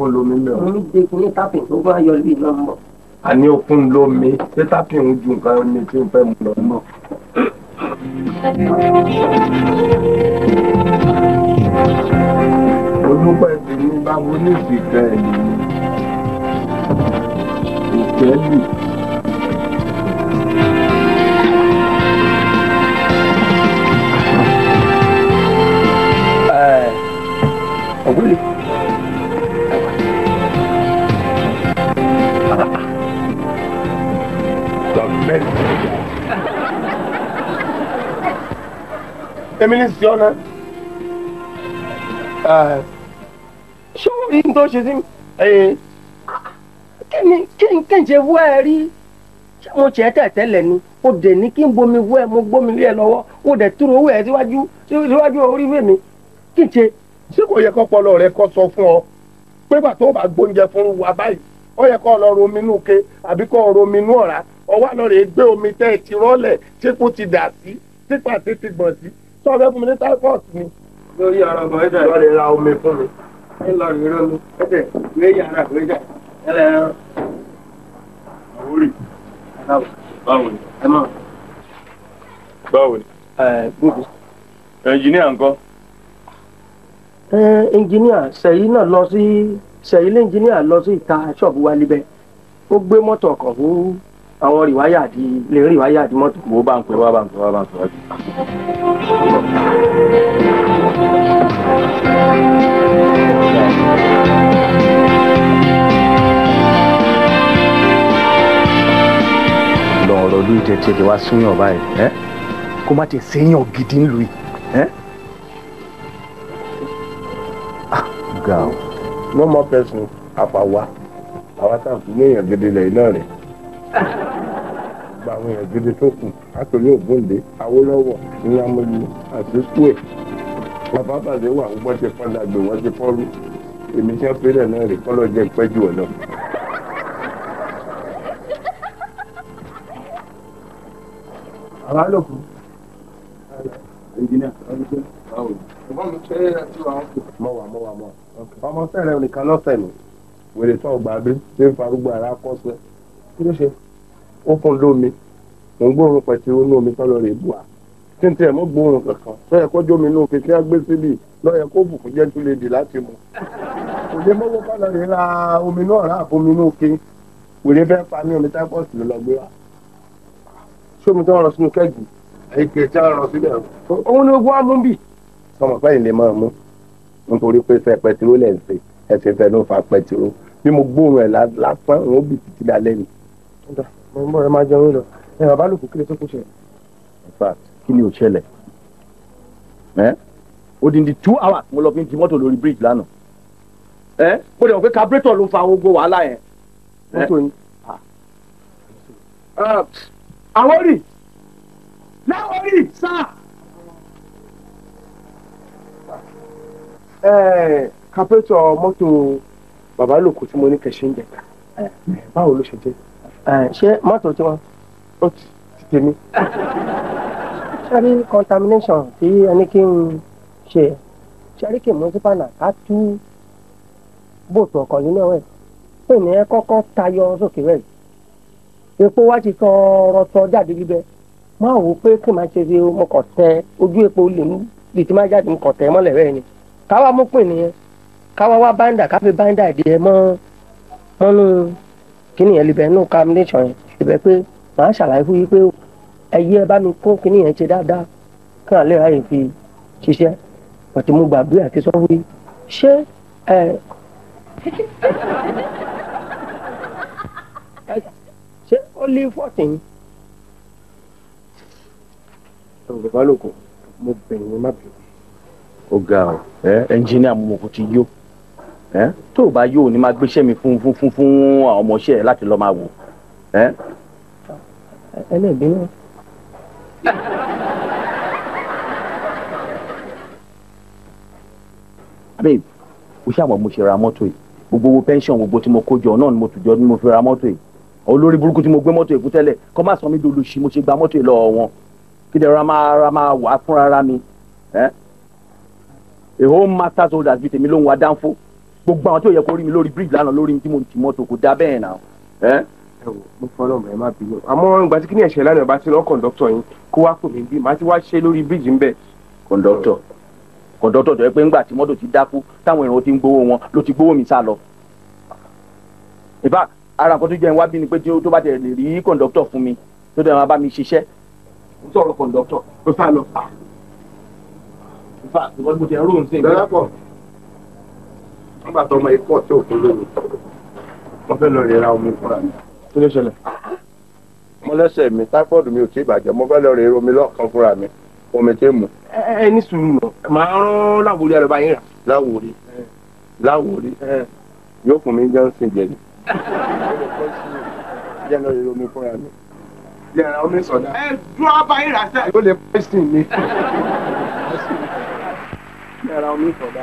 òkun lomi mẹ́ o. omi de kìíní tápìn tó bá yọ lóyún náà mọ̀. àní òkun lomi ṣé tápìn ń ju nǹkan ní tí n fẹ́ mu lọ mọ́. olùpẹ̀ tèmi bá ní ìsìnkẹ́ yìí. mínísítì ọ̀nà ṣé wọ́n rí n tó ṣe sí mi kí n ṣe wú ẹ rí mo ṣe é tẹ̀tẹ̀lẹ̀ ni o dẹ̀ ní kí n bomi wú ẹ mo gbómi lé ẹ lọ́wọ́ o dẹ̀ túrò owó ẹ síwájú síwájú orí ìwé mi kí n ṣe. ṣé kò yẹ kọ́pọ̀lọ́ rẹ kọ́ sọ fún ọ pé pàtó bá gbóúnjẹ fún wa báyìí ó yẹ kó lọ romi inú ke àbí kó romi inú ọ̀rá ọwọ́ àlọ́ rẹ̀ gbé omi tẹ́ ẹ ti rọ́lẹ̀ tí kò ti dà sí tí pàtó ti gbọ̀n sí sọ fẹ́ fún mi ní typhoid ni. lórí ara bọ̀ ẹ̀jẹ̀ lọ́ọ́ lè ra omi fún mi. ẹ lọ rí ronú ẹ̀jẹ̀ wé yàrá wé jà ẹ lẹ́ ẹ̀rọ. àwórì báwo ni. ẹ mọ̀. báwo ni. ẹ ẹnjìníà ẹnjìníà náà lọ sí lọ sí ìta ó gbé fún àwọn rìwáyà di lè rìwáyà di mọ́tò. wo bá ń pè wá bá ń pè wá bá ń pè wá. lọ́wọ́ lọ́dún ìtẹ̀tẹ̀ tí wàá súnyàn báyìí kó má ti séyàn gidi ńlùú yìí ẹ́. Ah, no more person àpàwà àwa tá à ń fi léèyàn gidi lẹ́yìn náà rẹ̀ gba àwọn èèyàn gidi tó kù látòrí ògbóǹde Awólọ́wọ̀ Nnamdi Azikiwe bàbá bàdé wà wọ́n ti fọ́nà gbé wọ́n ti fọ́rú èmi tí wọ́n fi rẹ̀ náà rè kọ́lọ́ jẹ́ pẹ́jù ọ̀nà. àwa lò fún ọmọ sẹrẹ nìkan lọ́sẹ̀ ni wèrè tó ọgbà bí ṣé ń farúgbó ara kọsẹ̀ kí ló ṣe ó fún lómi mò ń gbóòórùn pẹ̀tìrú inú omi tọ́lọ́ rè bùà tí n tiẹ̀ mọ́ gbóòórùn kankan lọ́yẹ̀ kọ́jọ́ mi inú òkè tí wọ́n gbé síbi lọ́yẹ̀ kó bùkún jẹ́ tún lè dì láti mọ̀ kò lè mọ́wọ́ kọ́lọ́ rè ra omi náà rà fún mi inú òkè wèrè fẹ́ pa mí omi tápọ́ọ̀sì ló lọ gbé wa sómi tí wọ́n rọ sínú kẹ́gì èké tí wọ́n rọ sílẹ̀ òun ni ogun amú bì sọmọ pẹ́ ìlẹ̀ máa mú nítorí pé fẹ́ pẹtiró lẹ̀ ń ṣe ẹ̀sìn fẹ́ ló fa pẹtiró bí mo gbóòórùn ẹ̀ lásán òun bì títí dalẹ́ ni mo ń bọ̀ ẹ máa jẹun lọ ẹ bàbá lùkù kí lè tó kù ṣe. in kí ni ò ṣẹlẹ̀ ẹ́ odindi two hours mo lọ fi ń ti mọ́tò lórí bridge lánàá ẹ́ mo dẹ̀ wọ́n pé carburetor ló fa gbogbo wàhálà yẹn. mọ́tò yìí. Ah. Ah, àwọn rì láwọn rì sáà. carburetor mọ́tò bàbá lùkù tí mo ní kẹ̀ṣẹ́ ń báwo ló ṣe jẹ́. ṣé mọ́tò tí wọ́n ó ti tèmi contamination tí ẹni kí n ṣe ṣẹ́rí kì ká tú bòtò ọ̀kan nínú ẹ̀ pé kọ́kọ́ tayọ sókè rẹ̀ epo wá ti tọrọ tọ jáde níbẹ̀ máa wò pé kí n máa ṣe mo tẹ ojú epo lè mú bí ti máa jáde mo tẹ mọ́lẹ̀ rẹ̀ ni mú pè nìyẹn wá báńdà káfí Kini yẹn libẹ̀ nínú combination yẹn libẹ̀ pé màá ṣàlàyé fún yín pé ẹyẹ ẹ bá mi kún kíní yẹn ṣe dáadáa kí àlẹ́ ráyè fi ṣiṣẹ́ pàtó mo gbàgbé àti sọ ṣé ẹ. ṣé ó lé fourteen. ọ̀rọ̀ bá lòkò mo bẹ̀rù má bẹ̀rù. ó ga ọ ẹ ẹnjìníà mo ti yó tó o bá yóò ní máa gbéṣẹ́ mi fún fún fún fún àwọn ọmọọṣẹ́ ẹ láti lọ́ọ́ máa wò. ẹ lè bínú. babe o ṣàmọ̀ mo ṣe ra mọ́tò yìí gbogbo owó pension gbogbo tí mo kó jọ náà ni mo tùjọ ni mo fi ra mọ́tò yìí olórí burúkú tí mo gbé mọ́tò yìí fún tẹ́lẹ̀ kọ́ má sọ mí dolo sí mo ṣe gba mọ́tò yìí lọ́wọ́ wọn kí ni ra máa ra máa wà fúnra mi a home master soldiers tèmi ló ń wa dánfó gbogbo àwọn tí ò yẹ kó rí mi lórí bridge lánàá lórí tí mo ti mọ́tò kò dá bẹ́ẹ̀ náà. ẹ wò mo fọlọ́ ọ̀rọ̀ ẹ má bínú àmọ́ ìgbà tí kíní ẹ̀ṣẹ̀ lánàá bá ti lọ kọ̀ǹdọ́tọ̀ yín kó wá pè mí bí màá ti wá ṣe lórí bridge ńbẹ. kọ̀ǹdọ́tọ̀ kọ̀ǹdọ́tọ̀ tó yẹ pé ńgbà tí mọ́tò ti dákú táwọn èrò ti ń gbowó wọn ló ti gbowó mi sá lọ. ìbá ara nǹkan tó jẹ́ wá bí ni pé tó bá tẹ̀ lè rí kọ̀ǹdọ́tọ̀ fún mi tó dẹ̀ máa bá ìwọ́n mo ti ẹ̀rọ òun sí ìgbà nígbà tó ọmọ ikọ̀ tí ò fún lónìí wọ́n fẹ́ lọ rẹ̀ ra omi fúnra mi. kí ló ṣẹlẹ̀. mo lẹ́sẹ̀ mi táífọ́ọ̀dù mi ò tí ì bàjẹ́ mo fẹ́ lọ rẹ̀ omi lọ́ọ̀kan fúnra mi omi tí mu. ẹ ẹ ní sùúrù nù màá rán láwòrí àlọ́ bá yín rà. láwòrí láwòrí yóò fún mi johnson jẹ̀lẹ̀. jẹ́ lọ rẹ̀ omi fúnra mi yẹra omi sọdá. ẹ dúró abáyé rà sẹ́ẹ̀. ó lè pọ́ìsìn mi. yẹra omi sọdá.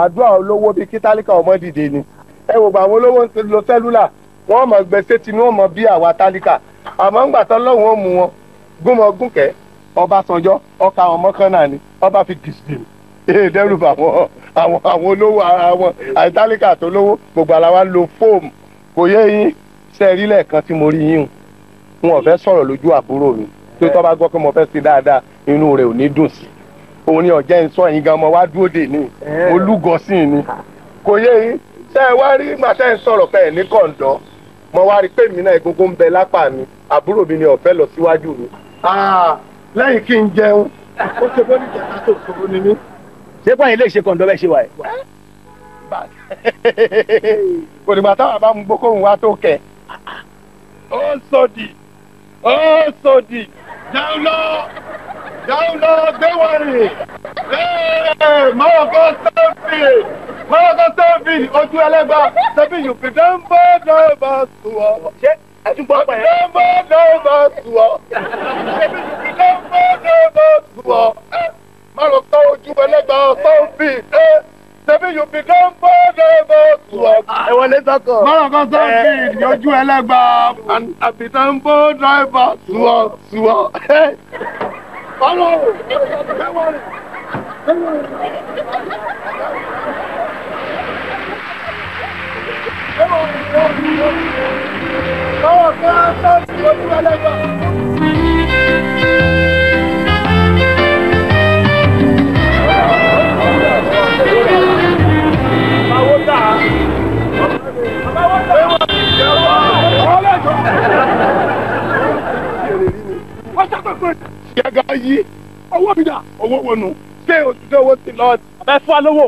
àdúrà olówó bíi kí tálíkà ọmọ dìde ni ẹ wò gbà àwọn olówó ń lo sẹ́lúlà wọ́n mọ̀ gbèsè tinú ọmọ bíi àwa tálíkà àmọ́ ń gbàtọ́ lọ́hùn ó mú wọn gúnmọ́ gúnkẹ́ Ọbásanjọ́ ọkà ọmọ kan náà ni ọba fi dìsìdì ee dẹ́rùbà àwọn àwọn àwọn olówó ara wọn àìtálíkà tó lówó gbogbo àlàwà lo fóòmù kò yé yín sẹ́ẹ̀rí lẹ́ẹ̀kan tí mo rí yín wọn ò fẹ́ lójú àbúrò mi tó tọ́ bá gbọ́ pé mo fẹ́ ṣe dáadáa inú rẹ̀ ò ní dùn sí òun ni ọ̀jẹ̀ ń sọ yín gan ọmọ wa dúró dè ní olúgọ́sìn ni kò yé yín ṣé ẹ wá rí màtẹ́ ń sọ̀rọ̀ pé ní kọ̀ǹdọ́ mo wá rí pé mi náà egungun ń bẹ lápá mi àbúrò mi ni ọ̀fẹ́ lọ síwájú mi ah, lẹ́yìn kí n jẹun ó ṣe bó ní jẹta tó ṣòro ni mí. ṣé báyìí lè ṣe kọ̀ǹdọ́ bẹ́ẹ̀ ṣe wà ẹ̀. kò dìgbà táwọn bá mú gbókòhùn wá tó kẹ̀. ó sòdì ó sòdì dáhùn lọ. Dáúdà Gbéwàrì, Mọ́ọ̀kọ́ Sẹ́fì, Mọ́ọ̀kọ́ Sẹ́fì, ojú ẹlẹ́gbà, Sẹ́fì yòókù dánbó dánbó sùwọ̀. Ṣé ẹtún gbọ́ pẹ̀lú? Dánbó dánbó sùwọ̀. Sẹ́fì yòókù dánbó dánbó sùwọ̀. Mọ́ọ̀kọ́ ojú ẹlẹ́gbà Sẹ́fì tẹ̀bí yóò fi kán bọ́ dẹ́gbẹ́ tù ọ́. ẹ wọlé sọkọ. bọ́lá kan sọ fi eh. ìyọjú ẹlẹ́gbàá àbí tán bọ́ dẹ́gbẹ́ tù ọ́. Eh, Hello! Don't worry! gẹ́gà yí owó mi dà owó wo nù ṣé oṣù owó ti lọ. ẹ fún alówó.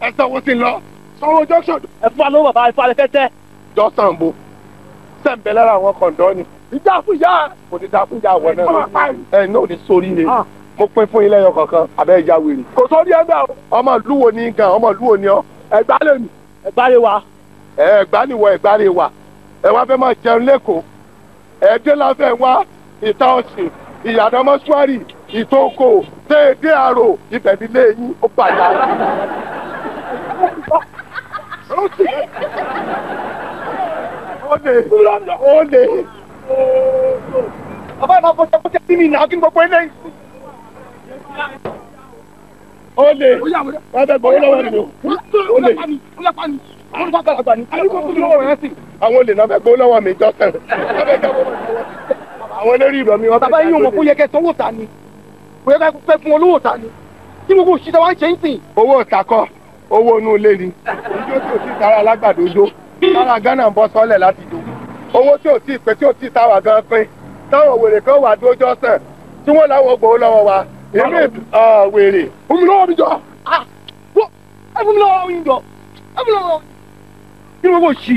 ẹ sọ owó ti lọ sanwó junction. ẹ fún alówó bàbá ẹ fún alẹ́kẹ́tẹ́. bo sẹ́ǹbẹ̀ lára àwọn kọ̀ǹdọ́ ni. ìjà fún ìyá. kò ní da fún ìyá àwọn náà. ẹ náà ní sórí ni ah. mo pín fún ilé ẹyọ kankan abẹ́ ìjà wèrè. kò sórí ẹ o ọmọ lúwo ni gan ọmọ lúwo ni ọ ẹgbàá lè mi. ẹgbàá lè wa. ẹ ẹgbàá ni wọ ẹgbàá lè wa ẹ wá fẹ́ máa jẹun lẹ́kọ̀ọ́ ẹ̀ẹ́dẹ́láfẹ́ wá ìta ọ̀sìn ìyànà mọ́ṣúárì ìtókò déédé àrò ibẹ̀ nílé yín ó bàjá. ó lè ó lè. bàbá ìmọ̀ bọ́sẹ̀bọ́sẹ̀ sí mi náà kí n gbogbo ẹ̀ ó lè bàbá ó lè. àwọn olè náà lọ́wọ́ mi jọ́sẹ̀. àwọn eléré ìlọ mi wọn. bàbá yín ò mọ̀ kó yẹ kẹ́ sanwó ta ni kó yẹ kẹ́ fún olówó ta ni tí gbogbo òṣìṣẹ́ wa ń ṣe ń sìn. owó ta kọ́ owó inú ilé ni ijó tí ò tí ì tara alágbàdo jó tára Ghana ń bọ́ sọ́lẹ̀ láti jó owó tí ò tí ì pé tí ò tí ì táwa gan pín táwọn wèrè kan wà dójọ́ sàn tí wọ́n láwọn gbòó lọ́wọ́ wa èmi wèrè. fún mi mi jọ. ẹ fún mi lọ́wọ́ mi jọ ẹ fún mi lọ́wọ́ mi jọ kí ni wọ́n kò ṣí.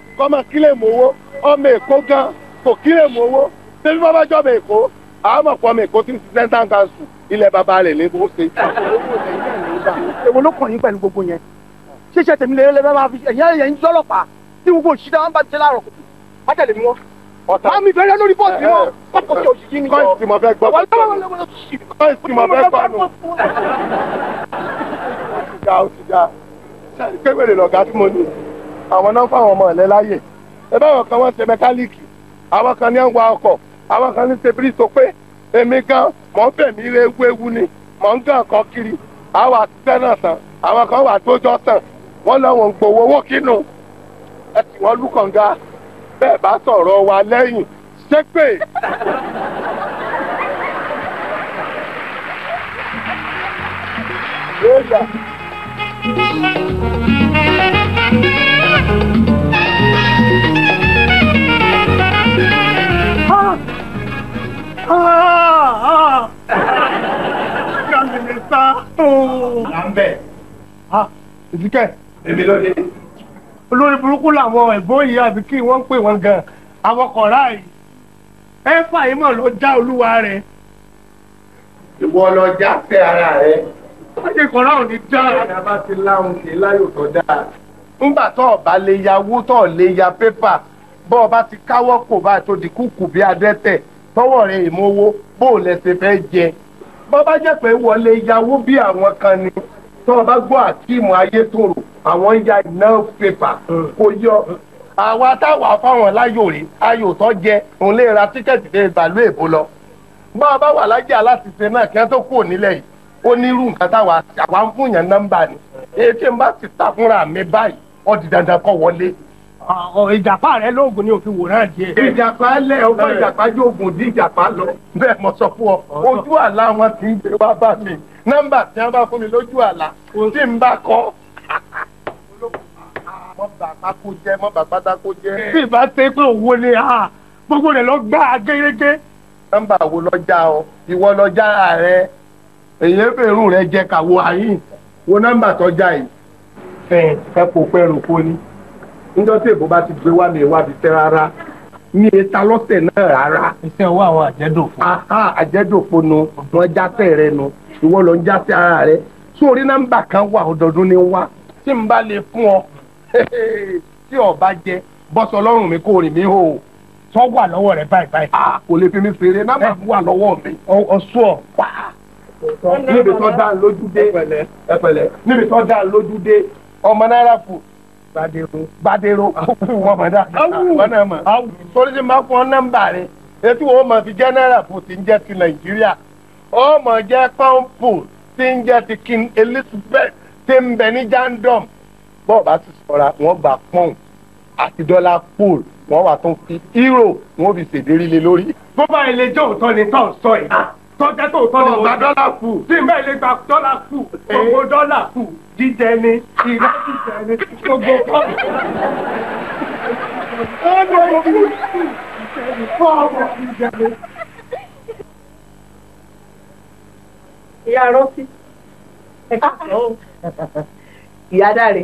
kọ́ máa kílèmù owó ọmọ èkó gan kò kílèmù owó tẹ́bí bá bá jọba èkó àwọn ọmọ ọmọ èkó tí ń ṣiṣẹ́ náà kan sùn ilẹ̀ bàbá rẹ̀ ní bó ṣe. èwo ló kàn yín pẹ̀lú gbogbo yẹn ṣíṣe tèmi lè lè máa fi ẹ̀yìn ẹ̀yìn lọ́lọ́pàá tí gbogbo òṣìṣẹ́ wọn bá ti ṣe láàárọ̀ kùtù má tẹ̀lé mi wọn. ọ̀tá máa mi fẹ́rẹ́ lórí bọ́ọ̀sì wọn kọ́kọ́ tí òṣìṣẹ́ ní kọ́ kọ́ńtì mọ̀ fẹ́ gbọ́ kọ́ńtì mọ̀ fẹ́ gbọ́ nù. ìjà òṣìṣẹ́ àwọn náà ń fáwọn ọmọ ọ̀lẹ́ láyè ebe báwọn kan wọ́n ṣe mẹkáníìkì àwọn kan ní ń wa ọkọ̀ àwọn kan ní ṣe bírí tó pé èmi gan mọ̀ ń bẹ̀mí ewu ewu ni mọ̀ ń gàn kiri àwọn àtúntẹ́ náà sàn àwọn kan wà tójọ́ sàn wọ́n ń gbowó owó kínú bẹ́ẹ̀ bá sọ̀rọ̀ wa lẹ́yìn ìdíkẹ́. Ah, èmi ló dé. olórí burúkú làwọn ẹ̀gbọ́n yìí àbí kí wọ́n ń pè wọ́n gan àwọn kọ̀ọ̀rá yìí ẹ fàyè mọ̀ ló já olúwa rẹ̀. ìwọ lọ já tẹ ara rẹ. wáyé kọ̀ọ̀rá ò ní já. ẹ̀dá bá ti láhùn kì í láyò tó dáa. ńgbà tó ọba lè ya owó tó lè ya pépà bọ́ ọba ti káwọ́ kò bá tó di kúkú bí adẹ́tẹ̀ tọwọ́ rẹ̀ ìmọ̀wó bó o lẹ́sẹ̀ fẹ́ jẹ bọ́bá jẹ́ pé wọlé yàwó bí àwọn kan ni tó o bá gbọ́ àkíìmù ayétòrò àwọn ń ya iná pépà hmm. kò yọ hmm. àwa táwa fáwọn láyò rè ayò tó jẹ òun lè ra tíkẹ́ẹ̀tì lè bàlú èbó lọ bá a bá wà lájà aláṣìṣe náà kí wọ́n tó kúrò nílẹ̀ yìí ó ní irú nǹkan táwa àwa ń fún yàn nọ́mbà ni èyí tí n bá ti ta fúnra mi báyìí ó di dandan kó wọlé ìjàpá rẹ lóògùn ni òfin wòran díẹ̀. ìjàpá lẹ ọgbà ìjàpá jóògùn dín ìjàpá lọ. bẹ́ẹ̀ mo sọ fún ọ ojú àlá wọn ti ń gbé wá bá mi nọ́mbà tí wọn bá fún mi lójú àlá tí n bá kọ. mọ bàbá kó jẹ mọ bàbá dá kó jẹ. bí ìbá ṣe pé òwò ni gbogbo rẹ lọ gbá gẹ́gẹ́. nọ́mbà wo lọjà ọ ìwọ lọjà rẹ èyí fèrú rẹ jẹ kàwọ àyìn wo nọ́mbà tọjà yìí. ẹ ẹ kò pẹ́ rò kó ni níjọ́ tí èbó bá ti gbé wá mi wá fi tẹ́ rárá ní eta lọ́sẹ̀ náà rárá. iṣẹ́ owó àwọn àjẹ́dòfo. àjẹ́dòfo nu wọ́n jásẹ̀ rẹ nu ìwọ ló ń jásẹ̀ ara rẹ sórí nọ́mbà kan wà ọdọọdún ní wá tí n bá lè fún ọ tí ọba jẹ bọ́sọ̀ ọlọ́run mi kò rìn mí hò sọ wà lọ́wọ́ rẹ báyìí báyìí. a ah, kò lè fi mi fèrè nọ́mbà eh. wà lọ́wọ́ mi. ọsùn pa níbi tó dá lójú dé ọmọ náírà fún gbadero gbadero wọn mọ dá wọn náà mọ torí ti máa fún ọ nọ́mbà rẹ etí wọn mọ fi general post ń jẹ ti nàìjíríà ọmọ jẹ pọnpù tí ń jẹ ti king elizabeth tí ń bẹ ní jandom bọ́ọ̀ bá ti sọ̀ra wọ́n gba pọ́ùn àti dọ́là pool wọ́n wà tó fi euro wọ́n fi ṣèdérí lé lórí. tó bá ilé jẹ́ òótọ́ ni tó ń sọ yìí tọ́jà tó òótọ́ ni mo gbà dọ́là kù tí n gba dọ́là kù gbogbo dọ́là kù jíjẹ ni ìrá jíjẹ ni gbogbo fọ́ọ̀mù. ọ̀nà ìlú jíjẹ ni fọ́ọ̀mù jíjẹ ni. ìyá rántí ẹ̀ka sàn ìyá dáre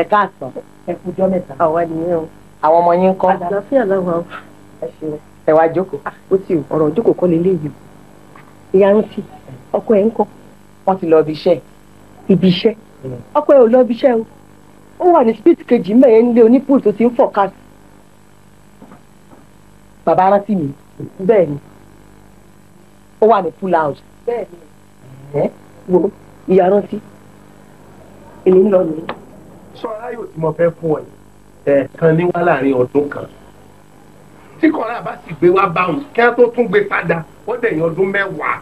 ẹ̀ka sàn ẹ̀kújọ́ mẹ́ta àwọn ènìyàn àwọn ọmọ yín ń kọ́. àlàáfíà làwọn àwọn ẹ ṣeun ẹ wá jókòó. Ah, ó ti o ọ̀rọ̀ jókòó kọ́ lélẹ́yìí o ìyá rántí ọkọ ẹ̀ ń kọ́. wọ́n ti lọ bí iṣẹ́ ẹ̀ ibi iṣẹ́ ọkọ ẹ ò lọ ibi iṣẹ́ o ó wà ní street kejì mẹ́yẹn nílé onípùl tó ti ń fọ̀ká bàbá rántí mi bẹ́ẹ̀ ni ó wà ní pool house bẹ́ẹ̀ ni ẹ wo ìyá rántí èmi ń lọ nìyí. sọ aráyò tí mo fẹ́ fún ọ yìí ẹ̀ẹ̀kan ní wá láàrin ọdún kan tí kọ́ra bá sì gbé wá báwọn kí wọ́n tó tún gbé padà ó dẹ̀yìn ọdún mẹ́wàá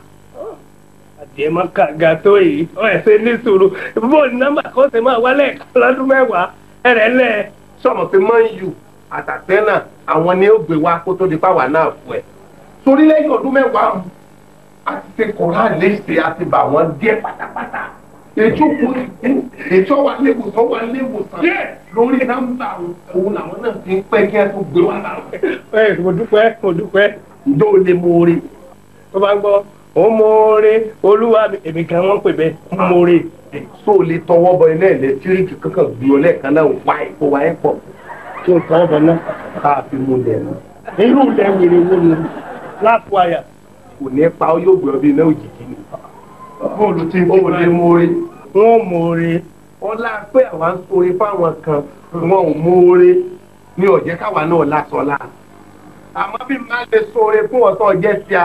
àjẹmọ́ kàgàtó yìí ọ̀ ẹ̀ ṣe ní sùúrù fóònù nọ́mbà kan ṣe máa wálẹ̀ lọ́dún mẹ́wàá ẹ̀rẹ̀ lẹ̀ sọ̀rọ̀ sí mọ́ iyù àtàtẹ́nà àwọn ni ó gbé wa kó tó di pàwà náà fún ẹ. torí lẹ́yìn ọdún mẹ́wàá a ti ṣe koran léṣe a ti bà wọ́n díẹ̀ pátápátá ètò kù ètò wà léwòsàn wà léwòsàn lórí nọ́mbà òun làwọn náà ti ń pẹ́ kí ẹ tó gbé wa láwọn. ẹ mo dúpẹ́ mo dúpẹ́. ǹjọ́ o lè tó bá ń gbọ́. O olúwa mi èmi kan wọn pè bẹ ọmọọrẹ. so lè tọwọ́ bọ iná ẹlẹtíríkì kankan gbìyànjú lẹ́ẹ̀kan náà wá ẹ̀pọ̀ wá ẹ̀pọ̀ kí n tọwọ́ bọ náà fi mú lẹ̀ mọ́. irú lẹ wèrè wo ni lápò àyà. pa ọ yóò gbé ọ n'oji iná O ni. ti tí n pé àwa ń fáwọn kan wọn ò ní káwa náà lásọ̀ọ́lá àmọ́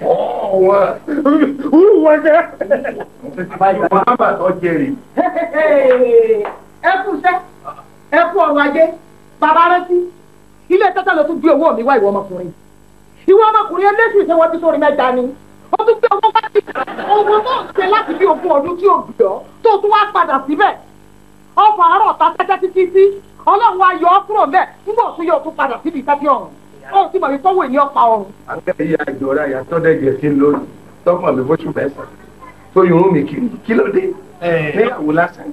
Boa! Uruwa kẹ. Màmá tó jèrè. Ẹ kú sẹ́, ẹ kú ọrọ̀ ajé, bàbá rántí. Ilé tata ló tún gbé owó mi wá ìwọ ọmọkùnrin. Ìwọ ọmọkùnrin ẹlẹ́sìn ṣe wọ́n ti sórí mẹ́ta ni. Ó tún gbé owó wá sí owó tó ń ṣe láti bí ogún ọdún tí ò bì ọ́ tó tún wá padà síbẹ̀. Ọkọ̀ àárọ̀ ta tẹ́tẹ́ títí sí. Ọlọ́run ayọ̀ ọ́ kúrò bẹ́ẹ̀ nígbà tó yọ ọ́ tún padà síbi ìtẹ́tí ọ̀hún ó ti mọ̀ wípé owó ènìyàn pa ọrùn. àtẹ ìyá ìjọra ìyá tọ́dẹ̀ jẹ sí lónìí tọ́kàn mi fóṣù mẹ́sàn-án tó yún mi kiri kí ló dé níyàwó lásán.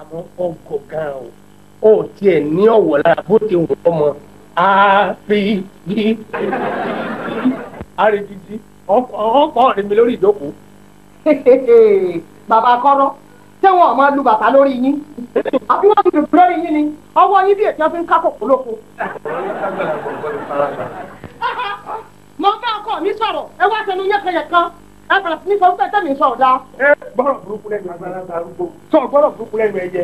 àmọ́ ọkọ̀ gan o ó tiẹ̀ ní ọ̀wọ̀ lára bó ti wù ọmọ àrídì àrídì ọkọ̀ ọ̀rẹ́ mi lórí ìjókòó. bàbá kọ́rọ́ ṣé wọn ò máa lu bàtà lórí yín àbí wọn ti dùn lórí yín ni ọwọ́ yín bí ètò ẹ fi ń ká kòkó lóko. mo bá ọkọ mi sọ̀rọ̀ ẹ wá sẹnu yẹkẹyẹkan ẹ bẹ̀rẹ̀ sí ní sọ wípé tẹmí sọ ọdá. ẹ gbọ́dọ̀ burúkú lẹ́nu agbára arúgbó sọ gbọ́dọ̀ burúkú lẹ́nu ẹyẹ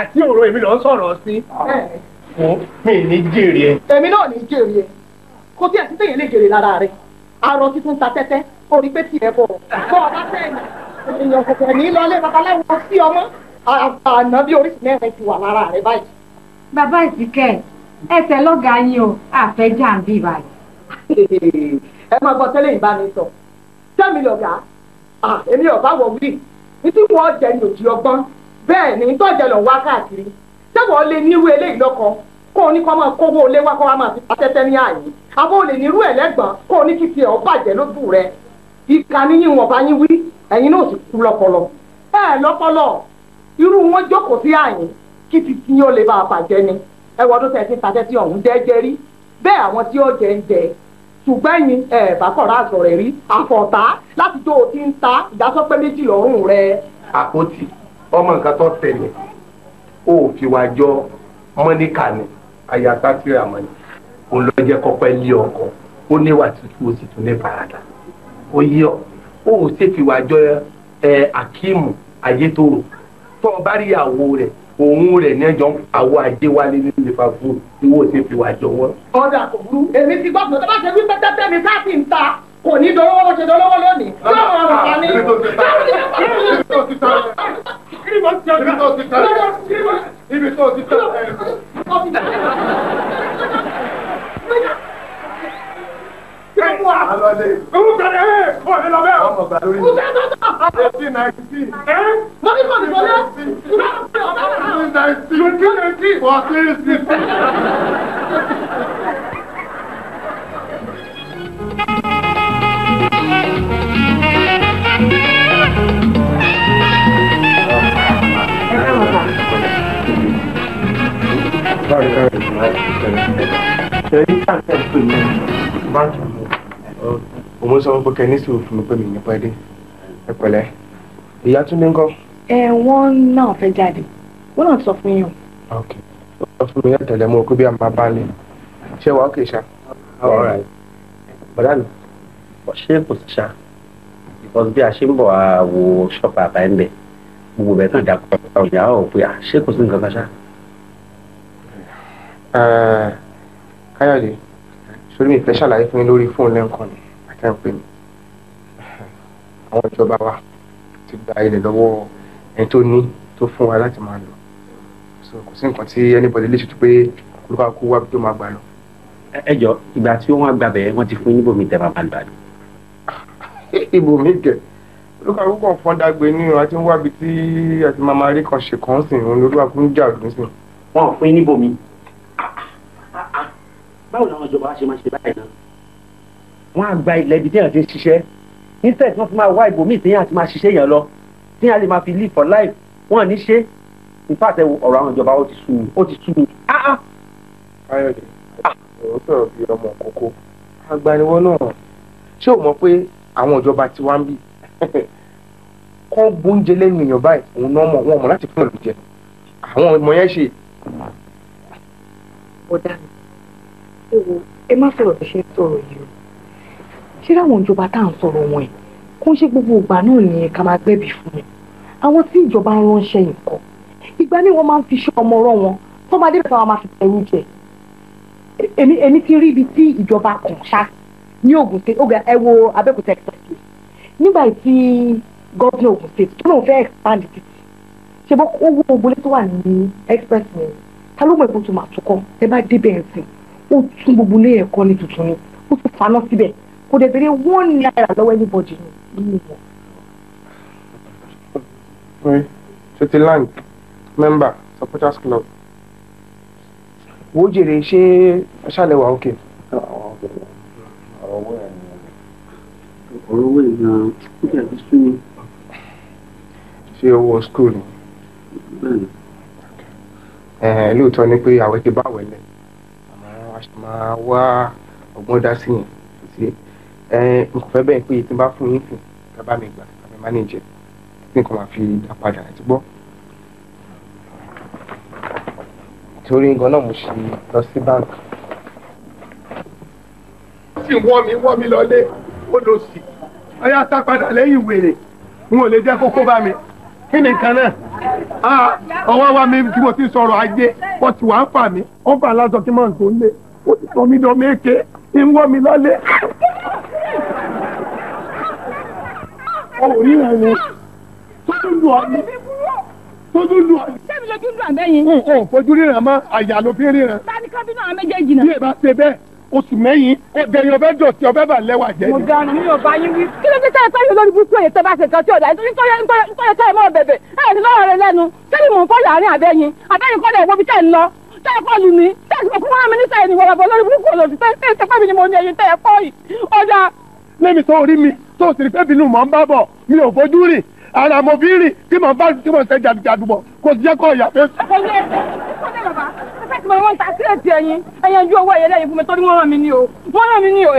àti ọ̀rọ̀ èmi lọ sọ̀rọ̀ sí. mi ní jèrè ẹ. èmi náà ní jèrè ẹ kò tí ẹ ti tẹ̀yẹ̀ lè jèrè lára rẹ̀ arọ títún ta tẹ́tẹ́ orí pé tiẹ̀ èèyàn kò kẹ̀ ní lọ lé babaláwo sí ọmọ àná bí oríṣi mẹ́rin ti wà lára rẹ̀ báyìí. bàbá ìsìnkẹ́ ẹsẹ̀ lọ́gà yín o àfẹ́jà ń bí báyìí. ẹ máa gbọ́ tẹ́lẹ̀ ìbánisọ̀ tẹ́mi lọ́gà èmi ọ̀bá wọ̀ wí títí wọ́n jẹ ní òjì ọgbọ́n bẹ́ẹ̀ ni tọ́jẹ́ lọ wá káàkiri tẹ́wọ̀ lé nírú eléyìí lọ́kọ̀ọ́ kó o ní kọ́ máa kówó olé wá kó wá máa fi patẹ́tẹ́ ní àyè àbó o lè nírú ẹ̀ lẹ́gbọ̀n kó o ní kí tiẹ̀ ọ bàjẹ́ lójú rẹ̀ ìkànnì yìí wọ̀n bá yín wí ẹ̀yin náà sì kú lọ́pọlọ ẹ lọ́pọlọ irú wọn jókòó sí àyìn kí ti ti yóò lè bá a bàjẹ́ ni ẹ wọ́n tó tẹ̀sí tàtẹ́tí ọ̀hún jẹ́jẹ́ rí bẹ́ẹ̀ àwọn tí ó jẹ ń jẹ ṣùgbọ́n ẹ̀yin ẹ̀ bá kọ̀ọ̀rọ̀ àṣọ rẹ̀ rí àfọ̀tá láti tó o ti ń ta ìdásọ́pẹ́ méjì lọ́rùn rẹ. àpótí ọmọ nǹkan tó tẹ̀lé ó fi wá jọ mọ́níkà ni àyà sátìrì àmọ́ ni òun lọ jẹ́ kọ́pẹ́ lé ọkọ̀ ó níwà tútù ó sì tún ní farada ó yí ọ̀pọ̀ ó ò ṣe fìwà jọ ẹ akíìmù ayétòrò tó o bá rí àwo rẹ̀ òun rẹ̀ ní ẹjọ́ àwo àjẹwálé ní liverpool tí wọ́n ṣe fìwà jọ wọ́n. ọ̀dà kò burú èmi ti gbọ́ pé tó bá ṣe wípé tẹ́tẹ́ mi sáà ti ń ta kò ní dọ́wọ́ bó ṣe dọ́wọ́ lónìí. lọ́wọ́ ọ̀rọ̀ ta ni. ibi tó ti ta ibi tó ti ta. Strike one. Alọ́lé. Òun kọ́ni ẹ̀ ọ̀lẹ́ lọ bẹ́ẹ̀. Ọmọ gbàdúrà yìí. Kùsẹ́ tọ́tọ̀. Eighteen nineteen. Ẹ́ lọ́dún kan ní sọ́lé. Eighteen nineteen. Twenty nineteen. Fourteen sixteen. Sorry, sorry. Sorry, sorry. Sorry, sorry. Sorry, sorry. òun sọ pé kẹ́nìsì ò fún mi pé mi ní pẹ́ẹ́dé ẹ pẹ̀lẹ́ ìyá tún ní ń kọ́. ẹ wọ́n náà fẹ́ jáde wọ́n náà sọ fún yín o. ok wọ́n sọ fún mi yẹn tẹ̀lé mo kó bí a máa bá lé ṣé wàá kè ṣá. bọ̀dá mi kò sí ṣá because bí a ṣe ń bọ̀ àwò ṣọ́ọ̀pù àbá ẹ̀ ń bẹ̀ gbogbo bẹ̀ kàn dàpọ̀ ọ̀yà ọ̀ pé ṣé kò sí nǹkan kan ṣá. Eh, káyọ̀dé sórí mi fẹ́ ṣàlàyé fún mi lórí fóònù lẹ́ǹkan ni àtẹ̀ǹpé mi àwọn ìjọba wa ti gba ilẹ̀ lọ́wọ́ ẹni tó ní tó fún wa láti máa lò so kò sí nǹkan tí anybody lè ṣètò pé olúkàkú wá tó máa gbà lọ. ẹ jọ ìgbà tí wọn gbà bẹ́ẹ̀ wọn ti fún yín bòmí tẹ màmá gbà ni. ibòmí kẹ olúkàkú kàn fọ́n dágbe ní ọ àti ń wábi tí àti màmá rí kan ṣe kàn sìn òun lórúkàkú ń jà lóṣù. wọn ò fún yín níbòmí báwo làwọn ìjọba wa ṣe máa ṣe báyìí náà. wọ́n á gba ilẹ̀ ibi téèyàn ti ń ṣiṣẹ́ instead wọ́n fi máa wá ibòmíì téèyàn ti máa ṣiṣẹ́ yẹn lọ téèyàn lè máa fi live for life wọ́n ní ṣe in fact ọ̀rọ̀ àwọn ìjọba ó ti sú mi ó ti sú mi. Ah, ah. káyọ̀dé òun sọ̀rọ̀ bíi ọmọ kókó agbaniwọ náà ṣé o mọ̀ pé àwọn ìjọba ti wá ń bì kọ́ gbóúnjẹ lẹ́nu èèyàn báyìí òun náà mọ̀ wọn mọ̀ láti fún ìlú jẹ àwọn ọmọ yẹn ṣe. ó wo ẹ má sọ̀rọ̀ bí ṣe ń sọ̀rọ̀ yìí o ṣé láwọn ìjọba tá à ń sọ̀rọ̀ wọn ẹ̀ kó ń ṣe gbogbo ìgbà náà ni ká máa gbẹ̀bí fún mi àwọn tí ìjọba ń ránṣẹ́ nǹkan ìgbà ni wọ́n máa ń fi ṣe ọmọ ọ̀rọ̀ wọn tó máa débẹ̀ táwọn máa fi tẹ̀rù jẹ èmi ti rí ibi tí ìjọba kàn ṣá ní Ògùn state ogun ẹ wo Abẹ́òkúta expressway nígbà tí gómìnà Ògùn state tó lóun fẹ́ expand títì ṣe bó owó ogbólé tó wà ní expressway ta ló mọ̀ èkó tó máa tún kọ́ ẹ bá débẹ̀ ẹ̀ ó tún gbogbo ilé ẹ̀kọ́ ní tuntun ni ó tún faná síbẹ̀ kò dẹ̀ bèrè one naira lọ́wọ́ anybody ni nínú wọn. ṣètì land member supporters club. wo jèrè ṣé ṣàlẹ̀ wà òkè. ọ̀rọ̀ owó ìgbà ó jẹ́ àbí sún mi. ṣé owó school ni. bẹ́ẹ̀ ni. lóòótọ́ ni pé àwẹ̀ ti bá àwẹ̀ lẹ̀ a ṣe máa wá ọgbọ́n dá sí yẹn sí ẹ n kò fẹ́ bẹ́ẹ̀ pé tí n bá fún yín fún ẹ bá mi gbà àmì mánéjẹ tí nǹkan máa fi dá padà ẹ ti gbọ́. torí gan náà mo ṣe lọ sí báńkì. ó sì wọ́ mi wọ́ mi lọlé ó lọ sí ọyá sá padà lẹ́yìn wèrè n ò lè jẹ́ kókó bá mi kí ni nǹkan náà ah, ọwọ́ wa mi tí mo ti sọ̀rọ̀ ajé wọ́n ti wá ń fà mí ó fà lásán kí mọ̀ nǹkan lé ó ti sọ mí dọ̀mí èké ń wọ́ mi lọ́lé. ọ̀hún ríran ni tó tún ọ́ ni tó tún ọ́ ni. sẹ́mi ló tún dùn àbẹ́yìn. n ò fojú ríran mọ́ àyà ló fi ríran. ta ni kábínú àwọn méjèèjì náà. bí ẹ bá ṣe bẹ́ẹ̀ oṣù mẹ́yìn obìnrin ọbẹ̀ dọ̀tí ọbẹ̀ bà lẹ́wà jẹ́ ni. mo dáná mi ò bá yín wí. kí ló dé táyà táyà lórí burúkú èyí tẹ́ bá ṣe kan tí ò ẹ̀ sọ fún wa mínísítà yìí ni wọ́n bàbá olórí burúkú olóòtú tẹ́ ṣe pẹ́mi ni mo ní ẹyin tẹ́ ẹ kọ́ yìí ọjà. lẹ́mi tó rí mi tó sì rí pẹ́bínú mọ̀ ń bá bọ̀ mi ò fojú rìn ara mo fi rìn tí mo bá tí mo ṣe jàdùjàdù bọ̀ kò sí jẹ́ kọ́ ìyá fẹ́. ẹyin ẹsẹ̀ ọjọ́ bàbá ẹsẹ̀ tí mo wọ́n ta sílẹ̀ ti ẹyin ẹyin ju owó ẹ̀yẹ́dẹ́ yìí fún mi torí wọ́n ràn mí ní o wọ́n ràn mí ní o.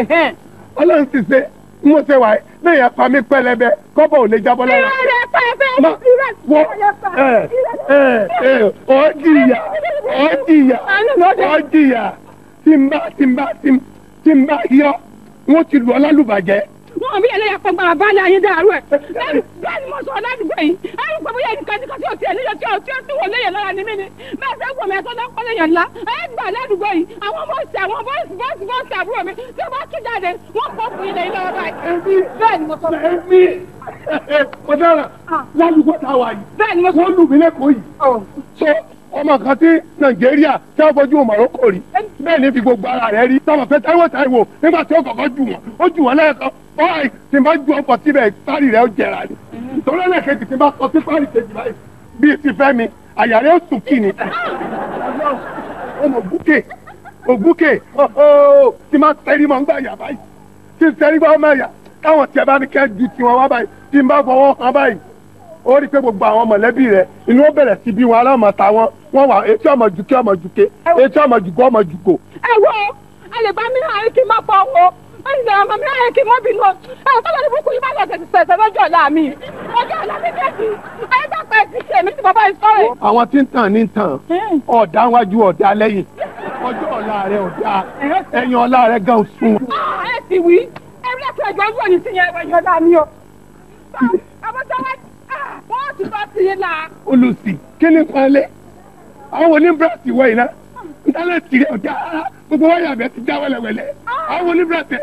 ọlọ́run ti ṣe mo ṣe wà lẹ́yìn apá mi pẹlẹbẹ kọ́bọ̀ ò lè jábọ́ lára. irọ́ rẹ̀ pa ẹ̀fẹ́ irọ́ rẹ̀ pa ẹ̀fẹ́. ọ jìyà ọ jìyà ọ jìyà tí n bá tí n bá tí n bá yọ wọn ti lù ọ lálùbàjẹ́ wọn bí ẹlẹ́yà kan gbàgbà baálé ayé dàrú ẹ̀ bẹ́ẹ̀ mo sọ ládùúgbò yìí alùpùpù bóyá ẹnìkan ti kọ́ tí o tiẹ̀ níyọ tí o tí lọ́la ni mí ni bẹ́ẹ̀ sẹ́ wọ̀ mẹ́tọ́ náà kọ́ léyè ńlá ẹ̀ gbà ládùúgbò yìí àwọn bọ́ọ̀sì àwọn bọ́ọ̀sì bọ́ọ̀sì bọ́ọ̀sì àbúrò mi tí o bá tún jáde wọ́n pọ̀ fún ilẹ̀ ilẹ̀ ọba yìí bẹ́ẹ̀ mo sọ ọmọ kan tí nàìjíríà tí wọ́n fojú Morocco rí bẹ́ẹ̀ ní fi gbogbo ara rẹ̀ rí sọmọ fẹ́ Táíwò Táíwò nígbà tí ó kọ́kọ́ jù wọ́n ó jù wọ́n lẹ́ẹ̀kan báyìí tí n bá ju ọkọ̀ síbẹ̀ parí rẹ̀ ó jẹrà ni ìtọ́lẹ́ mm-hmm. lẹ́ẹ̀kejì tí n bá sọ sí parí kejì báyìí bíi ti fẹ́ mi àyà rẹ̀ ó sùn kì ni ọmọ ògúkè ògúkè tí n bá tẹ́rí mọ́ yà báyìí tí n tẹ́rí gbọ́ yà táwọn tiẹ̀ bá ní kẹ́ ju tiwọn wá báyìí tí n bá fọwọ́ kan báyìí ó rí i pé gbogbo àwọn mọ̀lẹ́bí rẹ̀ inú ó bẹ̀rẹ̀ sí bí wọn aláàmọ̀ ta wọn wọn wà etí ọmọ jùkẹ́ ọmọ jùkẹ́ etí ọmọ jùkọ́ ọmọ jùkọ́. ẹ wo àlèbá mi náà yẹ kí n má pọ o wọn ní ọmọ mi náà yẹ kí n má bínú o àwọn tó lọ ní búkú yìí bá lọ tẹ̀sí tẹ̀sí lọ́jọ́ ọ̀la mi ọjọ́ ọ̀la mi tẹ̀sí ayé bá pẹ́ ti ṣe èmi tí bàbá yìí sọ̀rọ̀. àwọn tí ń tàn ní tàn hmm. ọ̀dà wájú ọ̀dà lẹ́yìn ọjọ́ ọ̀la rẹ̀ ọ̀dà ẹ̀yìn ọ̀la rẹ̀ gan sun. Ah, ẹ ti wí ẹ rí ẹ̀sìn ẹ̀jọ̀ ń wọ̀ ní sí yẹn ẹ̀jọ̀ dá mi o. àbọ̀tán wá bọ́ọ̀sì bá ti yé la. olùsì kí ni nǹkan lé àwọn oníbúrọ̀sì wọ̀ iná ntálẹ̀ tìrẹ̀ ọ̀dà gbogbo wáyà bẹ́ẹ̀ ti já wẹ́lẹ́wẹ́lẹ́ àwọn oníbúrọ̀sì.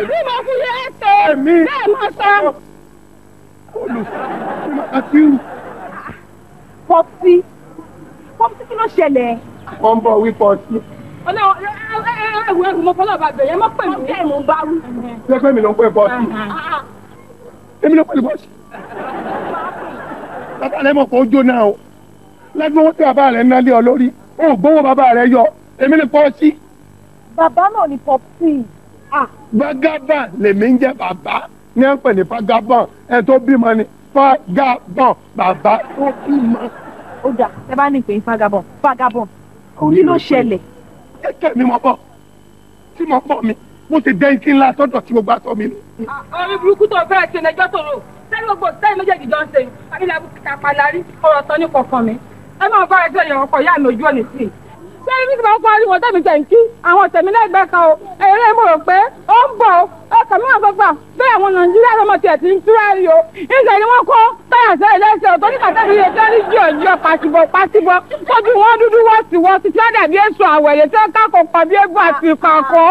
ìlú máa fún yẹ ẹ tẹ bẹ́ẹ̀ máa sọ. olùsì máa ti rù. pọ́pì pọ́pì kí ló ṣẹlẹ̀. wọ́n ń bọ̀ wí pọ́pì ọlọ́run ẹ̀wù ẹ̀wù mo fọlọ́ bàbá yẹn mọ́ pè mí ẹ̀ mú bá wí. ṣé pé mi ló ń pè bọ́ọ̀sì ah, ah, ah. èmi ló ń pè bọ́ọ̀sì. bàbá rẹ mọ̀ pé ó jóná o lágbóhó tí bàbá rẹ ná lé ọ lórí wọn ò gbówó bàbá rẹ yọ èmi ni pọ́ọ̀sì. bàbá náà ni pọ́ọ̀sì. gbàgàbà lèmi ń jẹ́ bàbá ní à ń pè ní fagabọ́n ẹ tó bímọ ni fagabọ́n bàbá tó bímọ. ó dà ẹ bá ní pé fagabọ́n fagabọ́n kí ló ṣẹlẹ̀ kẹ̀kẹ́ mi mọ̀ bọ̀ tí mo bọ̀ mi mo ti dẹ́yìn kí n la tọ́jọ́ tí gbogbo àtọ́ mi nù. orí ah, burúkú tó fẹ́ẹ́ ṣe lẹ́jọ́ tòrò sẹ́yìn gbogbo sẹ́yìn méjèèjì jọ ń ṣe àbílẹ̀ àbúkà pàlàrí ọ̀rọ̀ sọ ní kọ̀ọ̀kan mi ẹ máa bá ẹgbẹ́ yẹn ọkọ̀ yá mi ojú ọ̀nì sí i sẹ́ni bí kìbọn fún ariwo tẹ̀mí tẹ̀ǹkì àwọn tẹ̀mí lẹ́gbẹ̀ẹ́ kan o ẹ̀rẹ́ mo rò pé ó ń bọ̀ o ọkàn mi wà bẹ́ẹ̀ àwọn nàìjíríà lọ́mọ tiẹ̀ ti ń túrárí o ìgbà ni wọ́n kó táyà sẹ́yìn lẹ́sẹ̀ tó ní kàtàkì yẹn tó ní jíọ̀ jíọ̀ pàṣípọ̀ pàṣípọ̀ tóbi wọn dúdú wọ́n dàbí wọ́n kákò pa bí egbò àti ìkàkọ́.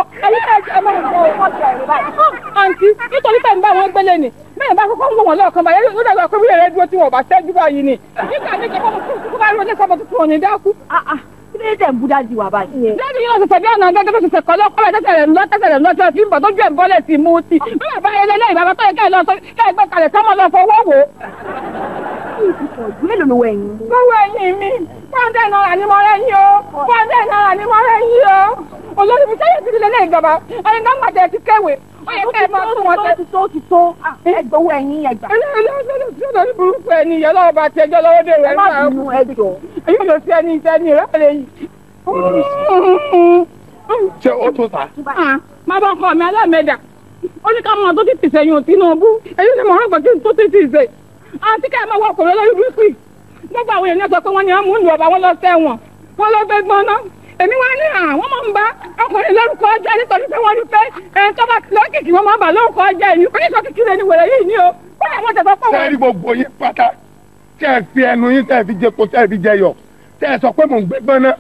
àǹtí nítorí bá kọ́kọ́ ń wọ̀ wọ́n lọ́ọ̀kan báyìí ló dàgbà pé wíyẹ̀rẹ̀ dúró tí wọ́n bá ṣẹ́jú báyìí ni nígbà méje kọ́kọ́ bá rí wọn ní sábà tuntun ò ní dákú kílé tẹ̀ ń búdá di wà báyìí. lẹ́nu yóò ṣẹ̀ṣẹ̀ bí ọ̀nà gẹ́gẹ́ bó ṣe ṣẹ̀kọ́ lọ́kọ́ rẹ̀ tẹ̀sẹ̀ rẹ̀ lọ tẹ̀sẹ̀ rẹ̀ lọ tí ìbọn tó jù ẹ̀ bọ́lẹ̀ sí mú ti bí bàbá lẹ́yìn bàbá tó yẹ ká ẹ lọ sọ ká ẹ gbé kalẹ̀ sọ́mọ lọ fọwọ́ wò. mélòó lówó ẹ̀yìn. lówó yín o pọ́ńdẹ̀ mi sẹ́yìn ti ó yẹ kẹ́ ẹ máa fún wọn tẹ́ ti tó ti tó ẹgbẹ̀wò ẹ̀yìn ẹgbà. ẹlẹ́dẹ̀ẹ́dẹ́ ní burúkú ẹni ìyá lọ́wọ́ bá tẹjọ́ lọ́wọ́ dé rẹ̀ nígbà ọ̀hún. ẹ̀yìn ló sí ẹni ìtẹ́ni rẹ̀ lè yí. ṣé o tún ta. má bá ọkọ mi alámẹ́dà ó ní ká máa tó títì sẹ́yìn Tinubu ẹ̀yìn lè mọ̀ ọ́n gbọ́dọ̀ tó títì sẹ́ àti ká máa wọ ọkùnrin lórí rúfin gbogbo àwọn èèyàn sọ pé wọ́n ní wọ́n mú ìlú ọba wọn lọ sẹ́wọ̀n wọ́n lọ fẹ́ gbọ́n náà èmi wá ní àwọn ah, máa ń bá ọkùnrin lórúkọ ọjà nítorí pé wọ́n rí pé ẹni eh, tó bá lọ́kìkì wọn máa bà lórúkọ ọjà èmi oníṣọ́ kékeré ni wèrè yìí ni o kọ́lá wọn tẹ̀ sọ pé wọn. sẹ́ẹ̀rì gbogbo yín pátá tẹ́ ẹ fi ẹnu yín tẹ́ ẹ fi jẹko tẹ́ ẹ fi jẹyọ tẹ́ ẹ sọ pé mò ń gbé gbọ́ná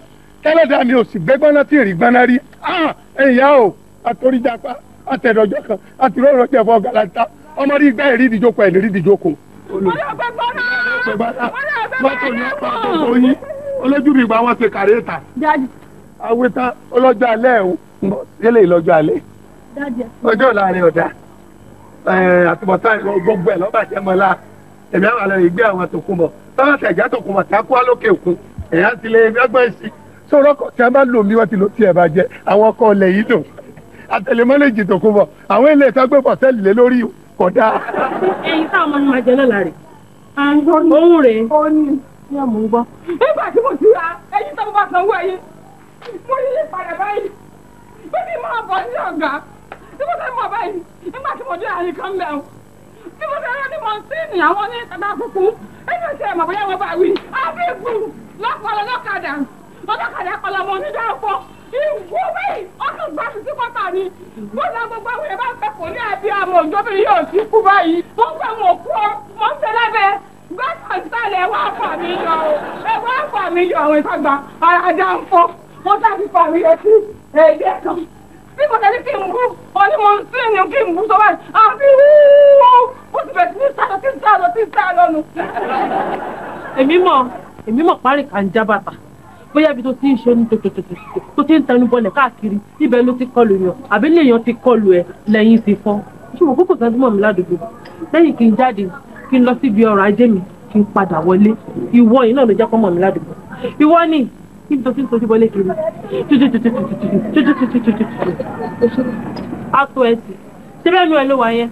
tẹ́lẹ̀dá mi ò sì gbé gbọ́ná tí ìrì rí ah, ẹ̀yà olójú mi gba wọn ṣe kàrẹ́ta awétán ọlọ́jọ́ alẹ́ ò yẹlẹ̀ ìlọ́jọ́ alẹ́ ọjọ́ ọ̀la rẹ̀ ọ̀dà àtúbọ̀tá gbogbo ẹ̀ lọ́bàjẹ́ mọ́lá èmi àwọn àlọ́ ìgbé àwọn tòkunbọ̀ tọ́lá tẹ̀já tòkunbọ̀ tá a kó alókè òkun ẹ̀yà ti lè gbẹ́gbẹ́ sí i sọ̀rọ̀ kọ̀ tí a bá lò mí wọ́n ti lò tiẹ̀ bàjẹ́ àwọn ọkọ̀ ọ̀lẹ̀ yìí dùn àtẹlẹmọ́lẹ́jì tòkunbọ̀ àwọn ilé ìtagbẹ́bọ̀ sẹ́ẹ̀lì lé lórí kódà. ẹyin táwọn ọmọ ni màá jẹ lọ́la rẹ̀ à ń gbọ́ ohun rẹ̀. ó ní báyìí mo yí padà báyìí bí mi máa bọ̀ sí ọ̀gá tí mo fẹ́ mọ̀ báyìí nígbà tí mo dé àyè kan bẹ̀ ọ́ tí mo fẹ́ rẹ́ni mọ̀ sí ni àwọn ní kàdá kúkú ẹni tí ẹ̀ mọ̀ bóyá wọ́n bá wí àbí ìgbù lọ́pọ̀lọ́ lọ́kadà lọ́kadà kọlọ́mọ onídàáfọ́ ìwú báyìí ọkàn gba fìtí kọ́tà ni bó la gbogbo àwọn èèyàn bá fẹ́ kò ní àbí àmọ̀ òjòbí yóò ti kú báyìí ó gbà wọn kú ọ mọ̀ ń tẹ́lẹ̀ bẹ́ẹ̀ gbọ́dọ̀ ń sálẹ̀ wá fà mí yọ ẹ wá fà mí yọ àwọn ìfagbà ara dá ń fọ́ mo dábí pàmì rẹ sí ẹgbẹ́ kan bí mo tẹ̀lé kí n bú ọní mo ń sìn ní kí n bú sọ́wọ́ àbí wúwo ó ti bẹ̀rẹ̀ sí ní sálọ sí sálọ sí sálọ nù. èmi mọ̀ èmi mọ̀ parí kà ń já bàtà bóyá ibi tó ti ń ṣe ní tòtòtòtò tó ti ń tẹnu bọlẹ̀ káàkiri ibẹ̀ ló ti kọlù yàn àbí lèèyàn ti kọlù ẹ̀ lẹ́yìn ti fọ́ ṣùgbọ́n kókò kan tí mọ̀ mi ládùúgbò lẹ́yìn kí n jáde kí n lọ síbi ọrọ̀ ajé mi kí n padà wọlé ìwọ yìí náà ló jẹ́ kọ́ mọ̀ mi ládùúgbò ìwọ ni níbi tó ti ń sojú bọ́lé kiri ato ẹsì síbẹ̀ nu ẹ ló wà yẹn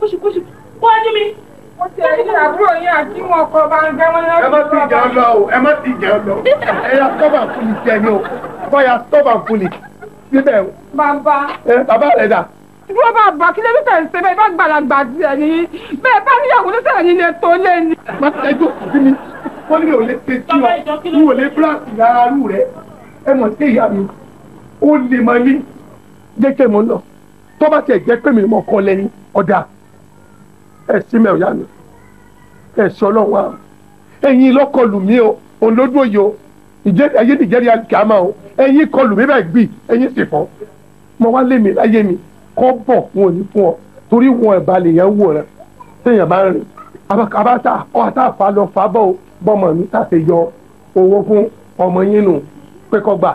kóṣù kóṣù wájú mi. mo ti ẹ̀rí àbúrò yín àti wọn kọ bá ń gbẹ́wọ́n lọ́wọ́. ẹ má ti ìjà lọ o ẹ má ti ìjà lọ ẹ yà stọ́bà fúnni tiẹ̀ ni o bọ́yà stọ́bà fúnni síbẹ̀ o. bàbá ẹ bàbá rẹ dà wọ́n bá bá kí lóbi tẹ̀ ń ṣe bẹ́ẹ̀ bá gbàlagbà tiẹ̀ nìyí bẹ́ẹ̀ bá níyàwó ló tẹ̀ ní ilé tó lé ní. má ti ẹjọ́ sí mi ó ní mi ò lè ṣe tí ọ mi ò lè búrọ́ọ̀sì lára arú rẹ ẹ mọ̀ sí ìyá mi ó lè mọ ní jẹ́ kí mo lọ tó bá tiẹ̀ jẹ́ pé mi mọ̀ kọ́ lẹ́yìn ọ̀dà ẹ̀ sí mẹ́rin yá mi ẹ̀ sọ ọlọ́run wa ẹ̀yin lọ́kọlù mi o òun ló dúró yìí o ẹ̀yin nìjẹ́rì àkàmà o ẹ̀yin kọlù mi báyìí gbì ẹ̀yin sì fọ́ mo wá lé mi láyé mi kọ́ bọ̀ wọn ò ní fún ọ torí wọn ẹ̀ balẹ̀ yẹn wò rẹ téèyàn bá ń rìn abata ọ̀tá fa lọ fa bọ́ bọ́mọ mi tàṣe yọ owó fún ọmọ yín nù pé kó gbà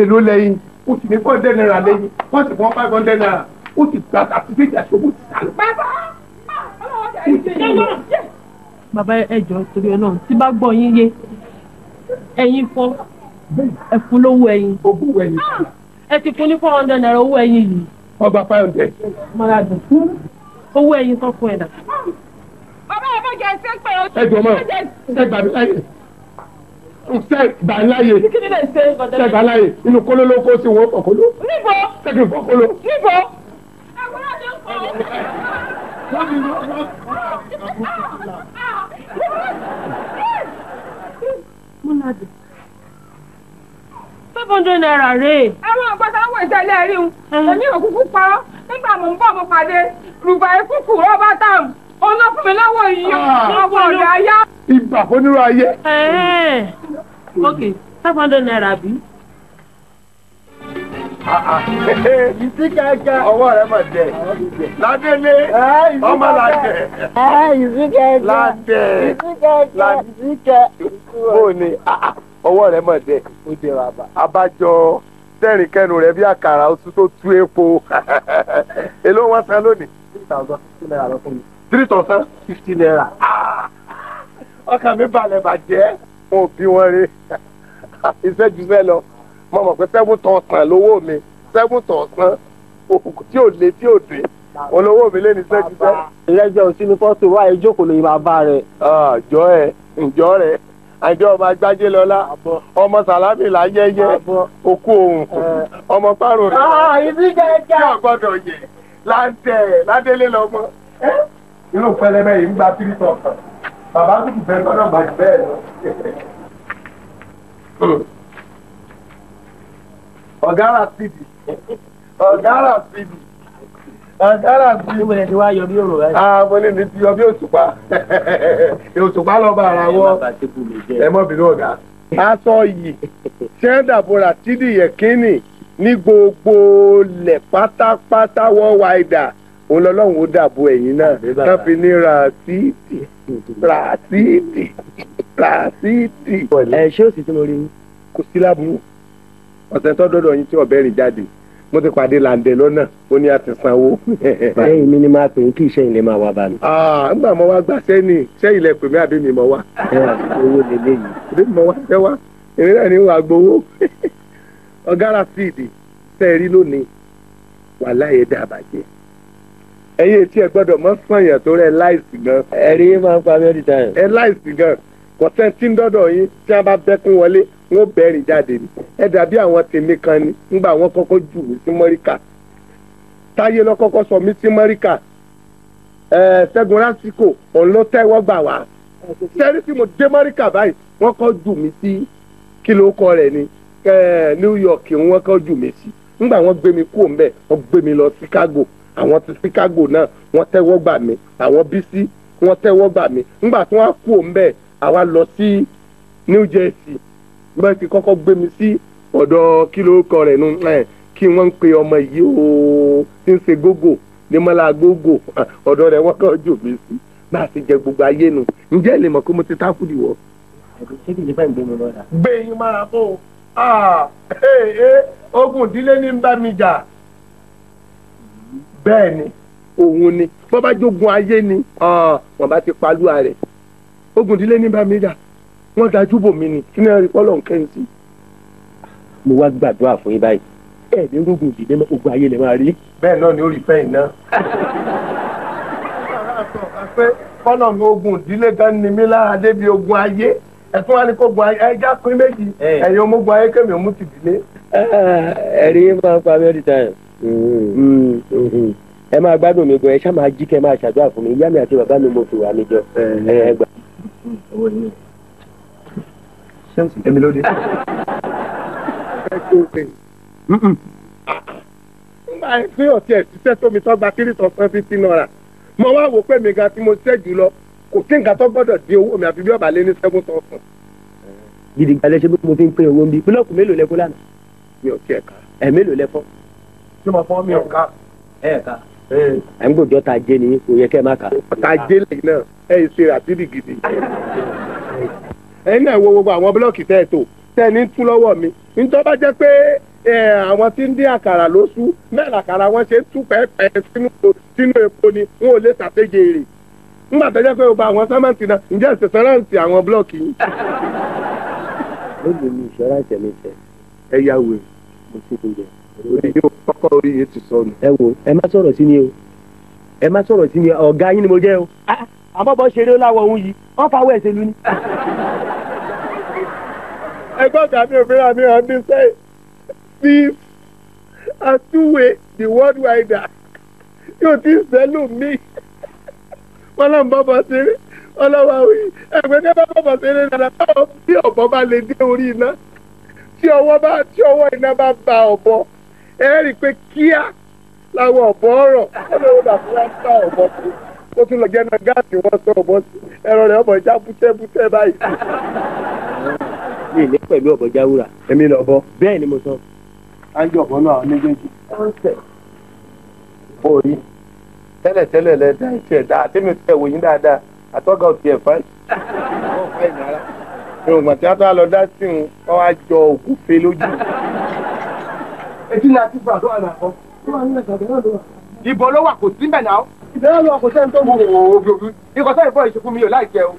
èlò lẹ́yìn ó sì ní four hundred naira lẹ́yìn wọ́n sì fún five hundred naira sì gba àtúnṣe àṣọ́gbó ti sàlù. bàbá ẹjọ torí ọ náà tí bá gbọ́ yín yé ẹ̀yin fọ́ ẹ fún lówó ẹ̀yin. ogún ẹ̀yin. Ah! ẹ ti fún ní four hundred naira owó ẹ̀yin yìí. ọgbà five hundred. owó ẹ̀yin tó fún ẹ̀dá ẹ jọ mọ gbà mí láyè gbà láyè inú kóló ló kó sí wọn fọkóló níbo kì í fọkóló five hundred naira rèé. àwọn àgbàdo àwọn ìtẹ̀lẹ́ rí un èmi ò kúkú pa ọ́ nígbà mò ń bọ̀ mo pàdé rúbà ikú kù rọ́bà táàmù ọlọ́fúnmiláwọ̀ yìí ah. ọwọ́ rẹ̀ ayá. ibà onírú ayé. ok five hundred naira bí. Ìsí kẹ̀kẹ́. Ọwọ́ rẹ̀ mọ̀ jẹ. Ládélé. Ah, Ọmọ làjẹ. Ìsí kẹ̀kẹ́. Ládẹ. Ìsí kẹ̀kẹ́. Ìsí kẹ̀kẹ́. Bóòni ọwọ́ rẹ̀ mọ̀ jẹ. Ó jẹ bàbá. Abájọ tẹ́rìn kẹnu rẹ̀ bí àkàrà oṣù tó tú epo. Èló wọn san lónìí. Two thousand fifty naira lọ fún mi three thousand fifty naira ah! ọkàn mi balẹ̀ bàjẹ́ mo bí wọn rí iṣẹ́ jù bẹ́ẹ̀ lọ mo mọ̀ pé seven thousand lówó mi seven thousand tí ò lé tí ò dé olówó mi lé ní sẹ́jú sẹ́. ìrẹ́jọ́ sínú fọ́tò wá ìjókòó lóyún bàbá rẹ̀. àjọ ẹ ǹjọ́ rẹ̀ àjọ ọba gbájé lọ́lá ọmọ sàlámì láyẹyẹ òkú òun ọmọ párò rẹ̀. Ah, ibi jẹjẹ. kí ọgbọ́dọ̀ yẹ láńtẹ̀ ládélé lọ́mọ. irú yi yìí ń gba three thousand bàbá tó bẹ lọ́nà bàjẹ́ bẹ́ẹ̀ lọ. ọ̀gá síbi ọ̀gá síbi ọ̀gá síbi. níbo ni ti wá yọ bí òrò rẹ. ah mo ní ti yọ bí òṣùpá òṣùpá lọ́ọ́ bá ara wọ ẹ mọ̀ bínú ọ̀gá. aṣọ yìí ṣé dàbọ̀rà sídìí kínní ní gbogbo lẹ̀ pátápátá wọ́n wá ìdá. ọlọ́run ó dàbò ẹ̀yìn náà náà fi ní ràásìtì ràásìtì ràásìtì. ẹ ṣé òsì tí mo rí ni. kò sí láburú ọ̀sẹ̀ tó dọ́dọ̀ yín tí ọ̀bẹ rìn jáde mo ti pàdé làǹdẹ̀ lọ́nà ó ní a ti sanwó. lẹ́yìn mi ni máa pè é kí iṣẹ́ ilé máa wá bá mi. nígbà ah, mo wá gbà sẹ́ni sẹ́yìn ilẹ̀ pèmí àbí mi mọ̀ wá. owó lélẹ̀ yìí. wá fẹ́ wá ìrìn náà ni wàá gbowó. ọ̀gá rasidi tẹ́ ẹ lónìí wàhálà yẹn dà bàjẹ́. ẹ̀yin etí ẹ gbọ́dọ̀ mọ́ sànyàn tó rẹ láìsí gan. ẹ̀rí máa ń pa mí ọ́dítà yẹn. ẹ láìsí gan kọ̀sẹ́ tí ń dọ́dọ̀ yín tí ni ẹ dàbí àwọn tèmi kan ni ńgbà wọ́n kọ́kọ́ jù mí sí mọ́ríkà táyé lọ kọ́kọ́ sọ mí sí mọ́ríkà ṣẹ́gun lásìkò òun ló tẹ́wọ́ gbà wá sẹ́rí tí mo dé mọ́ríkà báyìí wọ́n kọ́ jù mí sí rẹ̀ New York wọ́n kọ́ lọ Chicago àwọn ti Chicago náà wọ́n tẹ́wọ́ gbà mí àwọn bísí wọ́n tẹ́wọ́ gbà mí ńgbà tí wọ́n á kú òun bẹ́ẹ̀ àwa lọ sí New Jersey bẹ́ẹ̀ ti kọ́kọ́ gbé mi sí ọ̀dọ̀ kí ló kọ rẹ̀ nù ẹ̀ kí wọ́n ń pe ọmọ yìí ooo tí ń ṣe gógò ní mọ́lá gógò ọ̀dọ̀ rẹ̀ wọ́n kọ́ jù mí sí bá a ti jẹ gbogbo ayé nu ǹjẹ́ lè mọ̀ pé mo ti tákùdì wọ́. gbẹ̀yìn mara tó o ah, ogun ìdílé ní ń bá mi jà bẹ́ẹ̀ ni òun ni wọ́n bá jogun ayé ni wọ́n bá ti palú ààrẹ ogun ìdílé ní bámídà wọ́n da júbò mi ni kí náà rí pọ́lọ̀ nǹkan sí. mo wá gbàdúrà fún yín báyìí ẹ ní rúgùn ìdílé ogun ayé lè máa rí. bẹ́ẹ̀ náà ni ó rí fẹ́yìn náà. pọ́lọ̀ ní ogun ìdílé gan ni mí lára débi ogun ayé ẹ̀fún wa ni kò gun ayé ẹja pín méjì ẹ̀yin ọmọ ogun ayé kẹ́mi ọmú ti dìlé. ẹ̀rí máa ń pa mẹ́rin táyà ẹ máa gbádùn mi gan ẹ ṣá máa jí kẹ máa ṣàdúrà fún mi ìyá mi àti bàbá mi mo fi wà mí jọ ẹ gbà. èmi ló dé. nígbà tí ọtí ẹ ṣiṣẹ́ tómi tó gba three thousand fifty naira mo wá wò pé mi ga tí mo ṣiṣẹ́ jù lọ kò sí nǹkan tó gbọ́dọ̀ di owó mi àfi bí ọ̀bà lé ní seven thousand. gidigba lẹ ṣe bí mo fi ń pín owó ń bí búlọ́ọ̀kù mélòó lẹ lánàá. mi ò tiẹ̀ ká. ẹ̀ mélòó lẹ tí mo fọ́ mi ò ká. ẹ ká. à ń gbòjọ́ ta jé ni kò yẹ kẹ́ ẹ má kà. ta jé lẹ́yìn náà ẹ ṣe ràtìrì gidi. ẹ̀yin náà wo gbogbo àwọn búlọ́ọ̀kì tẹ́ ẹ tó tẹ́ ẹ ní tún lọ́wọ́ mi nítorí bá jẹ́ pé àwọn tí ń dín àkàrà lóṣù mẹ́rin àkàrà wọn ṣe ń tú pẹ́ẹ́pẹ́ sínú epo ni wọn ò lè ṣàtẹ́jẹ èrè nígbà tó jẹ́ pé o bá àwọn sẹ́mẹ́ǹtì náà ǹjẹ́ ẹ̀sẹ̀ sẹ́mẹ́ǹtì àwọn búlọ́ọ̀kì yìí. lóde mi ìṣọ́ra ìṣẹ̀lẹ̀ tẹ ẹ yá mo ti ń jẹ orí yóò kọ́kọ́ orí yìí ti sọnù. ẹ wo ẹ má sọ̀rọ̀ sí mi o ẹ má sọ̀rọ̀ sí mi ọ̀gá yín ni mo jẹ́ o. Ah, àmọ́ bọ́ ṣeré láwọ̀ ohun yìí wọ́n fa awọ́ lu ni. ẹgbọ́n tàbí òfin àmì ọdún sẹ́yìn thief atúwe the world wider yóò ti sẹ́lù mí wọ́n náà ń bọ́ bọ́ ṣeré ọlọ́wà wí ẹgbẹ́ tí wọ́n bọ́ bọ́ ṣeré dáadáa báwọn bí ọ̀bọ bá lè dé orí iná tí ọwọ́ iná bá ba ọ̀bọ ẹ pe kia pé kíá làwọn ọ̀bọ ọ̀rọ̀ ó lè wọ́n sí ó lọ jẹ́ náà gáàsì wọ́n sọ sí ẹ̀rọ rẹ̀ báyìí. mi ní pẹ̀lú jáwúra. èmi lọ bọ. bẹ́ẹ̀ ni mo sọ. a ń jọ ọ̀bọ náà àwọn méjèèjì. orí tẹ́lẹ̀tẹ́lẹ̀ lẹ dá iṣẹ́ dá àtẹ́mi tẹ̀ dáadáa àtọ́gà ò tiẹ̀ tí a lọ dá sí jọ fe lójú. etí ni a ti gbà tó wà nàkọ. ìbò ló wà kò sí mbẹ̀ náà. ìbẹ̀rẹ̀ ló wà kò sẹ́ni tó mú. o gbogbo ikọ̀ sẹ́ni bọ́ọ̀ ìṣekú mi yóò láì jẹ́ o.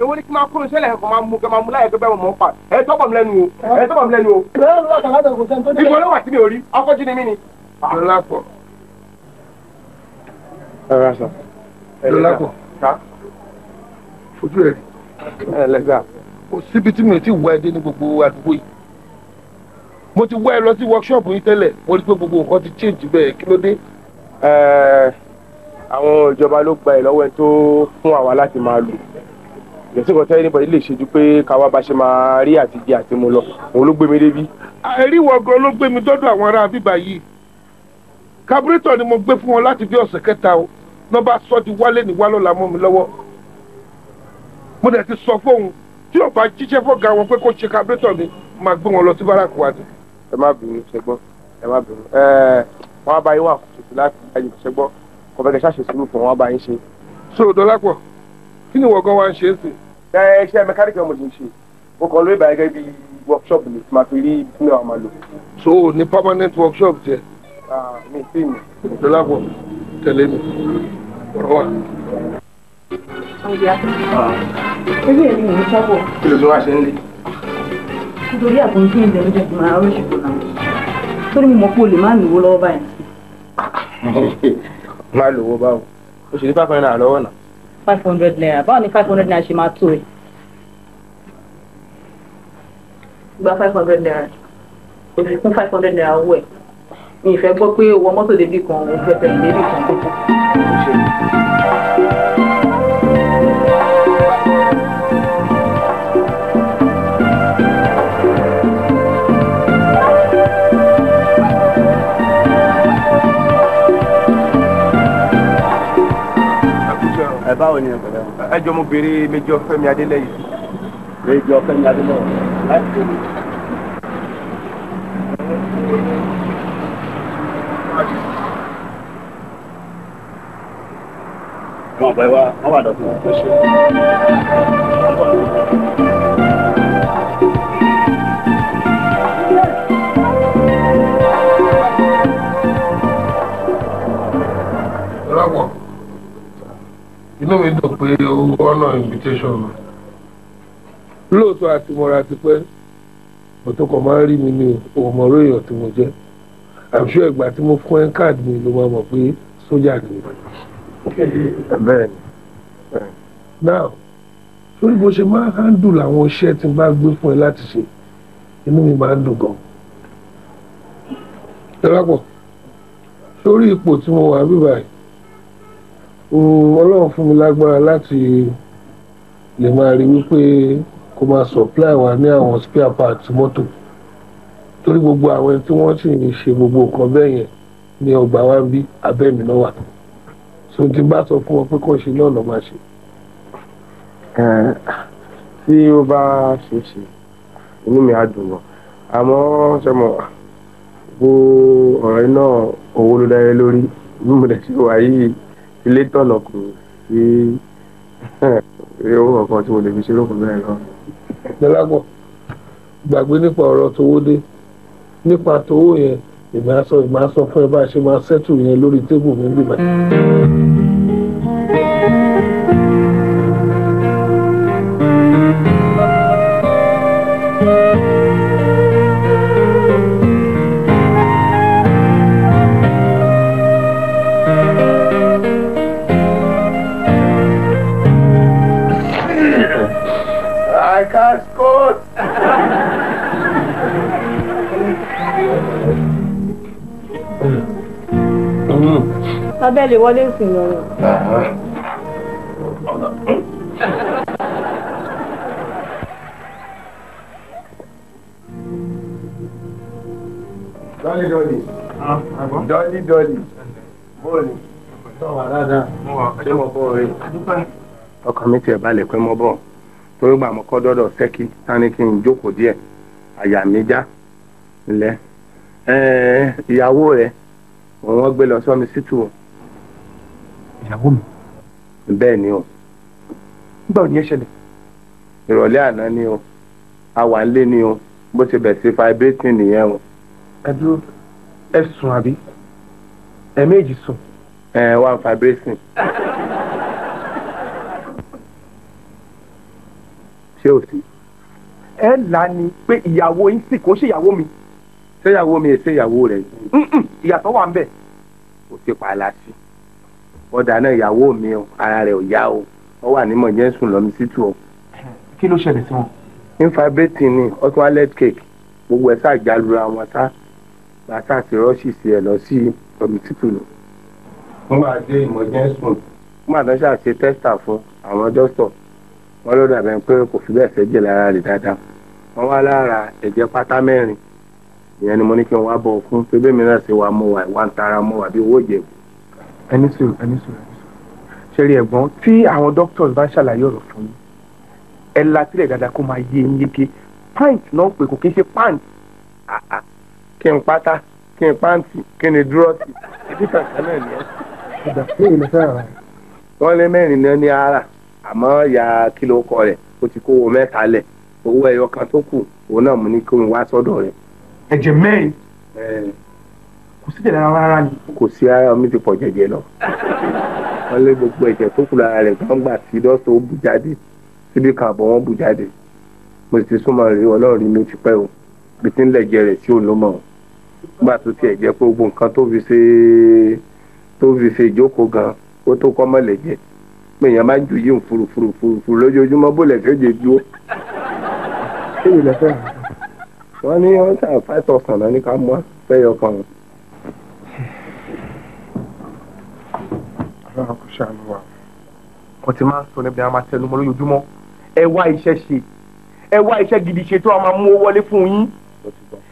owó ní kí máa kúrò sílẹ̀ ẹ̀kọ́ máa mú kẹ́ máa mú láyé gbẹ́bẹ́ mọ̀ pa ẹ̀ tọ́pọ̀ mi lẹ́nu o ẹ̀ tọ́pọ̀ mi lẹ́nu o. ìbò ló wà sí mi ò rí ọkọ̀ jí ni mí ni. ojú ẹ̀ rí. ẹ̀ lẹ́gbàá. kò síbi tí mi ò tí ì wá ẹdẹ ní gbogbo àdúgbò yìí mo ti wá ẹ lọ sí workshop yìí tẹ́lẹ̀ mo rí pé gbogbo nǹkan ti change bẹ́ẹ̀ kí ló dé. Eh, àwọn ìjọba ló gba ìlọ́wọ́ ẹni tó fún àwa láti máa lò yẹtí kan tẹ́lẹ̀ níbọ̀dé lè ṣe ju pé káwa bá ṣe máa rí àti jẹ àti mu lọ òun ló gbé mi débi. àìrí wọ gan ló gbé mi dọ́dọ̀ àwọn ará bíbá yìí kábúrétọ̀ ni mo gbé fún wọn láti bí ọ̀sẹ̀ kẹta o ní bá sọ di wálé ní wálọ́la mọ́ mi lọ́wọ́ mo dẹ̀ ti sọ fóun tí ò bá jíṣẹ́ fọ́gà wọn pé kó ṣe kábúrétọ̀ mi máa gbé wọn lọ sí báràkù wa ni ẹ má bínú ṣẹgbọ́n ẹ má bínú ẹ wọn bá yín wà kùtùkù láti ayé ṣẹgbọ́n kò fẹ́ kẹ́ ṣàṣẹ sùúrù fún wọn bá yín ṣe. so dọlápọ̀ kí ni wọ̀gán wa ń ṣe é sí. ẹ iṣẹ́ mẹkáníkì ọmọ ti ń ṣe mo kàn lóye báyìí gẹ́gẹ́ bí workshop mi máa fi rí bí wọn máa lò. so ní permanent workshop tiẹ̀. mi ì tíì mi. dọlápọ̀ tẹ̀lé mi ọ̀rọ̀ wa. ọ̀gá ẹgbẹ́ mi ò ní sábọ̀. kí ló tó wá ṣe ń lé nítorí àkóńtì ìbẹ̀ ló jẹ́ kí máa rọ́ṣì tó náà torí mo mọ̀ pé o lè má lówó lọ́wọ́ báyìí. má lówó báwo o sì ní five hundred naira lọ́wọ́ náà. five hundred naira báwo ni five hundred naira ṣe máa tó ẹ. E? gba five hundred naira o fi kún five hundred naira owó ẹ mi ì fẹ́ gbọ́ pé owó mọ́tò débì kan òun fẹ́ tẹ̀lé débì kan. báwo ni ọ̀gá rẹ. ẹ jọ mo béèrè Major Fẹ́mi Adélẹ́yẹ. Major Fẹ́mi Adélẹ́yẹ. Come on, boy. What about that? inú pé ó ọ̀nà invitation mi lóòótọ́ àti mọ́ra ti pẹ́ ọ̀tún kan máa ń rí mi ní òmòró èèyàn tí mo jẹ́ àbúṣe ìgbà tí mo fún ẹ káàdì mi ló máa mọ̀ pé sójà ni bẹ́ẹ̀ now lórí bó ṣe máa handle àwọn iṣẹ́ tí n bá gbé fún ẹ láti ṣe inú mi máa ń dùn gan. ẹ lápò sórí ipò tí mo wà bíbáyìí ọlọ́run fún mi lágbára láti lè máa rí wípé kó máa supply wa ní àwọn spare parts mọ́tò torí gbogbo àwọn tí wọ́n sì ń ṣe gbogbo nǹkan bẹ́ẹ̀ yẹn ní ọgbà wa ń bí abẹ́mi náà wà so tí n bá sọ fún wọn pé kàn ṣe náà lọ́ọ́ máa ṣe. tí ó bá ṣe ṣe inú mi á dùn wọn àmọ́ ṣe mọ̀ gbogbo ọ̀rẹ́ náà owó ló dáyé lórí inú mi dẹ̀ ti wà ilé tọ̀nà kù sí owó kankan tí mo lè fi ṣe lókun bẹ́ẹ̀ lọ. dọ́lápọ̀ gbàgbé nípa ọ̀rọ̀ tówó dé nípa tówó yẹn ìgbà sọ ìgbà sọ fún ẹ bá a ṣe máa ṣẹ́tù yẹn lórí tébù mi nígbà. abẹ́ lè wọlé ìsìn lọ́rọ̀. dọ́lí dọ́lí dọ́lí dọ́lí bóòlù sọ̀wọ́ dáadáa ṣé mo bọ̀ rẹ̀. ọkàn mi tiẹ̀ balẹ̀ pé mo bọ̀ torí gbà mo kọ́ dọ́dọ̀ sẹ́kì tani kí n jókòó díẹ̀ àyà mi já ńlẹ̀ ìyàwó rẹ̀ wọ́n gbé lọ sọ́mi sítú o ìyàwó mi. bẹ́ẹ̀ ni o nígbà òní ẹ ṣẹlẹ̀. ìrọ̀lẹ́ àná ni o a wà nílé ni o bó ṣe bẹ̀ sí vibrating nìyẹn o. ẹ dúró ẹ sùn àbí ẹ méjì sùn. ẹ wá vibrating. ṣé o sí. ẹ là ní pé ìyàwó yín sì kó ṣe ìyàwó mi. ṣé ìyàwó mi ẹ ṣe ìyàwó rẹ. ìyàtọ̀ wà ń bẹ̀. kò sí pa á láti bọ́dà náà ìyàwó mi o ara rẹ̀ ò yá o ó wà ní mọ̀jẹ́sùn lọ́mi sítú o. kí ló ṣẹlẹ̀ sí wọn. infibrating ni ọtún alẹ́ cake gbogbo ẹ̀ sáà jalura wọn sá bàtà àti rọ́ọ̀ṣì sí ẹ̀ lọ sí lọ́mi sítú nù. wọ́n máa dé ìmọ̀jẹ́sùn wọ́n máa dánṣà ṣe tẹ́sítà fún àwọn dókítọ̀ wọ́n ló dàbẹ̀ pé kò fi bẹ́ẹ̀ fẹ́ jẹ́ lára rẹ̀ dáadáa wọ́n wá lára ẹ̀jẹ̀ pátá mẹ́rin ìyẹn ni mo ní kí n wá bọ̀ fún pé bẹ́ẹ̀ mi náà ṣe wà mọ́ wà ìwà ń tara mọ́ wà bí owó jẹ̀kù ẹni sùúrù ẹni sùúrù ẹni sùúrù ṣẹ̀rí ẹ̀gbọ́n tí àwọn doctors bá ń ṣàlàyé ọ̀rọ̀ fún yín ẹ la tílẹ̀ dáadáa kó máa yé yín yéke pint náà pè kò kí n ṣe pant kí n pátá kí n pàǹtì kí n dúrọ́ọ̀tì ibi kankan náà ni ẹ. ìgbà pé ilé fẹ́ràn rẹ̀. wọ́n lé mẹ́rin náà ní ara àmọ́ ìyá kìlọ̀ ọkọ rẹ̀ O ti kó owó mẹ́ta lẹ̀ owó ẹyọ kan tó kù òun náà mú ní kí n wá sọ́dọ̀ rẹ̀. ẹ̀jẹ̀ mẹ́rin kò sí jẹ̀dá rárá ni. kò sí ara mi ti pọ̀ jẹ̀jẹ̀ lọ wọ́n lé gbogbo ẹ̀jẹ̀ tó kù lára rẹ̀ gbọ́ngbà tí dọ́sọ̀ ó bù jáde síbi kan àbọ̀ wọ́n bù jáde mo ti súnmọ́ rí ọlọ́run rí mi ó ti pẹ́ o bí ti ń lẹ̀jẹ̀ rẹ̀ tí ò ló mọ̀ o nígbà tó tiẹ̀ jẹ́ pé gbogbo nǹkan tó fi ṣe tó fi ṣe ìjókòó gan ó tó kọ́ mọ́ lẹ̀jẹ̀ pé èèyàn máa ń ju yíùn furufurufuru lójoojúmọ́ bó lẹ̀ fẹ́ jẹ dúró wọ́n ní wọ́n ṣàfẹ́ tọkànnà ní ká mú fẹ́ yọkànnà. ọlọ́run kò ṣàánú wa. wọ́n ti máa ń sọ níbi àwọn máa tẹnu mọ́ lójoojúmọ́ ẹ wá iṣẹ́ ṣe ẹ wá iṣẹ́ gidi ṣe tó a máa mú owó wọlé fún yín.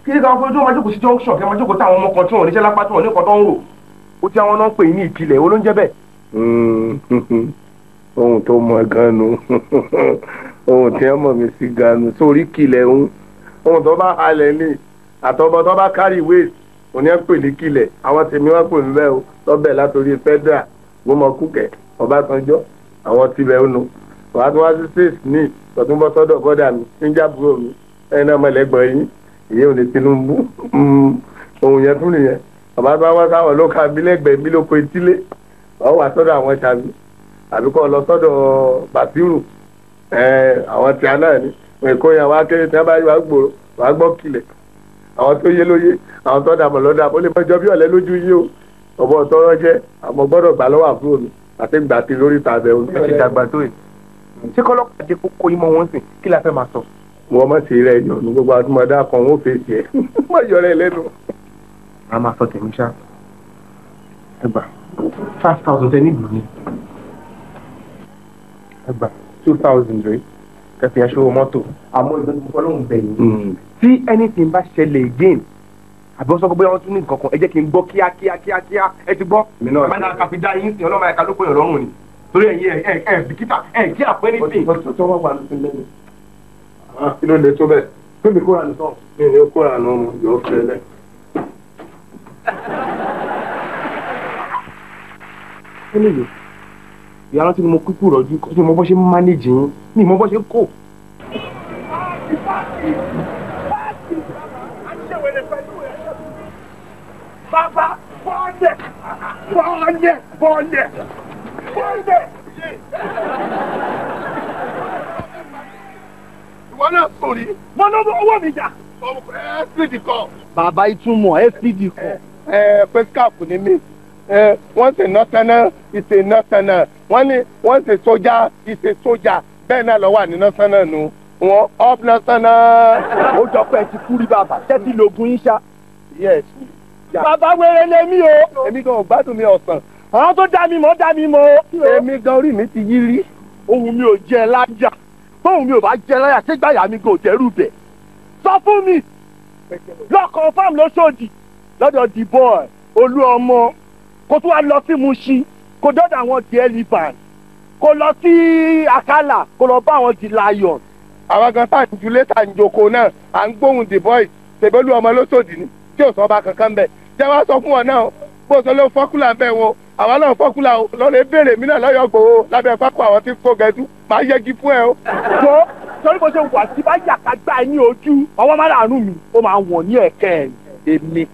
kí ni káwọn fún ojú ọmọ jókòó sí junction kí ẹ máa jókòó táwọn ọmọ kan tí wọn níṣẹ́ lápá tí wọn ní tó ń rò ó ti àwọn náà ń pè ní ìpìlẹ̀ olóúnjẹ bẹ́ẹ̀. Hmm. ohun tó mọ ganu ohun tí ẹ mọ̀ mí sí ganu sórí kìlẹ̀ ń ohun tó bá halẹ̀ ní àtọ́bọ̀ tó bá carry weight òní ẹ̀ pè ní kìlẹ̀ àwọn tèmi wá pè ń bẹ́ẹ̀ o lọ́bẹ̀ látòrí federal wọ́n mọ kúkẹ́ ọbásanjọ́ àwọn tilẹ̀ ònu wàá tún wá sí sèṣ ní ọ̀tún bọ́ sọ́dọ̀ bọ́dà mi níjàbúrò mi ẹ̀yin náà mọ̀lẹ́gbọ̀n yín ìyẹn ò ní Tinubu hmm, ohun yẹn tún nìyẹn bàbá bá wá sáwọn ló ka bí lẹ́gbẹ̀ẹ́ bí ló ko etílé wọ́n wà sọ́dọ̀ àwọn ṣàbí àbí lọ sọ́dọ̀ Bàtírù àwọn tí a náà ní èkó yẹn wá kéré tí wọ́n bá wá gbòòrò wá gbọ́ kilẹ̀ àwọn tó yé lóye àwọn tó dàmọ̀ lọ́dà ó lè mọ́jọ́ bí ọ̀lẹ́ lójú yé o ọ̀bọ tọrọ jẹ́ àmọ́ gbọ́dọ̀ gbà lọ́wọ́ àbúrò mi àti gbà tí lórí tàbẹ̀ òun. ẹ ti dàgbà tó yìí ṣé kọ́lọ́pàá dé kókó yín mọ́ wọn sìn kí la fẹ́ máa sọ. wọ́n mọ̀ sí rẹ̀ yọ̀ ní gbogbo àtúmọ̀dá kan wọ́n fèsì ẹ̀ má yọ rẹ̀ lẹ́nu. a máa sọ tèmi ṣá ẹgbà five thousand tẹ́ni ìlú ni ẹgbà two thousand rẹ̀ kẹfì aṣọ mọ́tò àmọ́ ìgbẹ́ hmm. tí anything bá ṣẹlẹ̀ again àbí wọ́n sọ pé wọ́n tún ní nǹkan ẹ jẹ́ kí n gbọ́ kíá kíá kíá kíá ẹ ti gbọ́. mi náà ṣe é kàfi dá yín sí ọlọ́mọ ẹ̀ka ló pè ni torí ẹ̀yin ẹ̀ ẹ̀ bìkítà ẹ̀ kí àpẹẹrẹ sí. ọtọ wà wà lóṣù lẹ́nu. kí ló dé tó bẹ́ẹ̀ pé mi kóra nìkan mi ò ní kóra nù ọmọ yóò fẹ́ lẹ́. ẹnìyẹ ìyá rántí ni mo kúkú rọ̀jú kó tí mo bọ́ ṣe ń yín bàbá bọ́ọ̀lẹ̀ bọ́ọ̀lẹ̀ bọ́ọ̀lẹ̀ bọ́ọ̀lẹ̀. ìwọ náà sòrí. mo ló mú owó mi jà. spd kọ. bàbá ìtumọ̀ spd kọ. pescap ni mí wọ́n ṣe nọ́tánná ìṣe nọ́tánná wọ́n ní wọ́n ṣe sójà ìṣe sójà bẹ́ẹ̀ náà lọ́wọ́ àní nọ́tánná nu wọn ọ́pù nọ́tánná. ó jọ pé ẹ ti kú rí bàbá ṣé ti lògùn yín ṣá. yes bàbá wẹrẹ lèmi o. èmi gan ò gbádùn mi ọ̀sán. àwọn tó dá mi mọ̀ dá mi mọ̀. èmi gan orí mi ti yí rí. ohun mi ò jẹ láyà bóun mi ò bá jẹ láyà sígbàyà mi kò tẹrù bẹ. sọ fún mi lọ confam lóṣòdì lọ́dọ̀ the boy olú ọmọ kó tún wá lọ sí Mushin kó dọ́dọ̀ àwọn the elephant kó lọ sí Akala kó lọ bá àwọn the lion. àwọn gan tá à ń julé tá à ń joko náà à ń gbóhùn the boy tẹ̀bẹ́lú ọmọ lóṣòdì ni tí ò sọba kankan bẹ̀ jẹ́ wá sọ fún wọn náà bó o sọ ló fọ́kúlà bẹ́ẹ̀ wo àwa náà fọ́kúlà o lọ́lẹ̀ béèrè mí náà lọ́yọ̀ gbòó lábẹ́ pápá àwọn tí kò gẹ̀ẹ́dú máa yẹgi fún ẹ o. jọ sọrí bó ṣe wà tí bá yàtá gbá ẹ ní ojú ọwọ́ má ràánú mi ó máa wọ̀n ní ẹ̀kẹ́ èmi.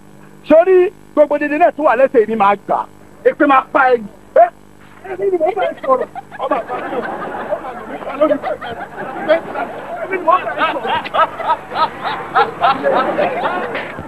sórí gbogbo dédé náà tó wà lẹ́sẹ̀ èmi máa gbà èpè máa pa ẹ ní. ẹ ẹ ní mo fẹ́ sọ̀rọ̀ ọba àgbà mi ò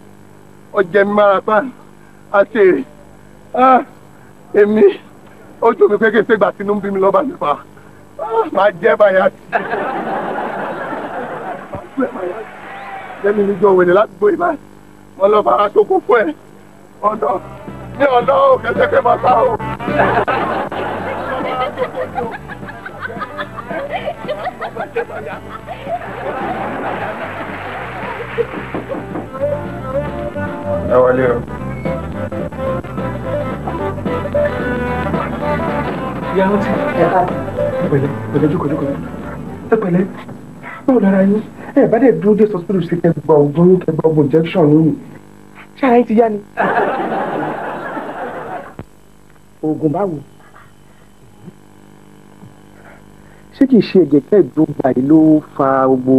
ọjẹ mi mára pan àti èrè ah, èmi ó jọ mi pé kí n ṣègbà tínú ń bí mi lọ́ba nípa ah, máa jẹ́ báyà tì jẹ́mi níjọ wèrè ládùúgbò ìbá wọn lọ bá aṣọ kó fún ẹ ọ̀nà ní ọ̀nà ò kẹ́sẹ́kẹ́ máa sá o. Thank you ẹ wọlé o. ìyá ọtí ẹ ká pẹ̀lẹ́ pẹ̀lẹ́ jókòó jókòó ẹ pẹ̀lẹ́ báwo lára yín ẹ bá dẹ̀ dúró dé sọ́sìpìlù sí kẹgbà ògùn yín kẹgbà ògùn injection yín ṣé ara yín ti yá ni. oògùn báwo ṣé kìí ṣe ẹ̀jẹ̀ tẹ́ ìdúgba yìí ló fa gbogbo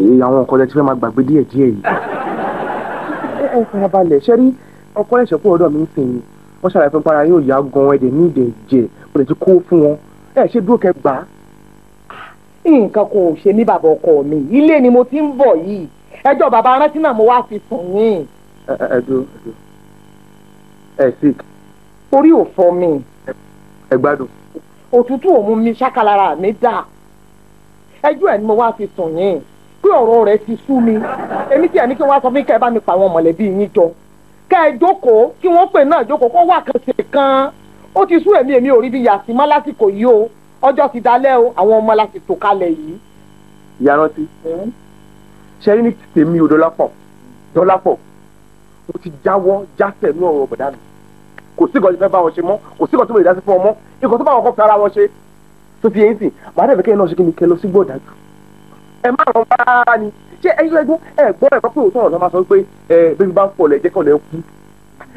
eh, àwọn nǹkan tẹ́ ti máa gbàgbé díẹ̀díẹ̀ yìí ẹ farabalẹ̀ ṣe rí ọkọ ẹ̀ṣẹ̀ kúrò ọ̀dọ̀ mi ń sìn yín wọ́n ṣàlàyé fún para yóò yá gan ẹ̀dẹ̀ ní ìdè jẹ kò lè ti kó fún wọn ẹ ṣe dúró kẹ gbà á. nǹkan kò ṣe mí bàbá ọkọ mi ilé ni mo ti ń bọ̀ yìí ẹjọ́ bàbá rántí náà mo wá fi sùn yín. ẹ ẹ ẹ dúró ẹ dúró ẹ sick. orí ò fọ́ mi. ẹ gbádùn. òtútù ò ṣákàlára mi dà ẹjọ́ ẹ ni mo wá fi sùn yín pé ọ̀rọ̀ rẹ̀ ti sú mi èmi tí àní kí wọ́n á sọ fún kẹ́ ẹ bá mi pa àwọn mọ̀lẹ́bí yín jọ kẹ́ ẹ jókòó kí wọ́n pè náà jókòó kó wà kan ṣe kan ó ti sú èmi èmi ò rí bí yàtí má lásìkò yìí o ọjọ́ ti dalẹ̀ o àwọn ọmọ la ti tò kalẹ̀ yìí. ìyá rántí ṣe ní tèmi ò dọ́lápọ̀ dọ́lápọ̀ mo ti jáwọ́ jásẹ̀ ní ọ̀rọ̀ ọ̀bọ̀dá mi kò sí ìkọ́ tí fẹ́ bá wọn ṣe mọ́ kò sí ìkọ́ tí lè dá sí fún ọmọ ìkọ́ tó bá wọn kọ́ fi ara wọn ṣe tó ti yẹn sìn màá dẹ̀ fẹ́ kẹ́yìn náà ṣe kí ni kẹ́ lọ sí gbọ́dájú ẹ má rán bá ni ṣé ẹyin lẹ́gbọ́n ẹ gbọ́ ẹ̀kọ́ pé òótọ́ ọ̀nà máa sọ pé ẹ bẹ́ẹ̀ bá ń pọ̀ lẹ́jẹ́ kan kú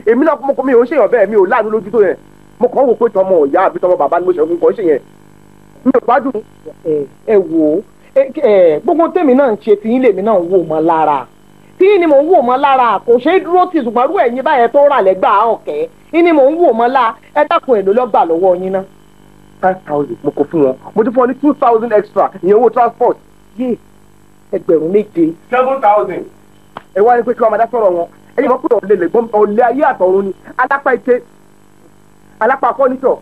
èmi náà mo kọ́ mi ò ṣèyàn bẹ́ẹ̀ mi ò láàánú lójú tó yẹn mo kàn wò pé tọmọ ìyá àbí tọmọ bàbá ni mo ṣe kọ́ ṣe yẹn mi ò gbádùn. ẹ wò ó gbogbo tèmi náà ń ṣe tìyín lèmi náà ń wò mọ́ lára tìyín ni mò ń wò mọ́ lára kò ṣeé dúró tì ṣùgbọ́n ẹ̀yin báyẹn tó rà lẹ́gbàá ọ̀kẹ́ ni mò ń wò mọ́ la ẹ dákun èlò lọ́gbà lọ́wọ́ yín ná. five thousand mo kò fún wọn mo ti fún ọ ní two thousand extra ìyẹn owó transport yé ẹgbẹ̀rún méje. seven thousand. ẹ wá ní pé kí wọn máa dá sọ̀rọ̀ wọn ẹ̀yin mọ̀ pé ọ̀lẹ lẹ̀gbọ́n ọ̀lẹ ayé àtọ̀run ni alápá ike alápá fọ́nítọ̀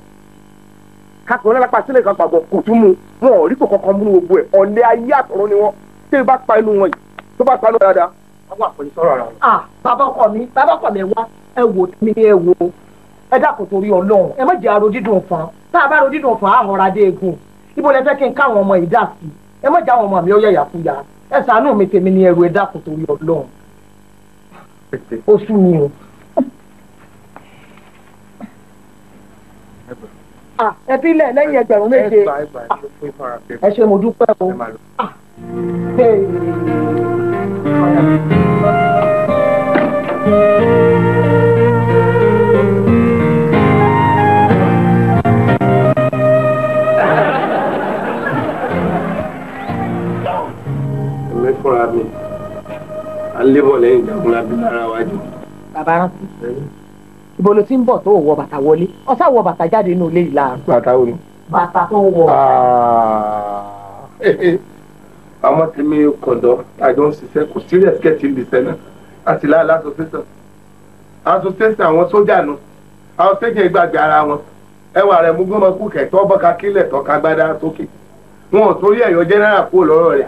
kakùnrin alápá sílẹ̀ kan pàgọ́ kò tún mu wọn ò rí kò kankan mú gbogbo ẹ̀ ọ̀lẹ ayé àtọ̀run ni wọn tẹ́ ẹ bá pa inú wọn yìí tó bá pa inú dáadáa wọn àpòyí sọ̀rọ̀ ara wọn. ah bàbá ọkọ mi bàbá ọkọ mi wá ẹ wò mí ẹ wò ẹ dákun torí Ọlọ́run ẹ má jẹ́ ẹ má já àwọn ọmọ mi ó yẹ yàkúyà ẹ sànú mi tèmi ní ẹrù ẹdá kò torí Ọlọ́run ó sú mi o. ẹ bí lẹ lẹ́yìn ẹgbẹ̀rún méje ẹ ṣe mo dúpẹ́ o. Thank you. fúnra mi à ń lébọ̀ lẹ́yìn ìjàkúnlá bí lára wájú. bàbá rántí ibo ló ti ń bọ̀ tó wọ bàtà wọlé ọ̀sá wọ bàtà jáde inú ilé ìlà. bàtà wo ni. bàtà tó wọ. Ah. àmọ́ tèmi kọ̀dọ̀ àjọ ń ṣiṣẹ́ kò sí rẹ̀sikẹ́tì ń bìṣẹ́ náà àti láàlá asosẹ́sàn asosẹ́sàn àwọn sójà nu àwọn sẹ́jẹ̀ gbàgbé ara wọn ẹwà rẹ̀ mú gbọ́mọkú kẹ̀tọ́ bọ́ka kílẹ̀ tọ́ka gbádá sókè wọn ò torí ẹ̀yọ́ jẹ́nẹ́rà kú lọ́rọ̀ rẹ̀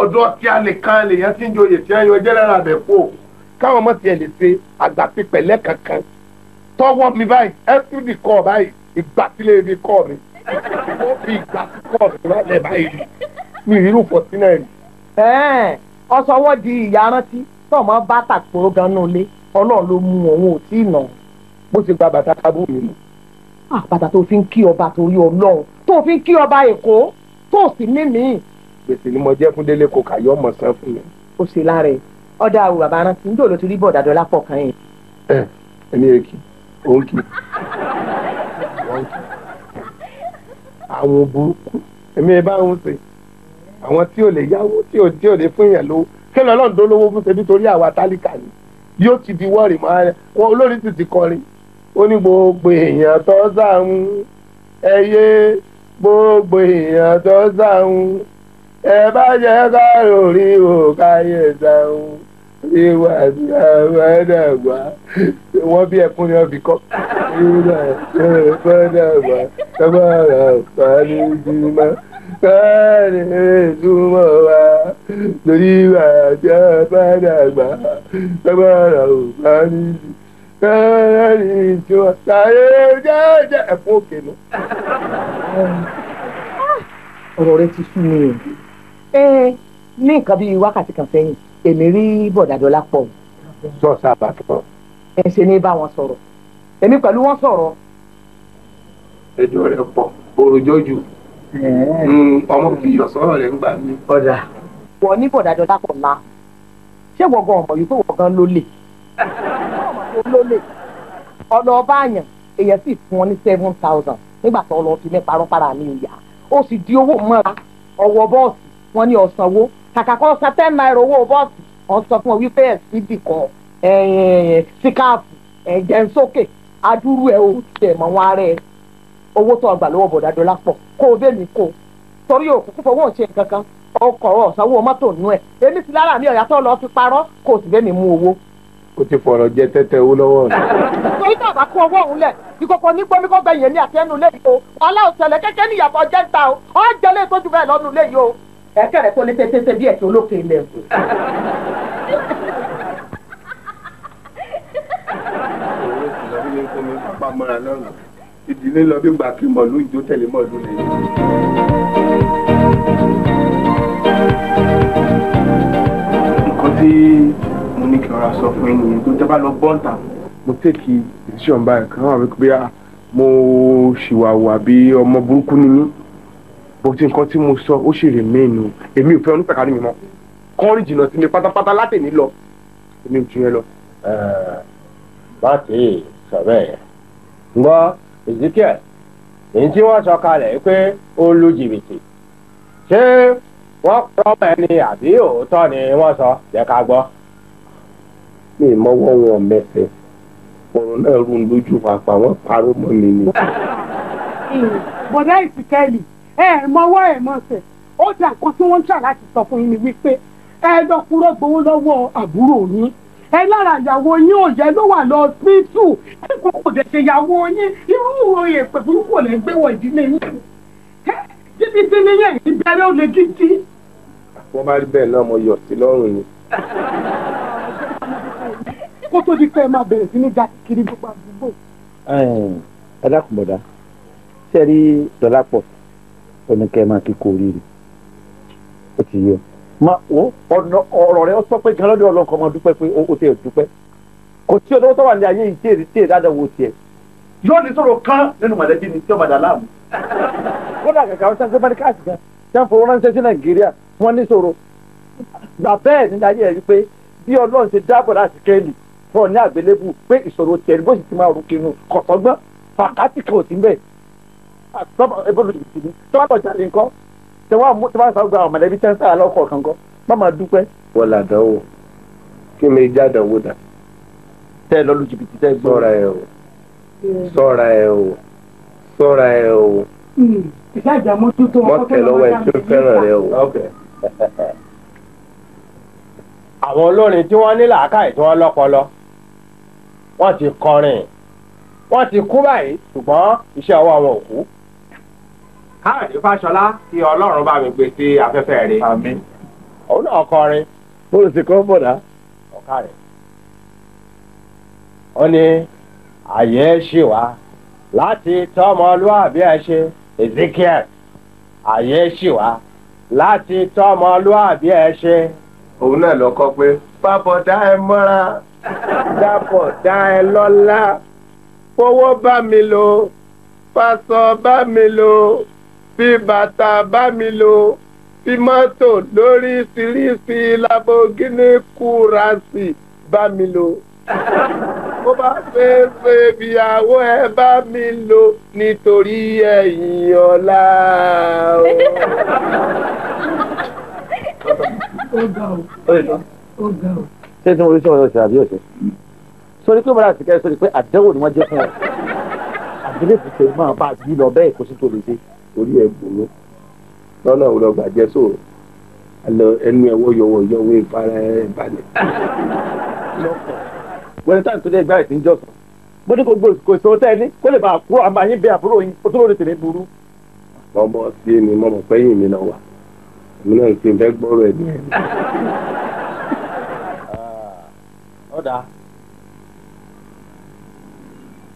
ọ̀dọ́ tí a lè kan lèyàn tí ń joyè tí ń yọ jẹ́rẹ́rà bẹ̀ kó káwọn ọmọ tiẹ̀ lè ṣe àgbà pípẹ̀lẹ́ kankan tọwọ́ mi báyìí every day call báyìí ìgbà sílé ibi kọ́ mi ó fi ìgbà kọ́ mi rálẹ̀ báyìí mi ìrú fọ̀tí náà rí. ọ̀sọ̀wọ́ di ìyá rántí tọ̀mọ́ bá tàkùrọ̀ ganan lé ọlọ́run ló mú òun ò tí ì nà bó ti gba bàtà kábùrù mi. àbàtà ah, tó fi ń kí ọba torí ọlọ́run tó fi ń kí ọba èkó tó sì ní mí-ín gbèsè ni mo jẹ́ fún délé kò kà yọ́ mọ̀ san fún mi. ó ṣe lára ẹ ọ̀dà àwọn bàbá rántí ń dòlò torí bọ̀dà dọ́là pọ̀ kan yẹn. ẹ ẹni èkì òǹkì àwọn burúkú èmi bá ń ṣe àwọn tí ò lè yáwó tí ò tí ò lè fún yẹn lówó kí lọ́lọ́run tó lówó fún ṣe nítorí àwa tálíkà ni yóò ti di wọ́ọ̀rì mọ́ ara wọn olórin sì ti kọrin ó ní gbogbo èèyàn tó sáà ń ẹyẹ gbogbo èèyàn tó sáà ń ẹ bá jẹ́ ká lórí wò káyé sáwọn ìwà àti àwọn ẹ̀dàgbà wọ́n bí ẹkún ni wọ́n fi kọ́. ìwà ẹ̀dàgbà sábàrà fani jùmọ̀ fani jùmọ̀ wa lórí ìwà àti àwọn ẹ̀dàgbà sábàrà fani jùmọ̀ fani jùmọ̀ sáyé jẹ́jẹ́ ẹ̀kún òkè nù. ọ̀rọ̀ rẹ ti sú mi ní nǹkan bíi wákàtí kan sẹ́yìn èmi rí bọ̀dàdọ́lá pọ̀. sọ sábà tọ. ẹ ṣe ní bá wọn sọ̀rọ̀ èmi pẹ̀lú wọn sọ̀rọ̀. ẹjọ́ rẹ̀ pọ̀ orojọ jù mm, ọmọ fi ìyọsọrọ rẹ̀ ń gbà mí. ọ̀dà. wọ́n ní bọ̀dàdọ́lá pọ̀ la ṣé wọ̀gán ọmọ yìí pé wọ̀gán ló lè. ló lè ọ̀nà ọba àyàn èèyàn sì fún wọn ní seven thousand nígbà tó lọ fi mẹ́parọ́ para mi ìyá ó sì di owó mọ́ra ọwọ́ bọ́ọ̀sì wọ́n ní ọ̀sánwó kàkà kan san ten naira owó bọ́ọ̀sì fún wọn wípé ẹ̀sìn ìdìkọ̀ síkáàfù ẹ̀jẹ̀ adúrú owó tó ọgbà bọ̀dá dọ́là pọ̀ kó o bẹ́ẹ̀ mi kó torí òkú fún owó ìṣe nǹkan kan ọkọ̀ nù ẹ̀ èmi ti lára mi ọ̀yà tó lọ fi parọ́ kó o sì bẹ́ẹ̀ mi mú ẹ̀kẹ́ rẹ̀ tó lé tẹ́tẹ́tẹ́ bí ẹ̀kẹ́ olókè ilẹ̀ ẹ̀kọ́. ìdílé lọ bí gbà kí mọ̀lú ìjó tẹ̀lé mọ̀lú lẹ́yìn. nǹkan tí mo ní kí n ra sọ fún yín nìyẹn tó jábá lọ bọ́ǹtà. mo tẹ́kì ìṣọ̀nba ẹ̀kan wà wípé mo ṣìwàwù àbí ọmọ burúkú ni mí but nǹkan tí mo sọ ó ṣì rè mẹ́nu èmi ò fẹ́ onípẹ̀kárí mi mọ́ kọ́rin jìnnà sí mi pátápátá látẹ̀mí lọ èmi ò ju yẹn lọ. láti sọ bẹ́ẹ̀ gbọ́ Ezekiel èyí tí wọ́n sọ kalẹ̀ pé ó lu jìbìtì ṣé wọ́n rọ́mọ ẹni àbí òótọ́ ni wọ́n sọ jẹ́ ká gbọ́. mi ì mọ́wọ́ wọn mẹ́fẹ̀ẹ́ ọ̀rọ̀ náà rún lójú wa pa wọ́n parọ́ mọ́ mi ni. bọ̀dá ìsìkẹ́lì ẹ ẹ mọwọ́ ẹ mọ̀sẹ̀ ó dà nǹkan tí wọ́n ń tà láti sọ fún yín ni wípé ẹ lọ kúrò gbowó lọ́wọ́ àbúrò yín ẹ lára ìyàwó yín ò yẹ ló wà lọ síìtù ẹ kò kò dẹ̀ ṣe ìyàwó yín irú òye pẹ̀lú kò lè gbé wọ ìdílé yín bíbí sí ní yẹn ìbẹ̀rẹ̀ ò lè dídí. wọ́n bá rí bẹ́ẹ̀ náà mo yọ̀ sí lọ́rùn ni. kó tó di pé ẹ máa bẹ̀rẹ̀ sí ní ga kiri gbogbo àdúgbò. ẹ dákun bọ̀dá ṣe rí dọ́là pọ̀ ọ̀nà kẹ́ ẹ máa kíkọ oríire ó ti yẹ ma wo ọ̀nà ọ̀rọ̀ rẹ ó sọ pé gan lọ́dọ̀ ọlọ́kọ̀ máa dúpẹ́ pé ó tẹ̀ dúpẹ́ kò tí olówó tó wà ní ayé yìí tí èrè tí èrè dáadáa wo tiẹ̀ yóò ní sọ̀rọ̀ kán nínú mọ̀lẹ́bí ni tí ó padà láàmú. kódà kàkà wọn sáńsẹ́ bárí káàsì kan tí wọ́n fowó ránṣẹ́ sí nàìjíríà wọ́n ní sọ̀rọ̀ gbà bẹ́ẹ̀ ní ayé ẹ̀ wípé bí ọlọ́run ṣe dáàbò láti kẹ́lì fún ọ ní àgbélébù pé ìṣòro tiẹ̀ bó sì ti máa rú kinu kọ̀tọ́gbọ́n fàkátì kan ò sí bẹ́ẹ̀ àtọ́bọ̀ ebólú ìsì ni tọ́wọ́ lọ jáde nǹkan tẹwọ́ tẹwọ́ sọ gba ọmọ ẹbí tẹ́ńsà aláwọ̀ kankan má máa dúpẹ́. wọ́n là dánwò kí mi já dánwò dà. tẹ́ ẹ lọ́lù jìbìtì tẹ́ ẹ gbọ́. sọ́ra ẹ o sọ́ra ẹ o sọ́ra ẹ o. Hmm. ìyá ìjà mójútó ọkọ tó lọ́wọ́ ẹ tó fẹ́ràn rẹ o. àwọn olórin tí wọ́n ní làákàyè tí wọ́n lọ́pọlọ wọ́n ti kọrin wọ́n ti kú báyìí ṣùgbọ́n iṣẹ́ ọwọ́ àwọn òkú káàdì fàṣọlá tí ọlọ́run bá mi gbé sí afẹ́fẹ́ rẹ̀. àmín òun náà kọrin bó o sì kọ́ bọ̀dá ọ̀ká rẹ̀. ó ní àyè ṣì wá láti tọ́mọlúàbí ẹ ṣe Ezekiel àyè ṣì wá láti tọ́mọlúàbí ẹ ṣe. òun náà ló kọ pé pápọ̀ dá ẹ mọ́ra dápọ̀ dá ẹ lọ́lá fowó bá mi lò pásọ bá mi lò fi bàtà bá mi lò fi mọ́tò lóríṣiríṣi labogini kúrasì bá mi lò. bó bá fẹ́ fẹ́ ìyàwó ẹ bá mi lò nítorí ẹ̀yìn ọ̀la. ṣé tí mo rí sí ọ̀rọ̀ ìṣẹ̀lẹ̀ àbí ọ̀sẹ̀ sórí pé bọ́lá àtìkẹ́ sórí pé àdánwò ni wọ́n jẹ́ fún ọ àdílé ti tẹ̀ máa bá a yí lọ bẹ́ẹ̀ kó sì tó lè dé orí ẹ̀ bù mí lọ́nà òun lọ gbàjẹ́ sóòrò ẹnu ẹ̀wọ́ yọ̀wọ̀ yọ̀wọ̀ ìfara ẹ̀ balẹ̀ lọ́kàn. wẹ́n táwọn tó dé ìgbà ìsìn jọ̀sán mo ní kò gbòòrò kò sọ tẹ́ ẹ ní kó lè bá àkúrò àmọ́ àyín bẹ àbúrò yín ó tún lórí tèmi burú. ọmọ sí mi mọ̀mọ́ pẹ́yìn mi náà wà èmi náà ti fẹ́ gbọ́rọ̀ ẹ̀ ní ah, ẹ̀. ọ̀dà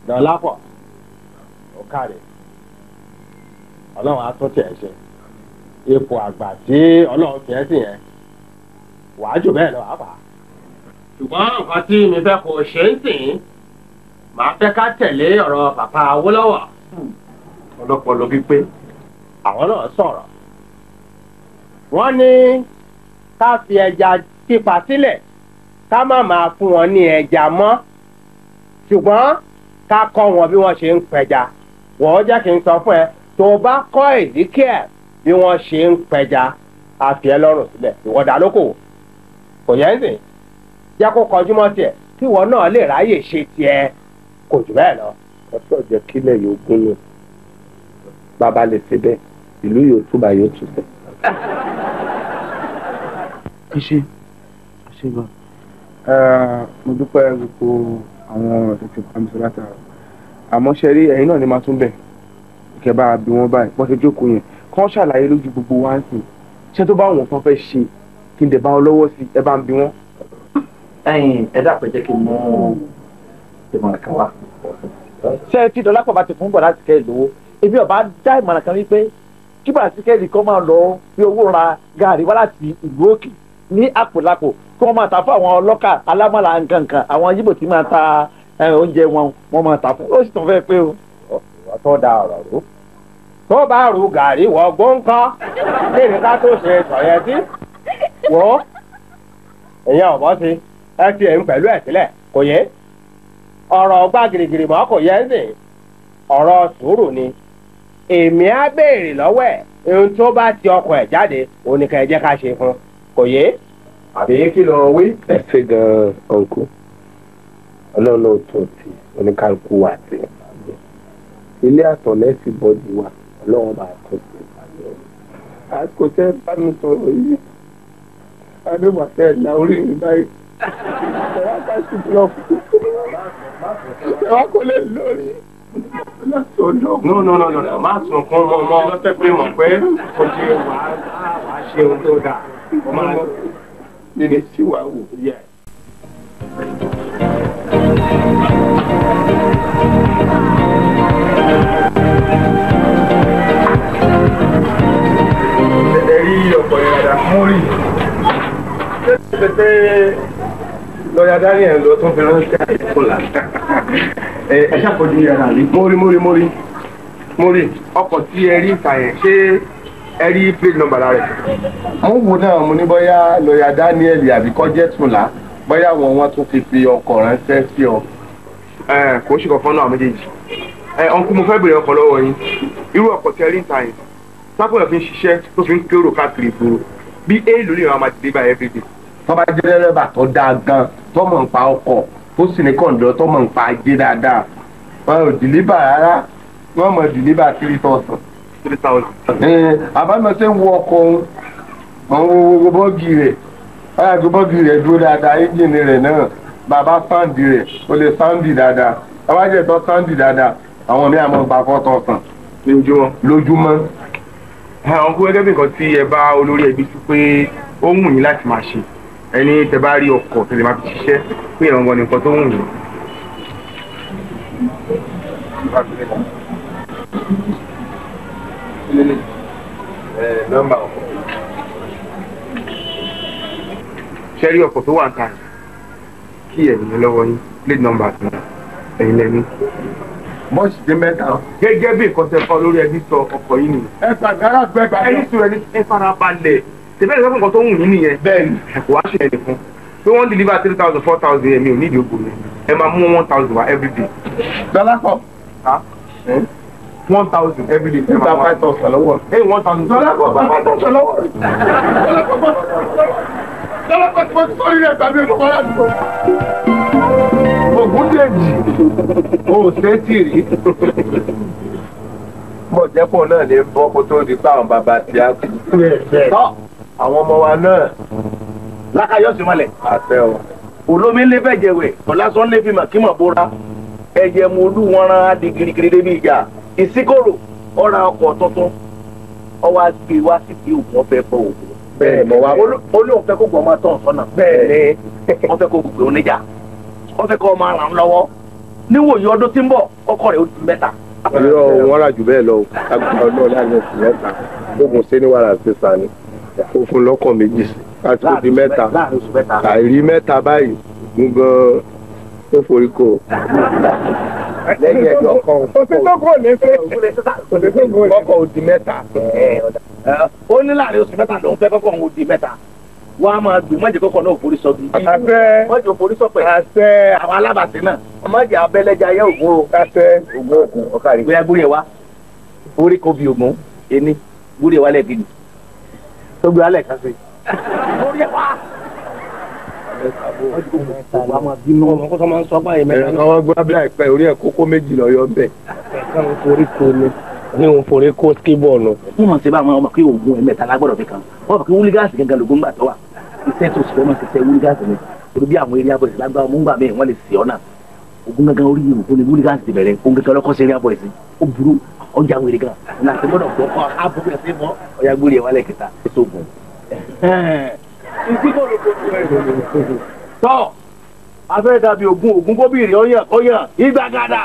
dọ̀lápọ̀ ọ̀kadì ọlọ́run á tún tiẹ̀ ṣe ipò àgbà tí ọlọ́run tiẹ̀ sì yẹn wàá jù bẹ́ẹ̀ lọ àbá. ṣùgbọ́n nǹkan tí mi fẹ́ kó ṣe ń sìn màá fẹ́ ká tẹ̀lé ọ̀rọ̀ bàbá Awólọ́wọ̀. ọlọpọlọ pípé. àwọn náà sọ̀rọ̀ wọ́n ní ká fi ẹja pípa sílẹ̀ ká má máa fún wọn ní ẹja mọ́ ṣùgbọ́n ká kọ́ wọn bí wọ́n ṣe ń pẹja wọ́n jẹ́ kí n sọ fún ẹ tó bá kọ́ Ezekiel bí wọ́n ṣe ń pẹja àfi ẹ lọ́rùn sílẹ̀ ìwọ́dà lókòwò kò yẹn ń sìn jẹ́ kó kọjúmọ́ tiẹ̀ kí ìwọ náà lè ráyè ṣe tiẹ̀ kò jù bẹ́ẹ̀ lọ. ọ̀ṣọ́ jẹ́ kílẹ̀ yóò gún yàn bàbá lè ṣe bẹ́ẹ̀ ìlú yóò túbà yóò tù sẹ́. ẹ ṣe ẹ ṣe gan mo dúpẹ́ gbogbo àwọn ọ̀rọ̀ tó ti bá mi sọ látara àmọ́ ṣe rí ẹ̀yin náà ni màá tún bẹ̀ẹ́ kẹ́ bá bí wọ́n báyìí wọ́n ṣe jókòó yẹn kán ṣàlàyé lójú gbogbo wa ń sìn ṣé tó bá wọn tán fẹ́ ṣe kí n dẹ̀ bá wọn lọ́wọ́ sí ẹ bá ń bí wọ́n. ẹ̀yin ẹ dàpẹ́ jẹ́ kí n mú ìmọ̀ràn kan wá. ṣé tí dọlápọ̀ bá ti fún bọ̀ láti kẹ́ ìlówó èmi ọba dá ìmọ̀ràn kan wípé kí bàtíkẹ́ẹ̀lì kan máa lọ bí owó ra gààrí wá láti ìlú òkè ní àpòlápò kí wọ́n máa ta fún àwọn ọlọ́kà alámọ̀là nkankan àwọn yíbò tí máa ta eh, oúnjẹ wọn wọ́n máa ta fún ó sì tún fẹ́ pé o. ọ̀tọ̀ da ọ̀rọ̀ rò tó bá ru gàrí wọ gbóǹkọ́ kí ni ká tó ṣe sọ̀yẹ́tì wò ó ìyẹn ọ̀bọ sí ẹ ti ẹ̀ ń pẹ̀lú ẹ̀ sílẹ̀ kò yé ọ̀rọ̀ gbá girigiri mọ́ kò yẹ ń sìn ọ̀rọ̀ sùúrù ni èmi á béèrè lọ́wọ́ ẹ̀ ohun tó bá ti ọkọ̀ ẹ̀ jáde oníkà ẹ̀ jẹ́ ká ṣe fún kò yé. àbí kí ló wí. ẹ ṣe gan-an ọ̀nkú ọlọ́run ò tó ti oníkálukú wà sí ilé àtọ̀lẹ́sì bọ́dí wa ọlọ́run bá tó ṣe ìpàdé àsìkò tẹ́ bá mi sọ̀rọ̀ yìí adébàtẹ́ ẹ̀dá orí mi báyìí ẹ̀rọ kásì búlọ́ọ̀kù ẹ̀rọ kò lè lórí no no no no má sùn kún mọ mọ lọ́tẹ̀ pé mọ̀ pé kò ṣe wàá wàá ṣe ohun tó dáa ọmọ nínú tí wàá wò yẹ. Thank you. ọ̀yàdà múrì pété lọ́yà daniel lọ tó fi ránṣẹ́ àìkúlà ẹ ṣàkójú yàrá rí mórí mórí mórí mórí ọkọ̀ tí ẹ rí ìta yẹn ṣé ẹ rí plate number rẹ̀. mo wò náà mo ní daniel àbí kọ́jẹ́ wọn wọn tún fi fi ọkọ̀ ránṣẹ́ sí ọ. Eh, kò ń ṣe náà méjèèjì eh, mo fẹ́ bèrè ọkọ̀ lọ́wọ́ ọkọ̀ tí ẹ sápòlọ̀ fi ń ṣiṣẹ́ tó fi ń kérò káàkiri ìgboro bí èèlò lè máa dé bá everyday. tó jẹ́ dẹ́rẹ́bà tó dáa gan tó mọ̀ ń pa ọkọ̀ tó sì ní kọ̀ǹdọ̀ tó mọ̀ ń pa ajé dáadáa wọn ò dìlíbà rárá wọn mọ̀ dìlíbà three thousand. three wo ọkọ̀ òun wo bọ́ọ̀gì rẹ̀ wọ́n bọ́ọ̀gì rẹ̀ dúró dáadáa ẹ́ńjìnì rẹ̀ náà bàbá sáǹdì rẹ̀ ó lè sáǹdì dáadáa wọ́n wá jẹ̀ sáǹdì dáadáa àwọn mi àmọ́ gbà fọ́ tọ̀sán lójúmọ́ àwọn kú gẹ́gẹ́ bí nǹkan tí ẹ bá olórí ẹbí tú pé ó wù yín láti máa ṣe ẹni tẹ bá rí ọkọ̀ tẹ lè máa fi ṣiṣẹ́ pé ìrànwọ́ ni nǹkan tó wù yín. nọ́mbà ọkọ̀ ṣe rí ọkọ̀ tó wà ń ta kí ẹ̀yìn lọ́wọ́ yín plate number ẹ̀yìn lẹ́ni bọ́ọ̀sì dé mẹ́ta. gẹ́gẹ́ bí nǹkan tẹ fọ́ lórí ẹbí sọ ọkọ̀ yìí nìyẹn. ẹ gbàgbára gbẹ gbàgbọ́. ẹni sùn ẹni ẹ fara balẹ̀ tẹ̀fẹ́ ìsọ́kùn kan tó ń wù yín nìyẹn. bẹ́ẹ̀ni wàá ṣe ẹnì fún pé wọ́n deliver three thousand four thousand ẹ̀mí ò nídìí ogun mi ẹ máa mú one thousand wa every day. dọ́lápọ̀. one thousand every day. two thousand five thousand lọ́wọ́. ẹ one thousand. dọ́lápọ̀ five thousand five. dọ́lápọ̀ tí mo ti sọ Ògúndèjì ò sétí rí bọ̀jẹ́pọ̀ náà ní bọ́ kó tó di pa àwọn bàbá tí a kú. tọ́ àwọn ọmọ wa náà. lákàyọ̀ sí malẹ̀. àtẹ o. olómi ń lé bẹ́ẹ̀jẹ̀ wẹ̀ ọ̀làsán lé fìmọ̀ kí mọ̀ bóra ẹ̀jẹ̀ mu olú wọn rán á di kirikiri débi ìjà ìsíkòrò ọ̀ra ọkọ̀ tuntun ọwọ́ àgbè wá sí bí òògùn ọ̀fẹ́ bọ̀ òògùn. bẹ́ẹ̀ mọ̀ wá. olóhùn fẹ́ kó gbọ́ ọmọ tán sọ́nà. bẹ́ẹ̀ ni. wọ́n fẹ́ kó gbogbo oníjà ó fẹ́ kọ́ ọmọ ara ń lọ́wọ́ níwòye ọdún tí ń bọ̀ ọkọ rẹ̀ ó di mẹ́ta. irọ́ wọn rà jù bẹ́ẹ̀ lọ agbègbè ọlọ́ọ̀ láàrin oṣù mẹ́ta oògùn sẹ́niwàrà ti sàn ni òfin lọ́kàn méjì àti òdi mẹ́ta àìrí mẹ́ta báyìí mú gan-an tó forí kò lẹ́yìn ẹ̀jọ̀ kan òfin tó kò ní fẹ́ òfin tó kò ní fẹ́ kọ́kọ́ òdi mẹ́ta. ó ní láàrin oṣù mẹ́ta lòún fẹ́ kọ́kọ́ òun òdi mẹ́ta wọn a máa gbé mọ̀jẹ̀ kọ́kọ́ náà forí sọ́bi. àṣẹ mọ̀jẹ̀ forí sọ́pẹ̀. àṣẹ àwọn alábàṣẹ náà. mọ̀jẹ̀ abẹ́lẹ́jà yẹ ògùn o. àṣẹ ògùn ògùn ọ̀kàrí. bóyá gbórí ẹ wá orí kò bí ògùn ẹni gbórí ẹ wá lẹ́ẹ̀kejì tó gbé alẹ́ kan sí. gbórí ẹ wá. ọmọ kọ́sọ́ máa ń sọ apá yìí mẹ́ta. ẹ̀ka wọn gbọ́ abẹ́lẹ́ àìpẹ́ orí ẹ̀ kókó méjì lọ yọ bẹ́ẹ̀. ẹ̀ka wọn forí kò ní ní òun forí kó skébọ̀ọ̀lù. wọ́n mọ̀ sí báwọn ọmọ kí òògùn ẹ̀mẹ́ta lágbọ́dọ̀ fi kàn wọ́n mọ̀ kí wúlígáàsì gẹ́gẹ́ lògùn gbà tó wà iṣẹ́ tó sọ̀rọ̀ máa ṣiṣẹ́ wúlígáàsì ni torí bí àwọn area boys lágbára mú gbà mí wọ́n lè sì ọ́ náà ogun gangan orí yìí òfin ni wúlígáàsì ti bẹ̀rẹ̀ ogun gangan ọlọ́kọ́ sí area boys ó burú ọjà wèrè gan ní àti gbọ́dọ̀ gbọ́ kọ́ àbúrò ẹ̀sìn mọ́ ọ̀yà gbórí ẹ̀ wálẹ̀ kẹta ètò ògùn. tọ́ afẹ́ dàbí ògùn ògùn kóbìnrin ọ̀yàn ọ̀yàn ìgbàgàdà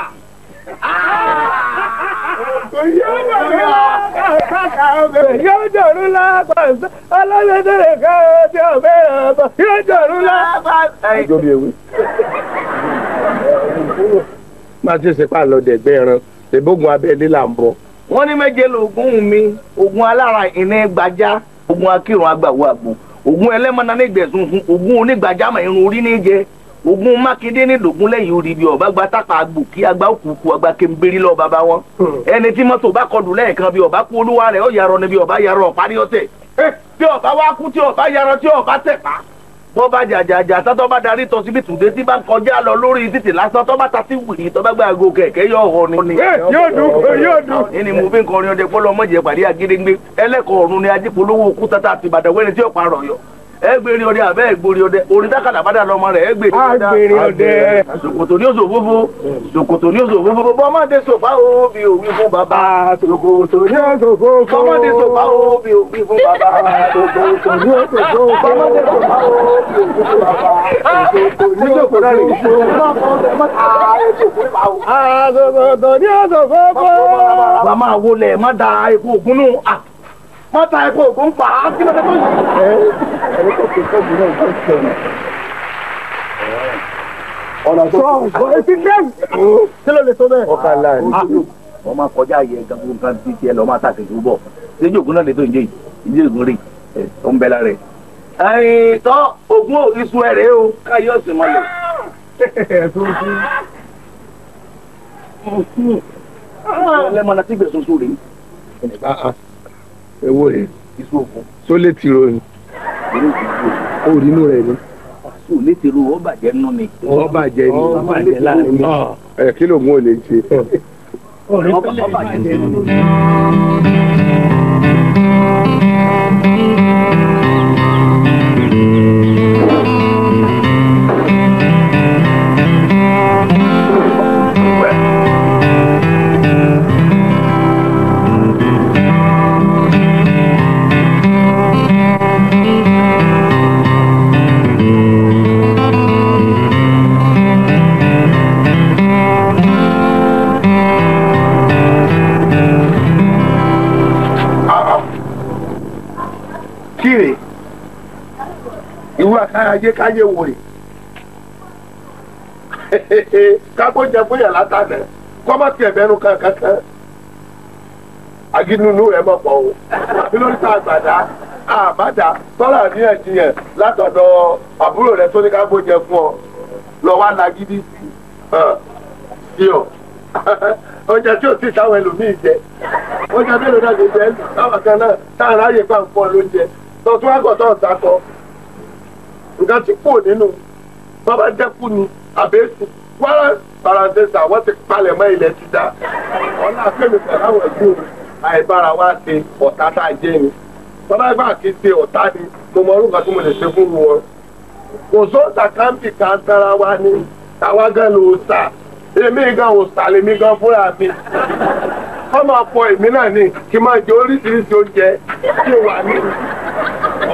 yóò dọ̀rú lápàṣẹ ọlọ́dẹ̀dẹ̀rẹ̀ kan tí ọ̀bẹ ọ̀bọ yóò dọ̀rú lápàṣẹ. ọjọ́ bíi ewé máa ti ṣe pàlọ́ dẹ̀gbẹ́ ẹran ṣègbógun abẹ́lé là ń bọ̀. wọ́n ní méje lóògùn mi oògùn alára ìní gbajá oògùn akírun agbàwọ̀ àgbò oògùn ẹlẹ́mọ̀nà nígbẹ̀sùn oògùn onígbàjámọ̀ irun orí níjẹ́ ogun mákindé ní dògún lẹ́yìn orí ibi ọba gba tápà agbò kí agba òkùnkùn agba kembere lọ bàbá wọn hmm. ẹni tí mọ́tò bá kọlù lẹ́ẹ̀kan bí ọba kú olúwa rẹ̀ ó yarọ níbi ọba yarọ ọ̀parí ọ̀tẹ̀ eh. tí ọba wá kú tí ọba yarọ tí ọba tẹ̀ pa bọ́ bá jàjàjà sátọ́ bá darí tọ́ síbi tùdé tí bá ń kọjá lọ lórí títì lásán tọ́ bá ta sí wìrì tọ́ bá gbé aago kẹ̀kẹ́ eh, eh, yọ ọ̀họ́ ẹ gbèrè ọdẹ àbẹ ìgbòrè ọdẹ orin tákàdá bàdà lọmọ rẹ ẹ gbèrè ọdẹ àgbèrè ọdẹ ṣòkòtò ní oṣù òfófó ṣòkòtò ní oṣù òfófó bọ́mọdé sòfà o bí òwì fún bàbá ṣòkòtò ní oṣù òfófó bọ́mọdé sòfà o bí òwì fún bàbá ṣòkòtò ní oṣù òfófó bọ́mọdé sòfà o bí òwì fún bàbá ṣòkòtò ní oṣù òfófó bọ́mọdé sòfà o bí òwì fún bàbá wọ́n ta epo ògùn pa á kí ló dé tó yìí. ẹ ẹ kò kí sọ́ọ̀bù náà kò tẹ̀ ẹ́ ọ̀nà tó kọ́ ẹ ti dẹ́n. kí ló lè tó bẹ́ẹ̀. ọkà ńlá ni ah. wọ́n máa kọjá yẹ gangan nǹkan tí tiẹ̀ lọ́ máa ta kẹ̀kẹ́ bọ̀ ṣéjú ògùn náà lè tó ìjẹ́ ìjẹ́ ìgùn rè ẹ̀ tó ń bẹ lára ẹ̀. ẹyin tọ́ ògùn òrísun ẹ̀ rèé o káyọ̀ sì máa lò. ẹ̀ẹ́dọ́gbọ̀n. ọlẹ́mọ̀nà tí gbèsè sórí ẹwọ rẹ so létí ro ni o rí inú rẹ ni. so létí ro ọ bàjẹ́ nù mi. ọ bàjẹ́ ni ọ bàjẹ́ láàrin mi. ẹ kí ló mú o lè ṣe. ọ bàjẹ́ nù mi. kára yé káyé wòye kákó jẹ fún yàrá tánà kọ́mọ tiẹ̀ mẹ́nu kankan mọ̀ pọ̀ o lórí tá a gbàdá tọ́lá àríyànjiyàn látọ̀dọ̀ àbúrò rẹ̀ tó ní kákó jẹ fún ọ lọ wá sí i ọ tí o ti sáwọn ẹlòmíì jẹ jẹ táwọn kan náà táwọn aráyè bá ń lóúnjẹ tọ́tún àgọ́tọ̀ nǹkan ti kúrò nínú bàbá dẹ́kun ni àbẹ́sì wàrà paranzesa wọ́n ti palẹ̀ mọ́ ilẹ̀ ti dá ọ̀nà àfẹ́mi pẹ̀lú àwọn ẹ̀jú àìbára wa ṣe ọ̀tá tá a jẹ́ ni bàbá ìgbà kì í ṣe ọ̀tá ni mo mọ orúkọ tí mo lè ṣe fún wọn. kò sóòtà káńpì kan tara wa ni tàwa gan ló sà èmi gan ò sà lèmi gan fúnra mi kọ́ máa pọ èmi náà ni kí n máa jẹ oríṣiríṣi oúnjẹ tí ò wà nínú.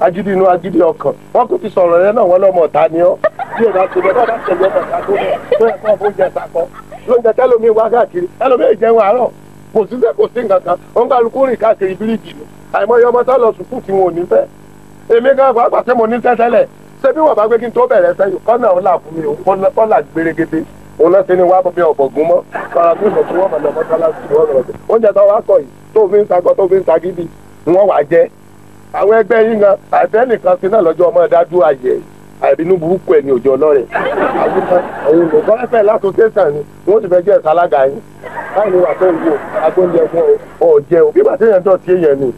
agídí inú agídí ọkàn wọn kò fi sọ̀rọ̀ yẹn náà wọn lọ́mọ ọ̀tá ni ọ́ bí èdè àti ìbọn bá tẹ̀lé ọmọ ọ̀tá tó lọ tó yẹ kó fún jẹta kan lóúnjẹ tẹlómi wá káàkiri tẹlómi ìjẹun àárọ̀ kò sí sẹ́ kò sí nǹkan kan ó ń kálukú rìn káàkiri bíríìjì ni àìmọye ọmọ tá lọ sùkúù tí wọn ò ní fẹ́ èmi gan pàápàá tí mo ní tẹ́tẹ́lẹ̀ ṣé bí wọ́n bá gbé kí n tó bẹ̀rẹ̀ sẹ́yìn kọ́nà ọ̀la fún mi ò kọ́nà gbèrègede òun lọ́sẹ̀ ni wàá bọ́bí ọ̀bọ̀gún mọ́ farafin ìmọ̀ tí wọ́n mọ̀ lọ́mọ́tálá sí wọ́n lọ́sẹ̀ oúnjẹ tó wá kọ̀ yìí tó fi ń sagọ́ tó fi ń sagídì wọ́n wàá jẹ́ àwọn ẹgbẹ́ yín gan àtẹnìkan sí náà lọ́jọ́ ọmọ dájú àyè àìbínú burúkú ẹ̀ ní òjò ọlọ́rẹ̀ àwọn olùkọ́ ẹ̀fẹ̀ látò tẹ̀sán ni wọ́n ti fẹ́ jẹ́ ìsálága yín báyìí ni wà tó wù agbóúnjẹ fún ọ ọ̀jẹ̀ òbí bàtí èèyàn tó ti èèyàn ni.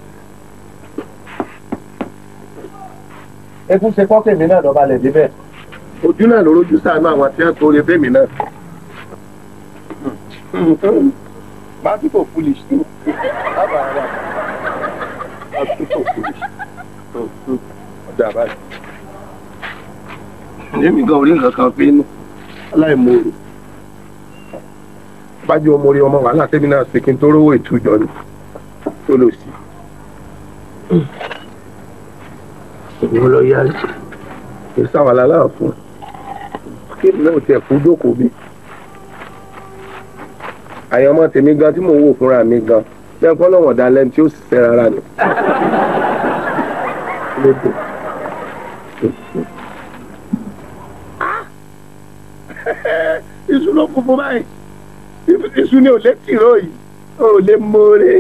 ẹkún ṣe kọ́kẹ́ mi náà lọ́balẹ̀ débẹ̀ ojú náà ló rojú sáà náà àwọn àti ẹ̀ tó lè fẹ́ mi náà. Bad people foolish too àtúntò tó tó ọ̀dà báyìí. èmi gan orí nǹkan kan fi ń aláìmoore bájú ọmọ orí ọmọ wàhálà tẹ́mi náà ṣe kí n tó rówó ìtújọ ni tó lò sí. ìwọ lọ yára ìsáwàlà láà fún kí ni náà tiẹ̀ fún jókòó mi àyànmọ́ tèmi gan tí mò ń wò fúnra mi gan bẹ́ẹ̀ kọ́ lọ́wọ́ ọ̀dà lẹ́nu tí ó sì fẹ́ rárá ni. Ah! iṣu ló kún fún báyìí iṣu ni ò lè tìró yìí ò lè mọ́re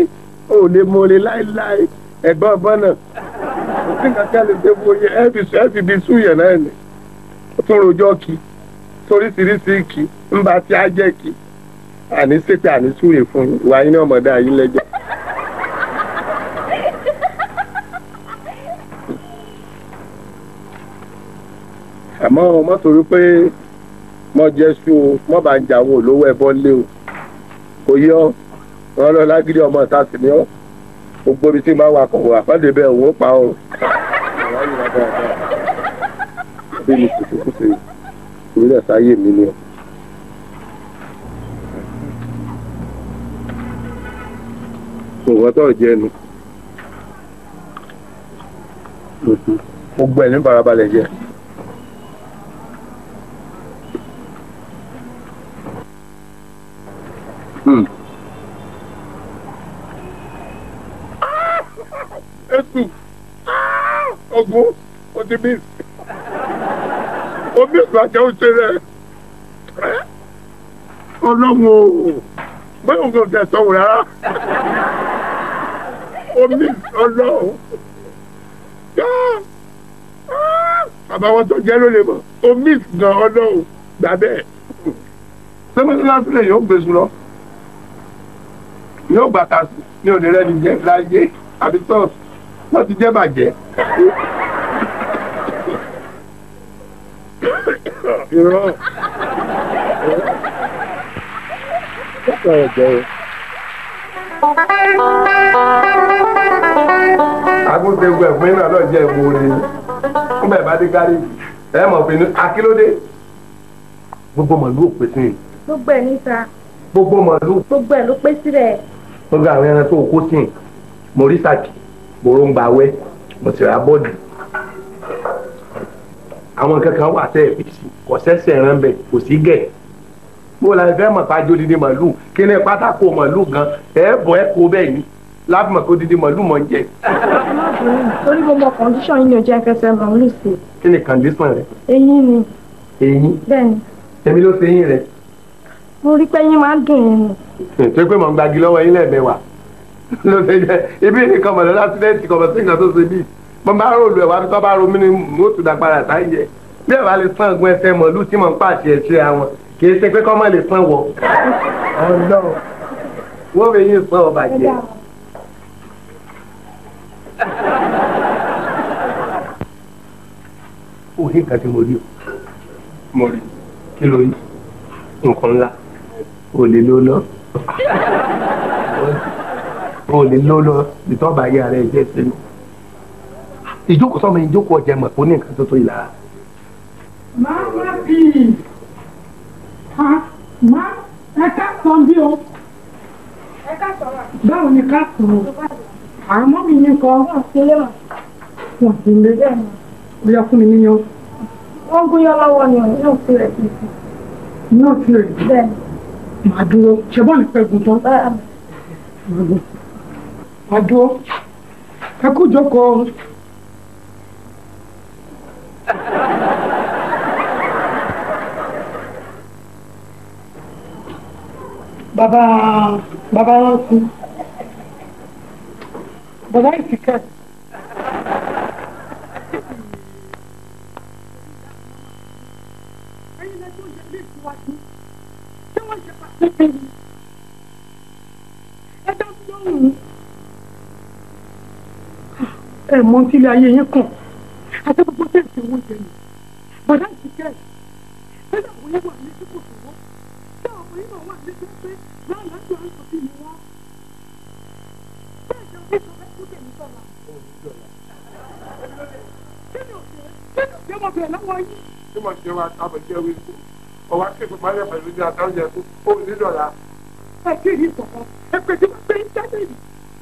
ò lè mọ́re láéláé ẹ̀gbọ́n ọ̀bọ́n náà kò sí nǹkan kan lè dé wo yẹ ẹ fi bí iṣu yẹn náà ni ó tún rojọ́ kí toríṣiríṣi kí ń bá ti á jẹ́ kí àní ṣépè àní súre fún yín yín ní ọmọdé ayé àmọ́ mo torí pé mo jẹ sú o mo bá ń jàwọ́ olówó ẹbọ lé o kò yọ wọn lọ lágídí ọmọ ìta sí ni ọ gbogbo ibi tí màá wà kọ̀ wà fọ́dé bẹ́ẹ̀ òun pa ọ. bí mi kò kúkú sí ìpínlẹ̀ sáyé mi ni ọ. nǹkan tó gbogbo ẹ̀ ní barabalẹ̀ jẹ. ti miss o miss àjẹ́ o ṣe rẹ̀ ọlọ́run o bẹ́ẹ̀ òun kò tẹ̀ sọ̀rọ̀ rárá o miss ọlọ́run àbáwọn tó jẹ́ ló lè mọ̀ o miss gan ọlọ́run gbà bẹ́ẹ̀ sẹ́gbẹ́sẹ́ láti lè yóò gbèsù lọ yóò gbàtà sí ní òní rẹ́ni jẹ́ láyé àbí sọ́ọ̀sì wọ́n ti jẹ́ bàjẹ́. You're irọ́ ọ̀pọ̀ ẹ̀jẹ̀ o. agúntẹ̀gù ẹ̀gbìn náà lọ́ọ́ jẹ́ egbò rẹ̀ nígbà ìbá dé gáréèjì ẹ̀ mọ̀ pé akílódé gbogbo màlúù ò pé sí i. gbogbo ẹ̀ níta. gbogbo màlúù. gbogbo ẹ̀ ló pé sílẹ̀. gbogbo àwọn ẹran tó kó sí i mo rí sàkì mo róńgbà wẹ́ mo sì ra bọ́ọ̀dù àwọn kankan wà tẹ́ ẹ̀ fi sí kò sẹ́sẹ̀ rán bẹ̀ kò sí gẹ̀ mo la fẹ́ mọ̀ pàjọ́ dídí màlúù kí ni pátákó màlúù gan ẹ̀ bọ̀ ẹ̀ kó bẹ́ẹ̀ ni láti mọ̀ kó dídí màlúù mọ̀ ń jẹ. torí gbogbo kọ̀ǹdíṣàn yìí ni ò jẹ́ fẹsẹ̀ màlúù sí. kí ni kọ̀ǹdíṣàn rẹ. eyín ni. eyín. bẹ́ẹ̀ni. èmi ló ṣe eyín rẹ. mo rí pé eyín máa dùn yín ni. ṣé pé mò ń gbagi lọ́wọ́ eyín lẹ́ẹ̀mẹ́wàá ló ṣe jẹ́ ibi nìkan mọ̀lẹ́ láti lẹ́ẹ̀tì bọ́n bá rò lù ẹ̀ wá bí tọ́ bá romí ni mo tù dá padà tá yẹ bí ẹ̀ bá lè san ogun ẹsẹ̀ mọ̀lú tí mò ń pàṣẹ ẹ̀ṣẹ̀ àwọn kì í ṣe pé kọ́ mọ̀ lè san wọ̀ wọ́n fi yín san ọ̀bà jẹ́. òhìn kan tí mo rí o mo rí kí ló yí nǹkan ńlá ò lè ló lọ ò lè ló lọ ìtọ́ba yára ẹ̀ jẹ́ sẹ́yìn ìjókòó sọmọ ìjókòó ọjà mọ̀ ó ní nǹkan tó tó yìí lára. máa má bì í ha má ẹ ká sọ bí o ẹ ká sọ wà. báwo ni ká sọ o àmọ́ mi ní nǹkan wọ́n ti lé wọn. wọ́n ti lé ó yẹ fún mi níyan. wọ́n gúnyán lọ́wọ́ ni ọ̀rẹ́ náà fi rẹ̀ tuntun. náà fi rẹ̀ bẹ́ẹ̀ màá dúró ṣe bọ́ọ̀lù fẹ́ gùn tán. màá dúró ẹ kú jókòó bàbá bàbá wọn kú bàbá ìsìnkẹ́. ẹ mọ tí ilé ayé yín kàn àti gbogbo tí èsì wọn jẹ yìí bọ̀dá ìṣiṣẹ́ bẹ́ẹ̀ àwọn yẹn wà ní sípò tó wọ́n bẹ́ẹ̀ àwọn yẹn wà ní sípò pé báà lájọ àìsàn sí ni wọ́n bẹ́ẹ̀ jẹ́ orí sọ fẹ́ kú tèmi sọ̀la. kí ni òṣèré kí ni bẹ̀rẹ̀ láwọn ayé. kí wọ́n ṣe wa àbẹ̀jẹ́ wí kú ọ̀wá kéèkù máyà pẹ̀lú ní àtàwọn ẹ̀kú ó ní dọ̀la. ẹ kí ni ìtọ̀kan ẹ pèsè wọn pé ń jáde yìí.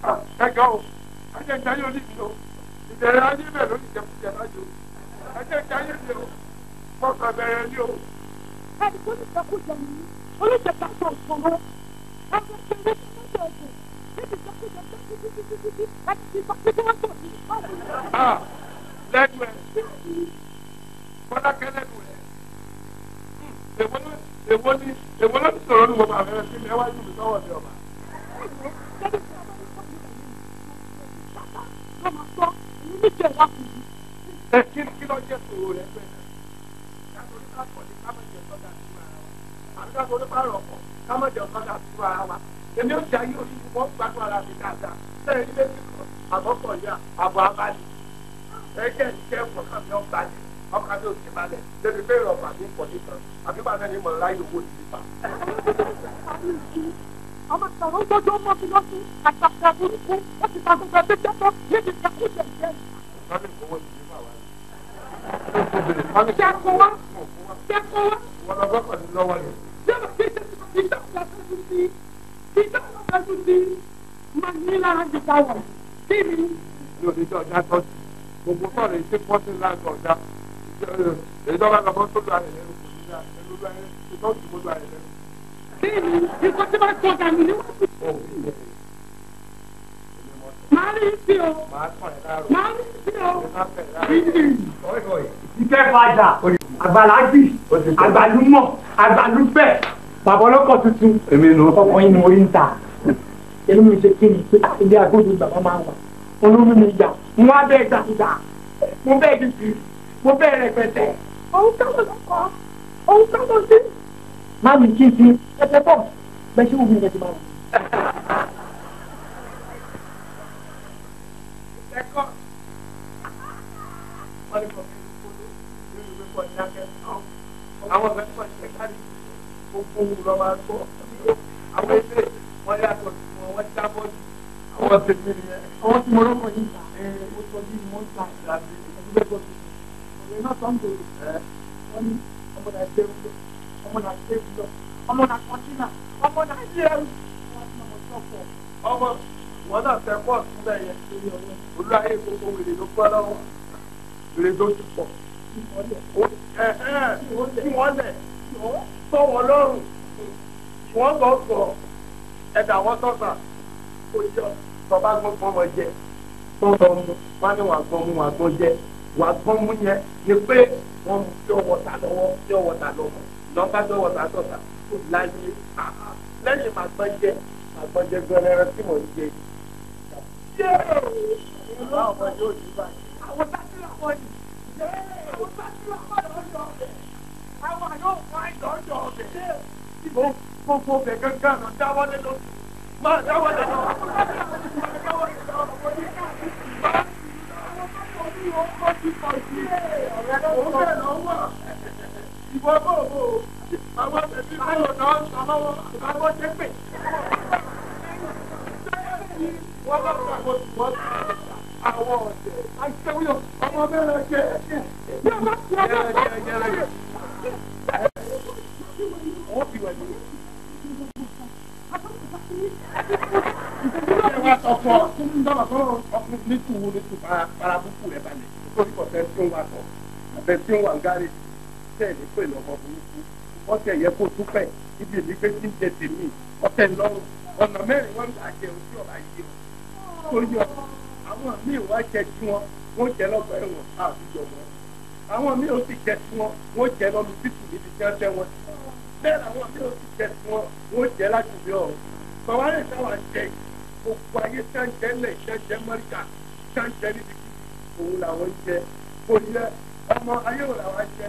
Ah, ẹ jọ ìbẹ̀rẹ̀ ayé bẹ̀ ló ti jẹkújẹ lájò ẹjẹ́ ìjà ayé mi o kọ́kọ́ bẹ̀rẹ̀ ni o. ẹni tó ní jẹkújẹ nìyí oníjẹta tó ìṣòro ẹgbẹ́ ìṣòro tó ń bọ̀ ẹ̀jẹ̀ níbi jẹkújẹ tó ti ti ti ti ti ẹni tí wọ́n ti wọ́n tó ti wọ́n. lẹ́nu ẹ̀ bọ́dákẹ́ lẹ́nu ẹ̀ hmm, èwo ni èwo ló ti sọ̀rọ̀ ní wọ́n máa fẹ́rẹ́ sí mi ẹ wá ju mi sọ́wọ́ mi ọ̀ma. Thank you níjẹ̀ wá kù yìí. ẹ kí kí lọ jẹ sòrò rẹ bẹ́ẹ̀ náà yàtọ̀ nípa kọ̀ ní ká má jẹ sọ́dà sí ara wa àbí ká sọ̀rọ̀ nípa rọ̀kọ̀ ká má jẹ sọ́dà sí ara wa èmi ò jẹ́ ayé oṣù wọn gbádùn ara mi dáadáa sẹ́yìn ilé mi kọ̀ àbọ̀kọ̀ yà àbọ̀ abali ẹ̀jẹ̀ ìjẹ́ ọkàn mi ọgbà ni ọkàn mi ò ti balẹ̀ débi pé ìrọ̀pàá mi pọ̀ níkan àbí bàbá mi mọ̀ láyé owó ìdílé pa àwọn ìṣòro gbọ́dọ̀ mọ́ mi lọ́sí àtàkùn burúkú ó ti fa gbogbo ẹgbẹ́ tẹ́tọ́ níbi ìṣàkóso ìjẹ́. Ṣẹ́kọ̀wá ṣẹ́kọ̀wá. Wọ́n lọ gbọ́ pẹ̀lú lọ́wọ́ yẹn. Yọ̀bọ̀ kí ṣe ti dáhùn lọ́sọ̀tù sí ti dáhùn lọ́sọ̀tù sí máa ní lára ju ta wọ̀ sí mi. Mi ò ní jẹ́ ọ̀dà tọ́ sí. Gbogbo sọ̀rọ̀ èyí tí pọ́sí láti ọ̀dà. Èyí tó bá lọ bọ́ sódò àyẹ̀lẹ́rù kò ní bẹ́ẹ̀ni nǹkan tí bá tọ́ dànù ni wọ́n ti kú. màá rí sí o màá rí sí o. ìfẹ́ fàjà àgbàlagbì àgbàlúmọ̀ àgbàlúfẹ́ bàbá ọlọ́kọ̀ tuntun ọkọ̀ yìí ni orí ń ta èmi mi ṣe kí ni pé ilé agbóhùn bàbá máa wà olómi mi jà mo á bẹ́ẹ̀ gbàgbà mo bẹ́ẹ̀ dìbì mo bẹ́ẹ̀ rẹpẹtẹ. òun kábọ̀ lọ́kọ̀ òun kábọ̀ sí mami kisi pepe pop bẹsi wu mi yẹ ti ma wu. àwọn ọ̀gá nípa ṣe káàdì gbogbo òun lọ́wọ́ aṣọ àwọn ẹgbẹ́ wọn yàtọ̀ sí wọn wọ́n já bọ́ọ̀lù àwọn ọ̀sẹ̀ mi nìyẹn. ọwọ́ tí mo rọ́kọ̀ yìí ta ẹ̀ ó sọ bí mo ń ta ìgbà bíi ẹ̀dúgbẹ́gbọ̀ tuntun ọ̀rẹ́ ọmọ náà ṣe jùlọ ọmọ náà kọjínà ọmọ náà yẹ ẹrù ọmọ wọn náà fẹ́ pọ̀ sílẹ̀ yẹn olùwàyè gbogbo wèrè ló gbọ́ lọ́wọ́ gbọ́n mu yẹn ni pé wọ́n mu tí ó wọ́ta lọ́wọ́ tí ó wọ́ta lọ́wọ́ lọ́ba dọ́wọ́ ta dọ́ta kò láyé lẹ́yìn máa gbọ́n jẹ́ máa gbọ́n jẹ́ gbẹ́rẹ́rẹ́ tí mò ń jẹ. àwọn dákìlá wọn ni àwọn dákìlá wọn lọ́jọ́ ọ̀bẹ àwọn yóò wá ìdọ́jọ́ ọ̀bẹ. gbogbo ọbẹ̀ gángan lọ dáwọ́lé lórí máa dáwọ́lé lórí. Ọ̀rẹ́ ló ń bẹ̀rẹ̀ lọ́wọ́ ìwọ bò bò àwọn bẹbí báyọ̀ náà ń sọ tẹ̀lé pẹ̀lú ọmọ burúkú ọtẹ yẹ kó túpẹ̀ ibi èmi pé tí ń jẹ tèmi ọtẹ lọ́rùn ọ̀nà mẹ́rin wọn là á jẹ ojú ọ̀la yìí o tó yọ àwọn míì wá jẹ tí wọn wọn jẹ lọ́gbà ẹ̀wọ̀n àbújọ wọn àwọn míì ó sì jẹ tí wọn wọn jẹ lọ́nu títù níbi tí wọ́n tẹ́ wọn bẹ́ẹ̀ làwọn míì ó sì jẹ tí wọn wọn jẹ láti bí ọ̀run bàwárẹ̀ táwọn jẹ gbogbo ayé sáńjẹ lẹ̀ sáńjẹ mọ́ríkà sáńjẹ níbi òun làwọn jẹ kò yẹ ọmọ ayé òun làwọn jẹ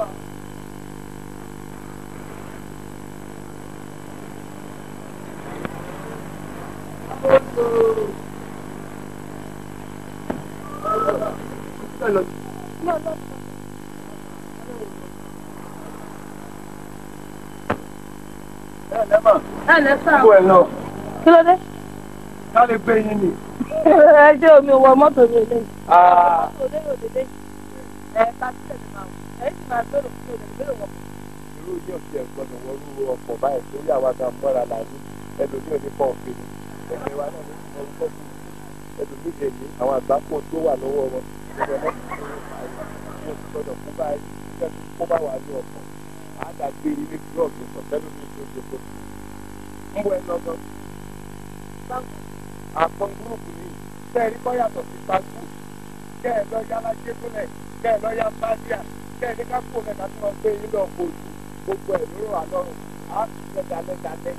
kí ló dé. ká lè gbé yín ni. ẹ jẹ́ omi wọ mọ́tò mi lẹ́yìn. ọ̀dọ́ yóò dé lẹ́yìn. ẹ̀ka sílẹ̀ ni màá ẹ̀yìn máa bẹ̀rù fún ìrìn ìbéèrè wọn. irú yóò ṣe ẹ̀gbọ́n wọlú ọkọ̀ báyìí tó yà wá gan fọ́ra láàyè ẹlòmíì ní kọ́ọ̀fì ni ẹ̀mí wa náà ní orúkọ fún mi ẹlòmíì èmi àwọn àgbákò tó wà lọ́wọ́ wọn ìjọba náà ti fi àwọn ìgbọ́dọ̀ kó báyìí kó bá wà ní ọkọ̀ àdàgbé ilé gíọ́ọ̀gì sọ̀tẹ́lómi tó ṣe kó ẹ lọ yá lájẹ́ tó lẹ̀ ẹ lọ yá bá kẹ́ni ká kó mẹ́ta tí wọ́n gbé yín lọ kó ju gbogbo ẹ̀ lóró àlọ́run á tún jẹ́ dalẹ́ dalẹ́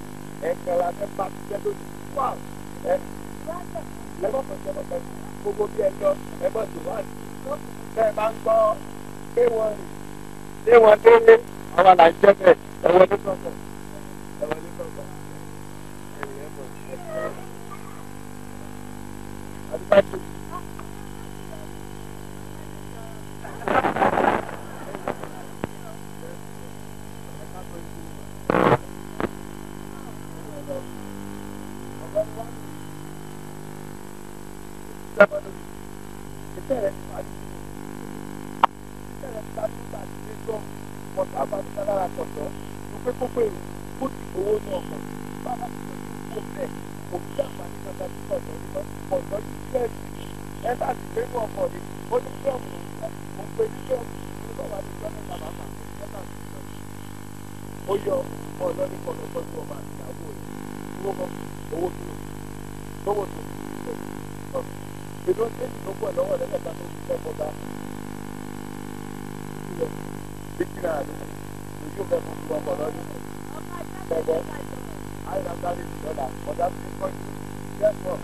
ẹ̀kan la fẹ́ bá ti jẹ́ lónìí wá ẹ̀ lẹ́mọ̀tọ̀jẹ́mọ̀tọ̀ gbogbo bí ẹ lọ ẹ̀mọ̀ tó wá sí tẹ́ ẹ bá ń gbọ́ pé wọ́n rì pé wọ́n délé àwọn là ń jẹ́ bẹ́ẹ̀ ẹ̀wọ̀n ní kọ̀ọ̀kan Thank you. èdè oúnjẹ yìí pọ̀ lọ́wọ́ lẹ́lẹ́ta tó fi fẹ́ bọ́ta ìpínlẹ̀ àdó lójú ọ̀fẹ́ fún fún ọkọ̀ lọ́dún bẹ̀bẹ̀ àìrànlá lè jọ̀ọ́lá ọ̀dà fi kọ́jú bẹ́ẹ̀ pọ̀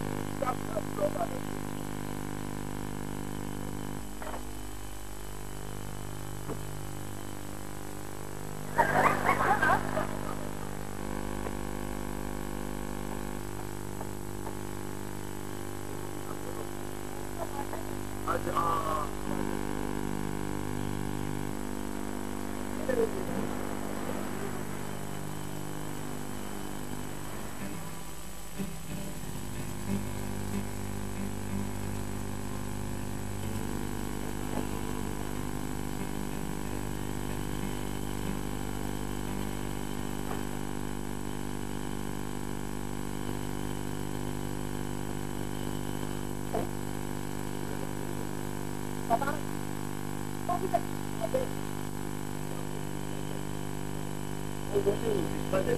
going to do is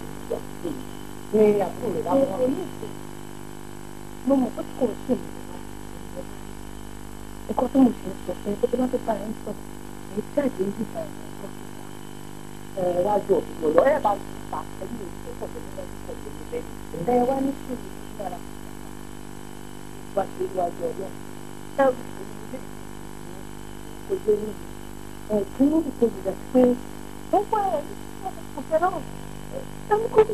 哎呀，不知道。我们不高兴。Eu gosto muito disso, eu estou pegando parente para ele, está gente de parente, eu acho que eu não é mais um passo, eu não sei como ele vai se fazer, eu não sei como ele vai se fazer, eu acho que ele vai se fazer, cozinha, é, tudo, tudo, assim, então, é, porque não, é uma coisa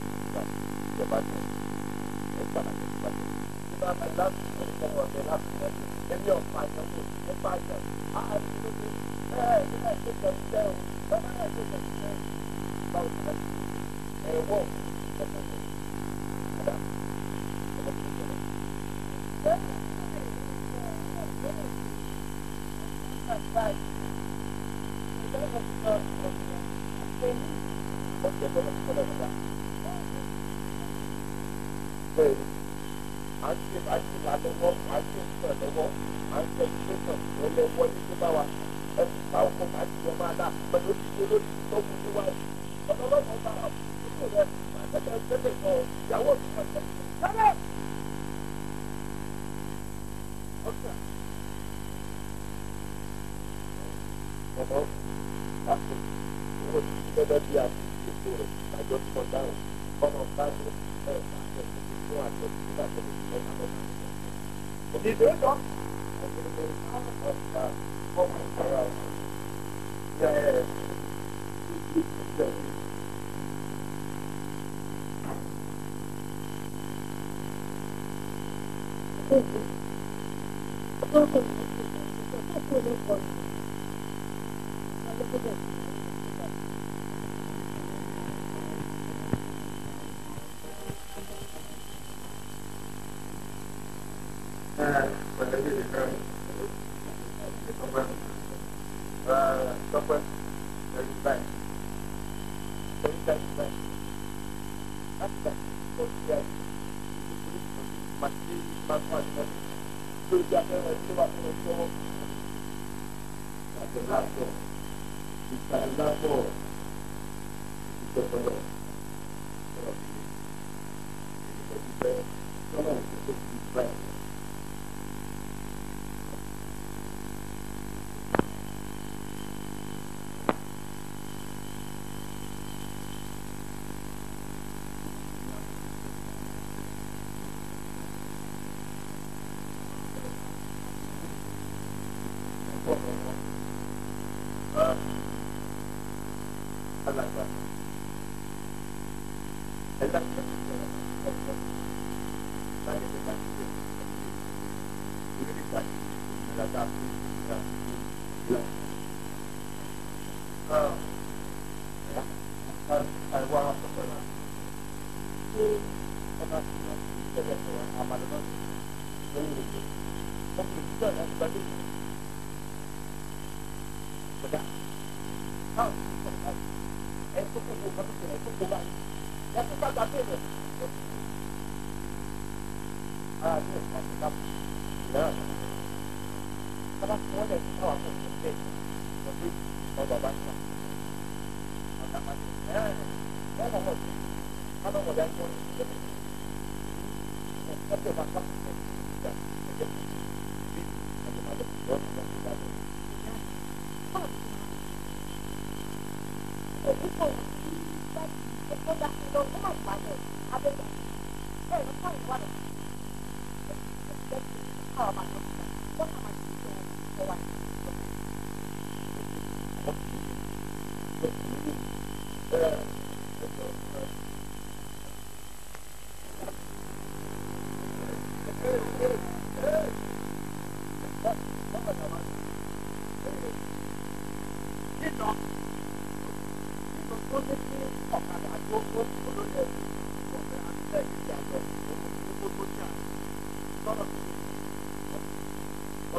ìjọba ní ẹgbà láti ìjọba ní ìjọba láti láti ẹgbẹ́ ọ̀bẹ láti ẹgbẹ́ ẹbí ọ̀pá ìjọba ẹgbà àjọ àìsílódé ẹ̀ẹ́ ìjọba ìjọba ìjọba ìjọba ìjọba ìjọba ìjọba ìjọba ìjọba ìjọba bẹ́ẹ̀ à ń ṣe àṣìlá lọ́wọ́ à ń ṣe ìṣàn lọ́wọ́ à ń ṣe ìṣẹ́sàn lọ́wọ́ ní tó bá wa ẹ ti pa ọkọ̀ ti yọ máa dá pẹ̀lú òṣìṣẹ́ lórí ìtọ́kùn níwájú ọ̀dọ́lọ́mọ bá wà fún ìṣòro ẹ̀ àtẹ̀kẹ́ ìṣẹ́lẹ̀ sọ ìyàwó mi kan tẹ̀lé. Did you do it, John? I did a bit of time, but uh, what was it? Uh, yeah, yeah, yeah. Thank you. that. náà bàbá tí wọ́n lè fi fún àwọn òṣèlú bẹ́ẹ̀ wọ́n dé ìṣọ́ bàbá náà ọ̀tá máa ti ẹ̀ wọ́n mọ̀ mọ̀ sí káná wọ̀ dá ìwọ́n ní ìṣẹ́ bẹ́ẹ̀ wọ́n fẹ́ bẹ́ẹ̀ bá sáfù fún ìgbà ẹ̀jẹ̀ bí bí 川はどこ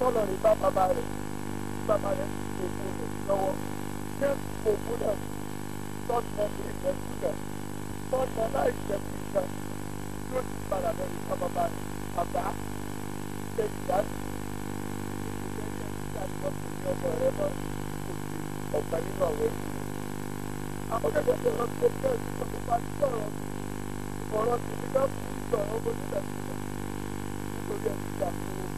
tọ́lọ̀ bá bàbá rẹ̀ tí bàbá rẹ̀ ti òkú rẹ̀ lọ́wọ́ ṣé òkú tọ́jú ọmọ ìjẹ́ tọ́jú aláìjẹ́ kú ìjẹ́ ti padà lọ ní bàbá rẹ̀ bàbá ṣe ìyá sí ìdílé ìjẹ́ ìjẹ́ ìjẹ́ ọmọ rẹ̀ mọ́ òkú ọ̀gbà nínú àwọn ẹ̀kú rẹ̀. àwọn ọ̀gá tó lọ sí ẹgbẹ́ bá ti sọ̀rọ̀ ọ̀rọ̀ tìǹbù náà fún nígbà tó lọ nítorí ẹ̀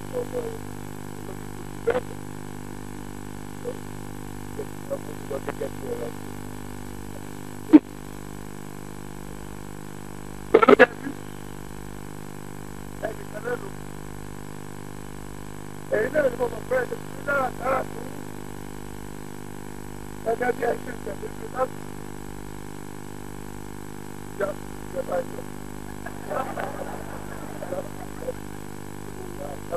a Yeah.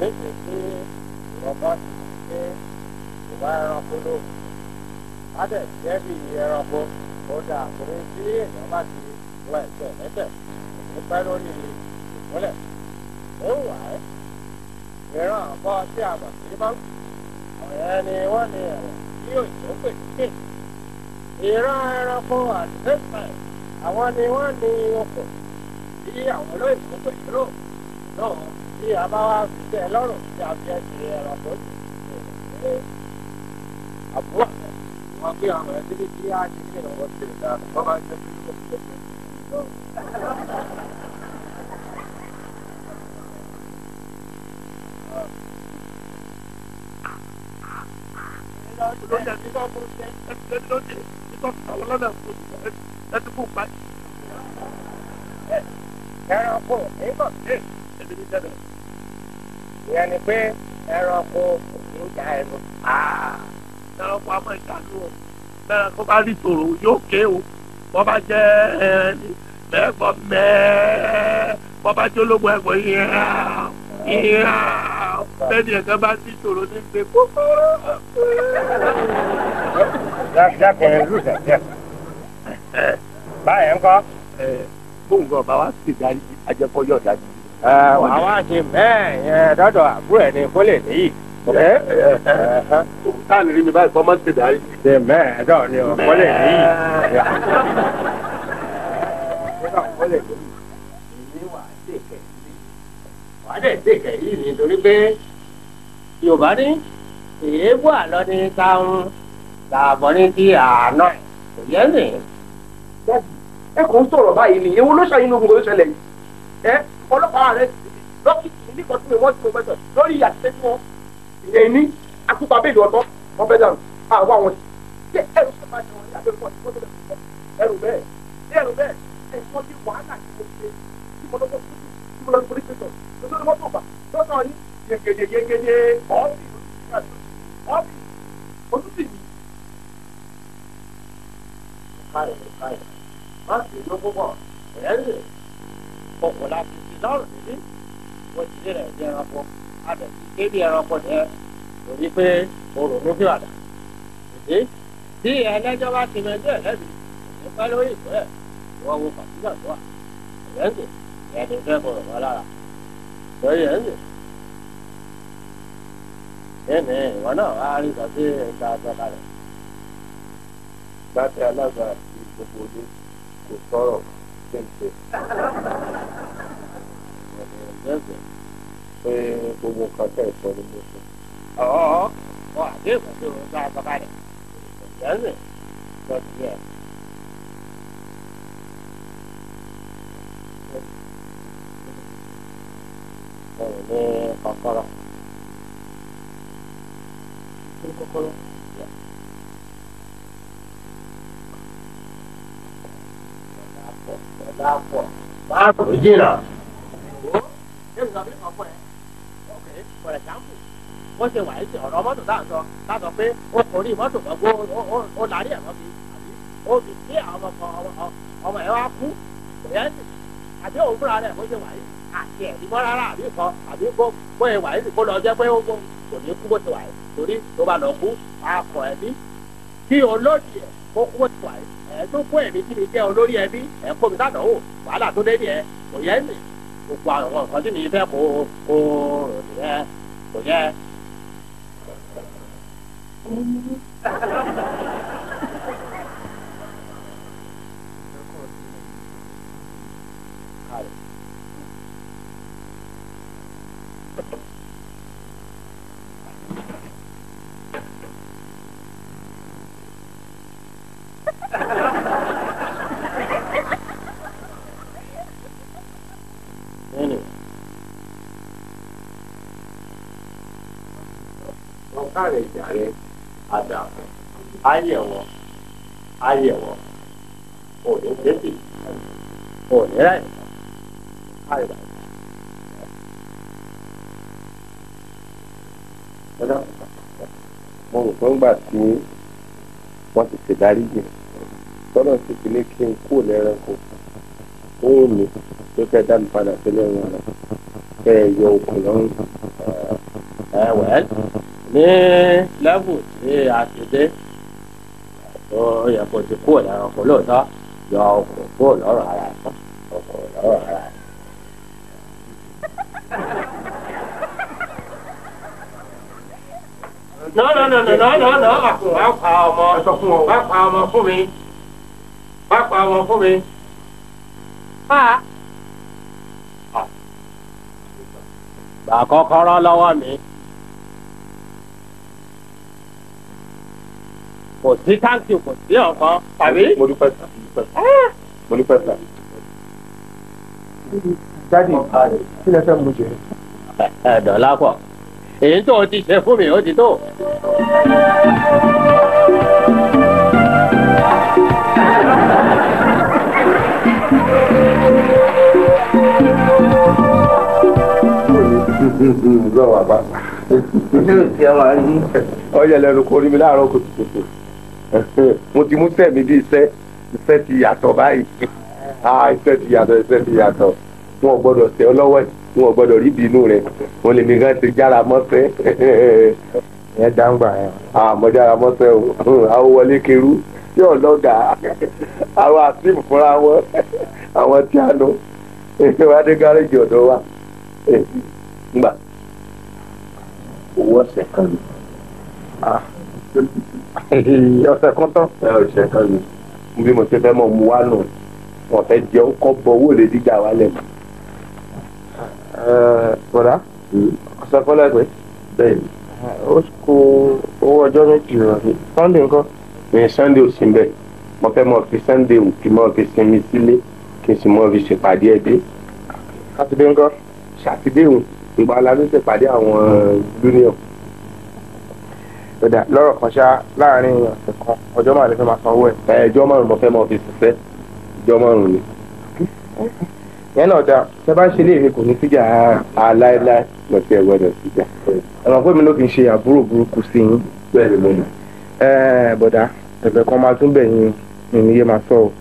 méje tí ìrọ̀bọ́ ti ti pé ìwà ẹranko ló bàdẹ̀ jẹ́ bí ẹranko ó da àkórí tí èèyàn bá ti wọ ẹ̀sẹ̀ lẹ́sẹ̀ òní pẹ́ lórí ìmúlẹ̀ ó wà ẹ́ ìran àbọ̀ tí a mọ̀ sí máa ń ọ̀rẹ́ ni wọ́n ní ẹ̀wọ̀n tí yóò tó pè níkè ìran ẹranko àti fẹ́sìmẹ̀ àwọn ni wọ́n ní okùn tí àwọn olóyìnbó pè ní rò náà. llamaba el oro, que había que a la Abuela, abuela, abuela, dedi ki ya çekilin o başlıyor. Baba çekilin o Yeah. ìyẹn ni pé ẹranko kò dá ẹnu. ẹranko ah, àmọ́ ìdádú o ẹranko bá rí tòrò yóò ké o bọ́ bá jẹ́ ẹni mẹ́ẹ̀gbọ́ mẹ́ẹ̀ẹ́ bọ́ bá jẹ́ ológun ẹ̀gbọ́n yíyá yíyá bẹ́ẹ̀ni ẹ̀ka bá rí tòrò ní gbé kókóró. dákẹ́ lùsẹ̀ jẹ́ báyẹn ń kọ́. bóun gan ọba wa ti darí ajẹ́kọ́ yọ̀ dájú àwa ṣe bẹ́ẹ̀ yẹn dọ́dọ̀ àbúrò ẹ̀ ní kólé nìyí. táà ní rí mi báyìí fọmọ́ ti dárí. ṣe bẹ́ẹ̀ dọ̀ ni o kólé nìyí. wàá dẹ̀ dé kẹ̀yìn nítorí pé Yorùbá ní èébú àlọ́ ní táwọn làbọ̀ ní ti àná kò yẹ ní. ẹ kò ń sọ̀rọ̀ báyìí nìyẹn wo ló ṣàyínú ogun kò ló ṣẹlẹ̀ yìí ọlọ́pàá rẹ̀ lọ́kìtì ní nìkan tí mo wọ́n ti mo mẹ́tọ̀ lórí àṣìṣe tí wọ́n ìyẹn ní akúpa bẹ́ẹ̀lì ọgbọ́n wọ́n bẹ́ẹ̀ dànù àwọn àwọn ti ṣé ẹrù ṣe máa jẹun ní abẹ́ fún ọtí tó tẹ̀lé ẹrù bẹ́ẹ̀ ṣé ẹrù bẹ́ẹ̀ ẹ̀fọ́ ní wàhálà tí mo ṣe tí mo lọ́kọ̀ fún tí mo lọ sí pẹ̀tọ̀ lọ́sọ̀rọ̀ mọ́tò bà lọ́sọ̀ ní yegede yegede ọ́ọ̀bì ọ́ọ̀bì òtútù yìí. káyọ̀ káyọ̀ má sì ló gbọ́ ọ̀rẹ́ rẹ̀ ọkọ̀ láti lọ́rùn wọ́jìlé rẹ̀ di ẹranko adẹ̀ ké bí ẹranko rẹ̀ lórí pé orò ló fi àdá. bí ẹlẹ́jọ́ bá ti mẹjọ́ ẹlẹ́bi ní pẹ́ lórí ìpẹ́ ẹ̀ wo pàtíkà tó wà ẹ̀yẹ́ǹdè ẹni fẹ́ bọ̀rọ̀ wá lára ẹ̀yẹ́ǹdè ẹni ìwọ náà wá rí sọ pé ẹ̀ka àgbàlá rẹ̀ alága ìgbòho kò sọ̀rọ̀ kéńté. Danzante. Foi um bocado que é só do meu Ó, ó, ó, viu? Viu? é uma cara. Danzante. Pode ver. Olha, pacola. Tudo cocola. Dá a porta. Dá a porta. Dá a porta. Gira. ẹnu sọ fún ọkọ ẹ ọkẹ for example wọ́n ṣe wà ẹ́sì ọ̀rọ̀ mọ́tò tá à ń sọ láti sọ pé ó kò rí mọ́tò kan gbó ó lárí ẹ̀rọ fi àbí ó fi dé àwọn ọmọ ẹ̀ wá kú kò yẹ ẹ́sì àbí òun fúnra rẹ̀ bó ṣe wà ẹ́sì àti ẹ̀rí mọ́ rárá àbí kan àbí bó ẹ̀ wà ẹ́sì kó lọ jẹ́ pé ó kò ní kú bó ṣe wà ẹ́sì torí tó bá lọ kú akọ ẹ̀mí kí olóòtú ẹ̀ kó kú bó ṣe wà ẹ̀ tó kó ẹ̀mí kí ni jẹ́ olórí ẹbí ẹ̀ kó mi sádọ̀wò wàhálà tó dé ni ẹ̀ kò yẹ ẹ́sì 不管我，反正你在乎，乎，不对？对嗯，káàrẹ̀ jàre àdàpọ̀ ayẹ̀wọ̀ ayẹ̀wọ̀ òní tẹ́tì òní ráì káàrẹ̀ bàjẹ́. mo rò pé ńgbà tí wọ́n ti ṣèdarí jù tọ́lọ̀ sì fi lé kí n kú lẹ́ranko ohun mi tó fẹ́ dá mi padà sílẹ̀ wọn rẹ̀ kẹ́ ẹ yọ òkú lọ́rùn ẹ̀wẹ̀ ní lẹ́bù tí a ti dé ó yẹ ti kúrò lára ọkọ̀ lóòótọ́ yọ ọkọ̀ kúrò lọ́rọ̀ ara ẹ̀ ọkọ̀ lọ́rọ̀ ara ẹ̀. nọ́ọ̀nà kò sí táǹkì kò sí ọ̀kan tàbí. mo dúpẹ́ sà mo dúpẹ́ sà. Ah! dádì kí lẹ fẹ́ mu jẹ. dọ̀là pọ̀ èyí tó o ti ṣe fún mi ó ti tó. lọ́wọ́ àbá. ojú ìṣẹ́ wa rí. kò rí mi mo ti mú sẹ́mi bí iṣẹ́ iṣẹ́ ti yàtọ̀ báyìí ah. Ah, iṣẹ́ ti yàtọ̀ iṣẹ́ ti yàtọ̀ wọn ò gbọ́dọ̀ tẹ ọ lọ́wọ́ wọn ò gbọ́dọ̀ rí ìbínú rẹ wọn lèmi gan ti jára mọ́sẹ́ ẹ dáńgbà ẹ. àmọ́ ah, jára mọ́sẹ́ o àwọn wọlé kerú yóò lọ́gà àwọn àtìmù fúnra wọn àwọn tí a lọ wá dé gáréjì ọ̀dọ́ wa owó ọ̀sẹ̀ kan lò ọ̀sẹ̀ kan tán. ọ̀sẹ̀ kan ni bí mo ṣe fẹ́ mọ̀ mu wá nù wọ́n fẹ́ jẹ́ ó kọ́ bọ owó lè díjà wá lẹ̀ mọ́. bọ̀dá ọ̀sẹ̀ kan lẹ́gbẹ̀ẹ́. bẹ́ẹ̀ni. ó kó owó ọjọ́ méjì rọ̀ ní sunday nǹkan. ní sunday ò sí bẹ́ẹ̀ mo fẹ́ mọ̀ fi sunday ò kí mọ̀ fi sinmi sílé kí n sì mọ̀ fi ṣèpàdé ẹbí. sátidé nǹkan. sátidé ò ìgbà la ló ṣèpàdé àwọn junior tọ́jà lọ́rọ̀ kan ṣá láàrin ọ̀sẹ̀ kan ọjọ́ márùn-ún fẹ́ máa sanwó ẹ̀. ẹjọ́ márùn-ún mo fẹ́ mọ fi ṣiṣẹ́ ẹjọ́ márùn-ún ni. yẹn náà dáa tẹ bá ń ṣe léèrè kò ní síjà aláìláì lọ sí ẹ gbọ́dọ̀ síjà. ọ̀nà pé mi ló fi ṣe àbúrò burúkú sí yín. bẹ́ẹ̀ni mo nà. bọ̀dà ẹ̀fẹ̀ kan máa tún bẹ̀ yín mi níye máa sọ o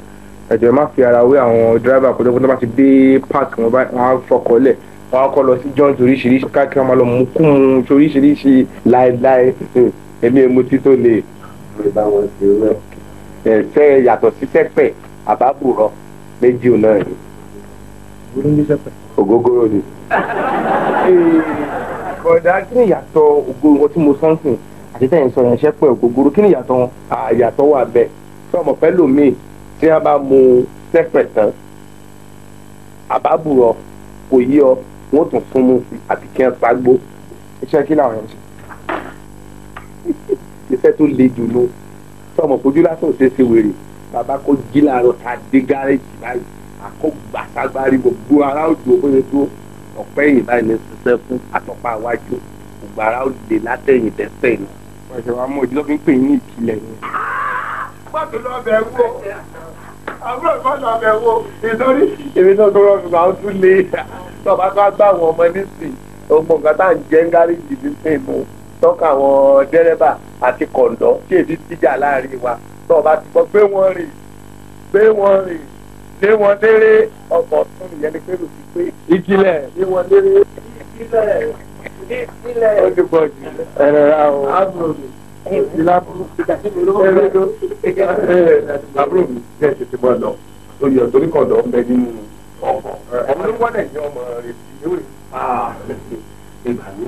ẹ̀jọ̀ má fi ara wé àwọn dírẹ́bà kó tó bá ti dé páàkì wọn á fọkọ̀ lẹ̀ wọn á kọ́ lọ sí john toríṣiríṣi káàkiri wọn máa lọ mú kún un toríṣiríṣi láéláé èmi èmutí tó le ẹsẹ yàtọ̀ sí sẹpẹ àbábùrọ méjì náà ni. ògógóró ni. kódà kí ni ìyàtọ̀ ògógóró wọn tí mo sọ ń sìn àti tẹ̀yìn sọ yẹn sẹ́pẹ̀ ògógóró kí ni ìyàtọ̀ wọn. àyàtọ̀ wà bẹ́ẹ̀ sọmọ pẹ́lú mi tí wọ́n bá mu sẹ́pẹ̀ tán àbábùrọ kò yí ọ wọ́n tún fún mu àti kí wọ́n pa gbó. iṣẹ́ kí làwọn yẹn ń ṣe iṣẹ́ tó le jù nu tọmọ fojú lásán ṣe ṣe wèrè bàbá kò jí láàárọ̀ tá a dé gárẹ́jì báyìí àkọ́gbàságbárí gbogbo ara òjò bóyá tó ọ̀pẹ́ yìí báyìí ní ṣiṣẹ́ fún àtọ̀pá iwájú gbogbo ara ó lè látẹ̀yìn tẹ́sẹ̀ ni. ọ̀sẹ̀ wa mọ̀ ìdílọ́fín pè ní ìkìlẹ̀ ni. pàtó lọ bẹ̀ wò àbúrò ìfọ̀nà bẹ̀ wò ìdórí èmi náà tó rọrùn àwọn tún lè tọ́ba tó gbà wọ́n ọmọ nísìnyí ọmọ nǹkan tá à ń jẹ́ ń gárí jìbìtì nù tọ́ka àwọn dẹ́rẹ́bà àti kọ̀ǹdọ́ tí èdè tíjà láàrin wa tó o bá ti gbọ́ gbé wọn rìn gbé wọn rìn lé wọn léré ọkọ̀ tún nìyẹn ni pẹ̀lú ti pé ìjìnlẹ̀ lé wọn léré ìjìnlẹ̀ ìjìnlẹ̀ ó ti pọ̀ jù ẹ̀rọ ra o àbúrò mi jẹ́ tètè bọ́ lọ lórí ọ̀tọ́ kọ̀ǹdọ́ bẹ nínú ọkọ̀ ọmọ ní wọ́n dẹ̀ ní ọmọ rẹ̀ sí ìwé ah. ìgbà mi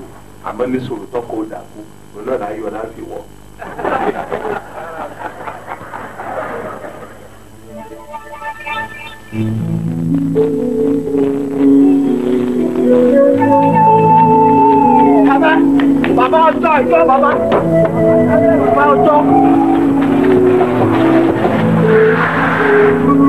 àmọ́ ní sòrò tọ́kọ̀ ó dàgbò. 不能来，你来取我。爸爸，爸爸在，抓爸爸。爸爸在。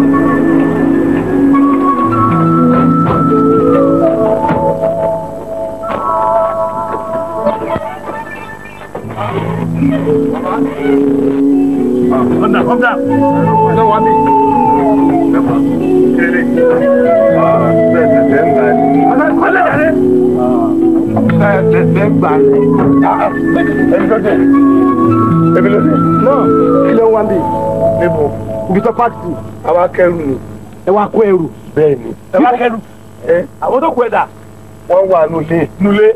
Come down, come down. No, I mean. Ibi tó pàtì. Àwa kẹrù ni. Ẹ wá kó ẹrù. Bẹ́ẹ̀ni. Ẹ wá kẹrù. Àwọn tó kú ẹ̀dà. Wọ́n wà nulẹ̀. Nulẹ̀.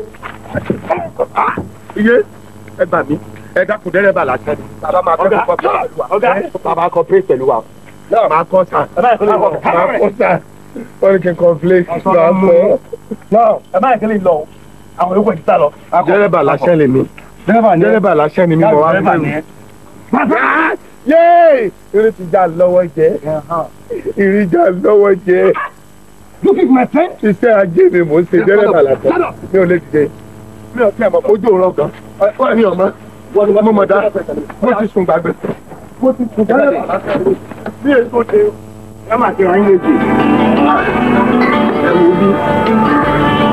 Iye ẹ gbà mí ẹ dákun dẹ́rẹ́bà làṣẹ ni. bàbá máa kọ́ pé pẹ̀lú wa. bàbá kọ́ pé pẹ̀lú wa. máa kọ́ sàn. máa kọ́ sàn. wọ́n ní kí n complain. máa kọ́. ẹ má yẹ kí lè lọ àwọn yòókù ẹ̀ ti sá lọ. dẹ́rẹ́bà làṣẹ ni mi. dẹ́rẹ́bà làṣẹ ni mi mọ̀ wá fẹ́ràn. yéé irin ti já lọ́wọ́ jẹ́ irin já lọ́wọ́ jẹ́. look at my friend. iṣẹ́ ajé mi mò ń ṣe dẹ́rẹ́bà làṣẹ mi ò lè dìde mi ò tí a mọ̀ ojú òun rọ̀ gan mo mọ̀ dá mo ti sùn gbàgbé mo ti sùn gbàgbé bí èso ṣe ẹ máa ti rìn léjì ẹ wo bí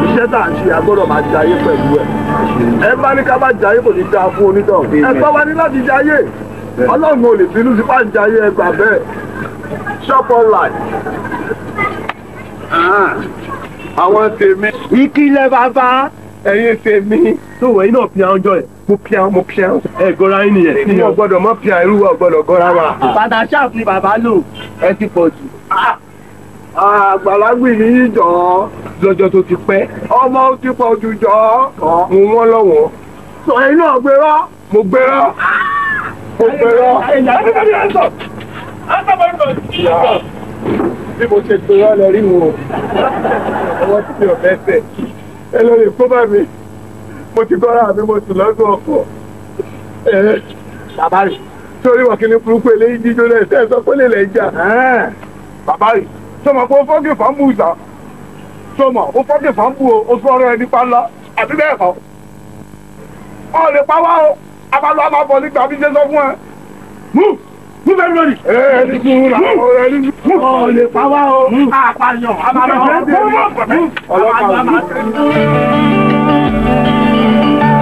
iṣẹ́ tá à ṣe àgbọ̀dọ̀ máa jayé pẹ̀lú ẹ̀ ẹ bá ní ká bá jayé kò ní dáa fún onítọ̀ ẹ bá wa ní láti jayé ọlọ́run ò lè bínú sí bá ń ẹ gbà bẹ́ẹ̀ ṣọ́pọ̀ láì ah, àwọn tèmi. ìkìlẹ̀ bàbá ẹ̀yin tèmi. tó wẹ̀ iná fi àwọn jọ ẹ̀ mo pia mo pia ẹ gọra yín nìyẹn ni wọn gbọ́dọ̀ mọ pia irú wọn gbọ́dọ̀ gọra wa. bàtà ṣáàpù ni bàbá lò ẹ ti pọ̀ jù. àgbàlagbì ni yín jọ. lọ́jọ́ tó ti pẹ́. ọmọ ti pọ̀ jù jọ. mo wọ́n lọ́wọ́. sọ ẹyin náà gbérọ́. mo gbérọ́. mo gbérọ́. bí mo ṣe gbérọ́ lẹ rí wọn o. ọwọ́ tí mi ò fẹ́ fẹ́ ẹ lọ lè kó bá mi mo ti gbọ́ra àbí mo sùn lọ́gùn ọkọ̀ bàbá rẹ̀ sórí wọn kìíní burúkú eléyìí jíjó náà ṣe é sọ pé lè lè jà bàbá rẹ̀ sọmọ pé ó fọ́ọ̀kì fọ́ọ̀mù ìsà sọmọ ó fọ́ọ̀kì fọ́ọ̀mù o fún ọ̀rọ̀ ẹni pálá àbí bẹ́ẹ̀ kọ́ ọ lè pa wá o abalọ ababọ nígbà bí ṣe sọ fún ẹ move move everybody. ẹ ẹ ní sùúrù la ẹ ní sùúrù. ọ lè pa wá o àpàyàn abalọ ọlọ́pàá.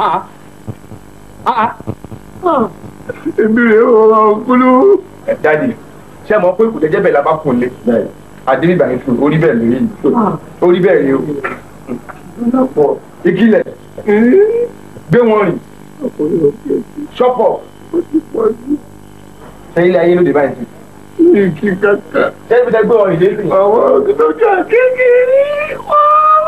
Ah, ah. Ah, èmi rè ọ̀rọ̀ òkúlù. ẹ jáde ṣé mo pé kùtẹ́ jẹ́bẹ̀ẹ́ la bá kún un lé àdébìgbà yẹn fún orí bẹ́ẹ̀ lórí orí bẹ́ẹ̀ ni o ìkìlẹ̀ gbé wọn rìn ṣọ́pọ̀ ṣe ilé ayé ló dé báyìí sí. ìkì kankan. ṣé ibi tẹ gbé wọn rìn dé sí. àwọn ọ̀gbìn tó jà kékeré wọ́n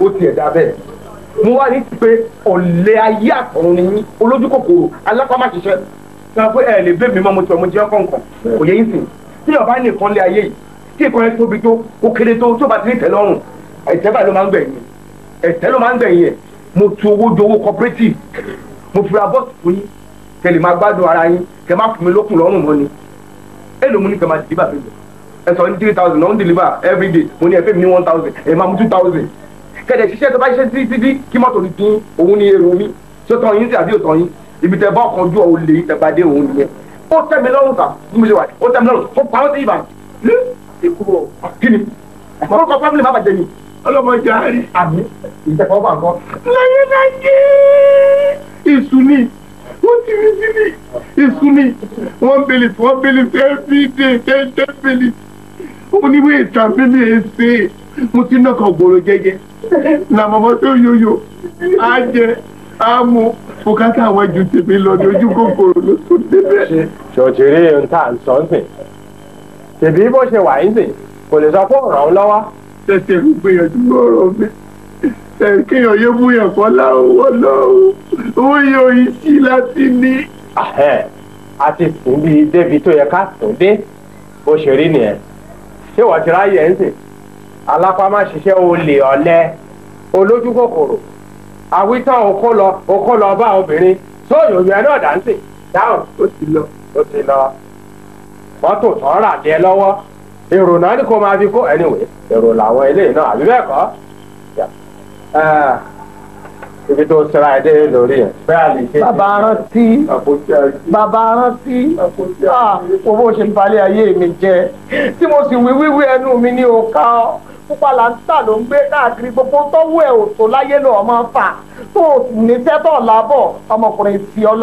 ó tiẹ̀ dá bẹ́ẹ̀ mo wá ní pé ọ̀lẹ́ ayé àtọ̀run ni yín olójú kòkòrò alápámáṣiṣẹ́ sọ pé ẹ lè bẹ́ẹ̀ mi mọ́ mo ti ọmọ jẹ́ kọ̀ọ̀kan kò yẹ yín sìn tí ọba nìkan lé ayé yìí tí ìkan yẹn tóbi tó ó kéré tó tó bá ti ní tẹ́lọ́rùn ẹ̀tẹ́ báyìí ló máa ń gbẹ̀yìn ẹ̀tẹ́ ló máa ń gbẹ̀yìn mo tu owó ju owó cooperative mo fi ra bọ́ọ̀sì fún yín kẹ lè máa gbádùn ara yín kẹ má fún mi lókun lọ́rùn mọ́ ni ẹ ló mú ní kẹ máa dìbà fún mi ẹ sọ ní three thousand náà deliver every day mo ní ẹ fẹ́ mi ní one thousand ẹ máa mú two thousand kẹ̀dẹ̀ ṣiṣẹ́ tó bá ṣiṣẹ́ títí títí kí mọ́tò ní dín òun ní èrò mi tí ó tán yín sí àbí ò tán yín ibi tẹ bá ọkàn ojú ọ̀hún lè yín tẹgbàdé òun nìyẹn ó tẹ́ mi lọ́rùn sà bí mo ṣe wà ó tẹ́ mi lọ́rùn ó pa ó sí ìbàdàn ní èkó kí ọlọ́mọdé àárí. àmì ìjẹ́pọ̀ bá kọ́. láyé láyé èṣù ni wọ́n ti rí sí ni èṣù wọ́n bèlè wọ́n bèlè everyday tẹ́tẹ́ bèlè wọ́n ní wọ́n ètò àbẹ́lẹ̀ ẹ̀ṣẹ̀ mo ti náà gbòòrò jẹjẹ làmọ́mọ́ tó yọyọ á jẹ á mu bùkátà àwọn ju tèmi lọ ní ojú kòkòrò ló tó débẹ̀. ṣòṣèré ń tà ń sọ́ǹsìn tèbí bó ṣe wà ń sìn kò lè sọ pé ọ̀ràn lọ́wọ́ tètè gbìyànjú ọ̀rọ̀ mi kéèyàn yé múyàn fọlá owó lọ́wọ́ owó yẹ oyin sí láti ní. a ti sùn bíi débi tó yẹ ká sùn dé bó ṣe rí nìyẹn ṣé wọ́n ti ráyè ń sè alápámá ṣiṣẹ́ olè ọ̀lẹ olójú kòkòrò àwítán okó lọ okó lọ bá obìnrin sóòyò yẹn náà dáńsè dáhùn. ó ti lọ. ó ti lọ mọ́tò tán rà dé lọ́wọ́ èrò náà ni kò máa fi kó anyway èrò làwọn eléyìí náà àbí bẹ́ẹ̀ kọ́ eh, ibi tó sara ẹ dé lórí ẹ. bàbá rántí bàbá rántí ah, owó ṣe ń balẹ̀ ayé mi jẹ tí mo sì wí wíwí ẹnu mi ní òkà ọ́ pupa là ń tà ló ń gbé káàkiri gbogbo tọ́wọ́ ẹ̀ ò tó láyé lọ ọmọ fà tó níṣẹ́ tó lábọ̀ ọmọkùnrin ti ọ́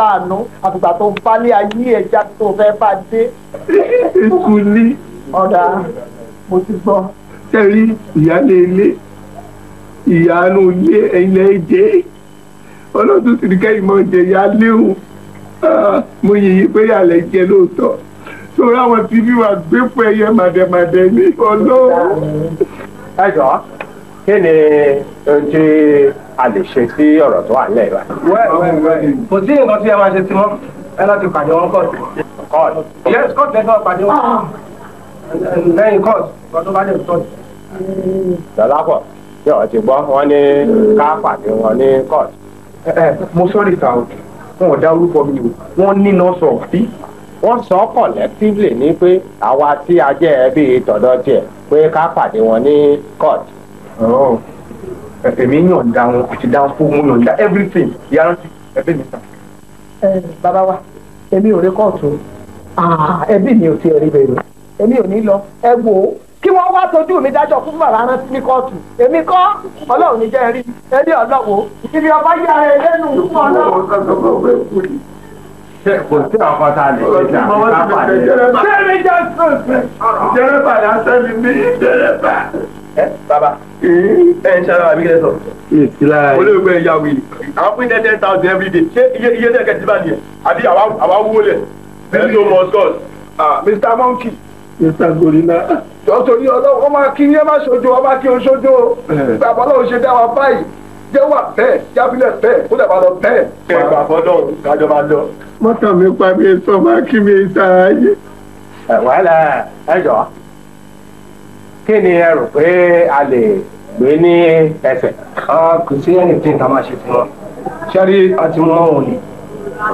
àtùgbà tó balẹ̀ ayé ẹ̀ já tó fẹ́ bá dé. ìkùlí ọ̀dà mo ti gbọ́. sẹ́rí ìyáálé ilé ìyáánú ilé ilé jẹ́ ọlọ́dún tí nìkẹ́ ìmọ̀ jẹ ìyáálé òun ah, mo yìnyín pé ìyàlẹ̀ jẹ lóòótọ́ sórí àwọn tí bí wàá gbé fún ẹyẹ màdẹ̀màdẹ̀ ní ọlọ́run. kí ni ohun tí a lè ṣe sí ọ̀rọ̀ tó wà nílẹ̀ báyìí. kò sí nǹkan tí a máa ṣe sí wọn ẹ láti pàdé wọn kọ́ọ̀tù. kọ́ọ̀tù. yẹ́sì kọ́ọ̀tù ẹ̀ sọ pàdé wọn. Ah lẹ́yìn court ọ̀dọ́ bá dẹ̀ tọ́jú. dàlápọ̀ tí ọ̀ ti gbọ́ wọn ní káfà tí wọn ní court. mo sọ́ọ̀rì sà o wọn ò dá orúkọ mi o wọ́n níná sọ bí. wọ́n sọ collectively ni pé àwa tí a jẹ́ ẹbí tọ̀dọ̀ tiẹ̀ pé ká pàdé wọn ní court. Oh, èmi yàn dá wọn àti dá fún mo yàn dá everything yàrá ẹbí mi sàn. bàbá wa èmi ò rí kóòtù ah, ẹbí mi ò tiẹ̀ rí bẹ́ẹ̀ lọ èmi ò ní lọ ẹ wò ó kí wọ́n wá tójú mi dájọ́ fún bàbá rántí ní kóòtù èmi kọ́ ọlọ́run ní jẹ́ rí ẹni ọlọ́wọ́ ibi ọba yá ẹ lẹ́nu fún ọlọ́run kò sí ọkọ tá a lè ṣe tí a bá pàdé. sẹ́ni jackson jẹrẹba la sẹ́ni mi jẹrẹba. ẹ baba ẹ ń ṣe ara àbí kẹsàn. ìtura ẹ olóògbé ẹ yà wí. àwọn fún ten ten thousand every day ṣé iye iye tẹ̀ kẹ́tì bá nìyẹn àbí àwa wúwo lẹ̀. bẹ́ẹ̀ ni o mọ̀ scott. Ah, Mr Monkey mr gorilla. jọ torí ọlọ́wọ́ máa kí ní ẹ má ṣojo ọba kí n ṣojo eh. bàbá ọlọ́run ṣe dá wa báyìí jẹ́ wà bẹ́ẹ̀ jábílẹ̀ bẹ́ẹ̀ kó dàbà lọ bẹ́ẹ̀. ẹ gbà fọlọ́ kájọba lọ. mọ́tà mi pa mi sọ máa kí mi sára yé. ẹ wàhálà ẹ jọ kí ni ẹ rò pé a lè gbé ní ẹsẹ̀. kò sí ẹni tí n ta máa ṣe fún wọn ṣẹ́rí àti mú wọn ò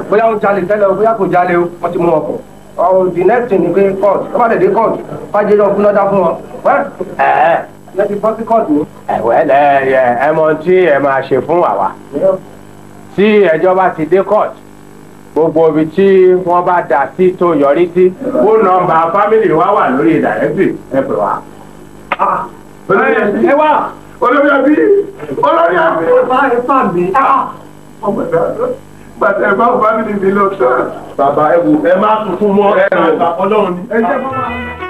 bóyá ń jalè tẹ́lẹ̀ bóyá kò jalè o ti mú ọkọ̀ ọ̀hún the next thing ni pé court tó bá tẹ̀ dé court fájẹ́ lọ fún lọ́dá fún wọn. lẹ́tí bọ́sí court ni. ẹ̀wẹ̀ ẹ ẹ mọ tí ẹ máa ṣe fún àwa tí ẹjọ́ bá ti dé court gbogbo ibi tí wọ́n bá dà sí tó yọrí sí fóònù nọ́mbà fámìlì wa wà lórí ìdàrẹ́sì ẹ pè wá. Ah. ẹ wá olórí àbí olórí àbí. ẹ ẹ fà mí. Ah bàtà ẹ bá wò bá mi nìbí lọ sọ. bàbá ẹ wò ẹ má tuntun mọ ẹ rẹ ọlọ́run ni. ẹ jẹ́ fún wa.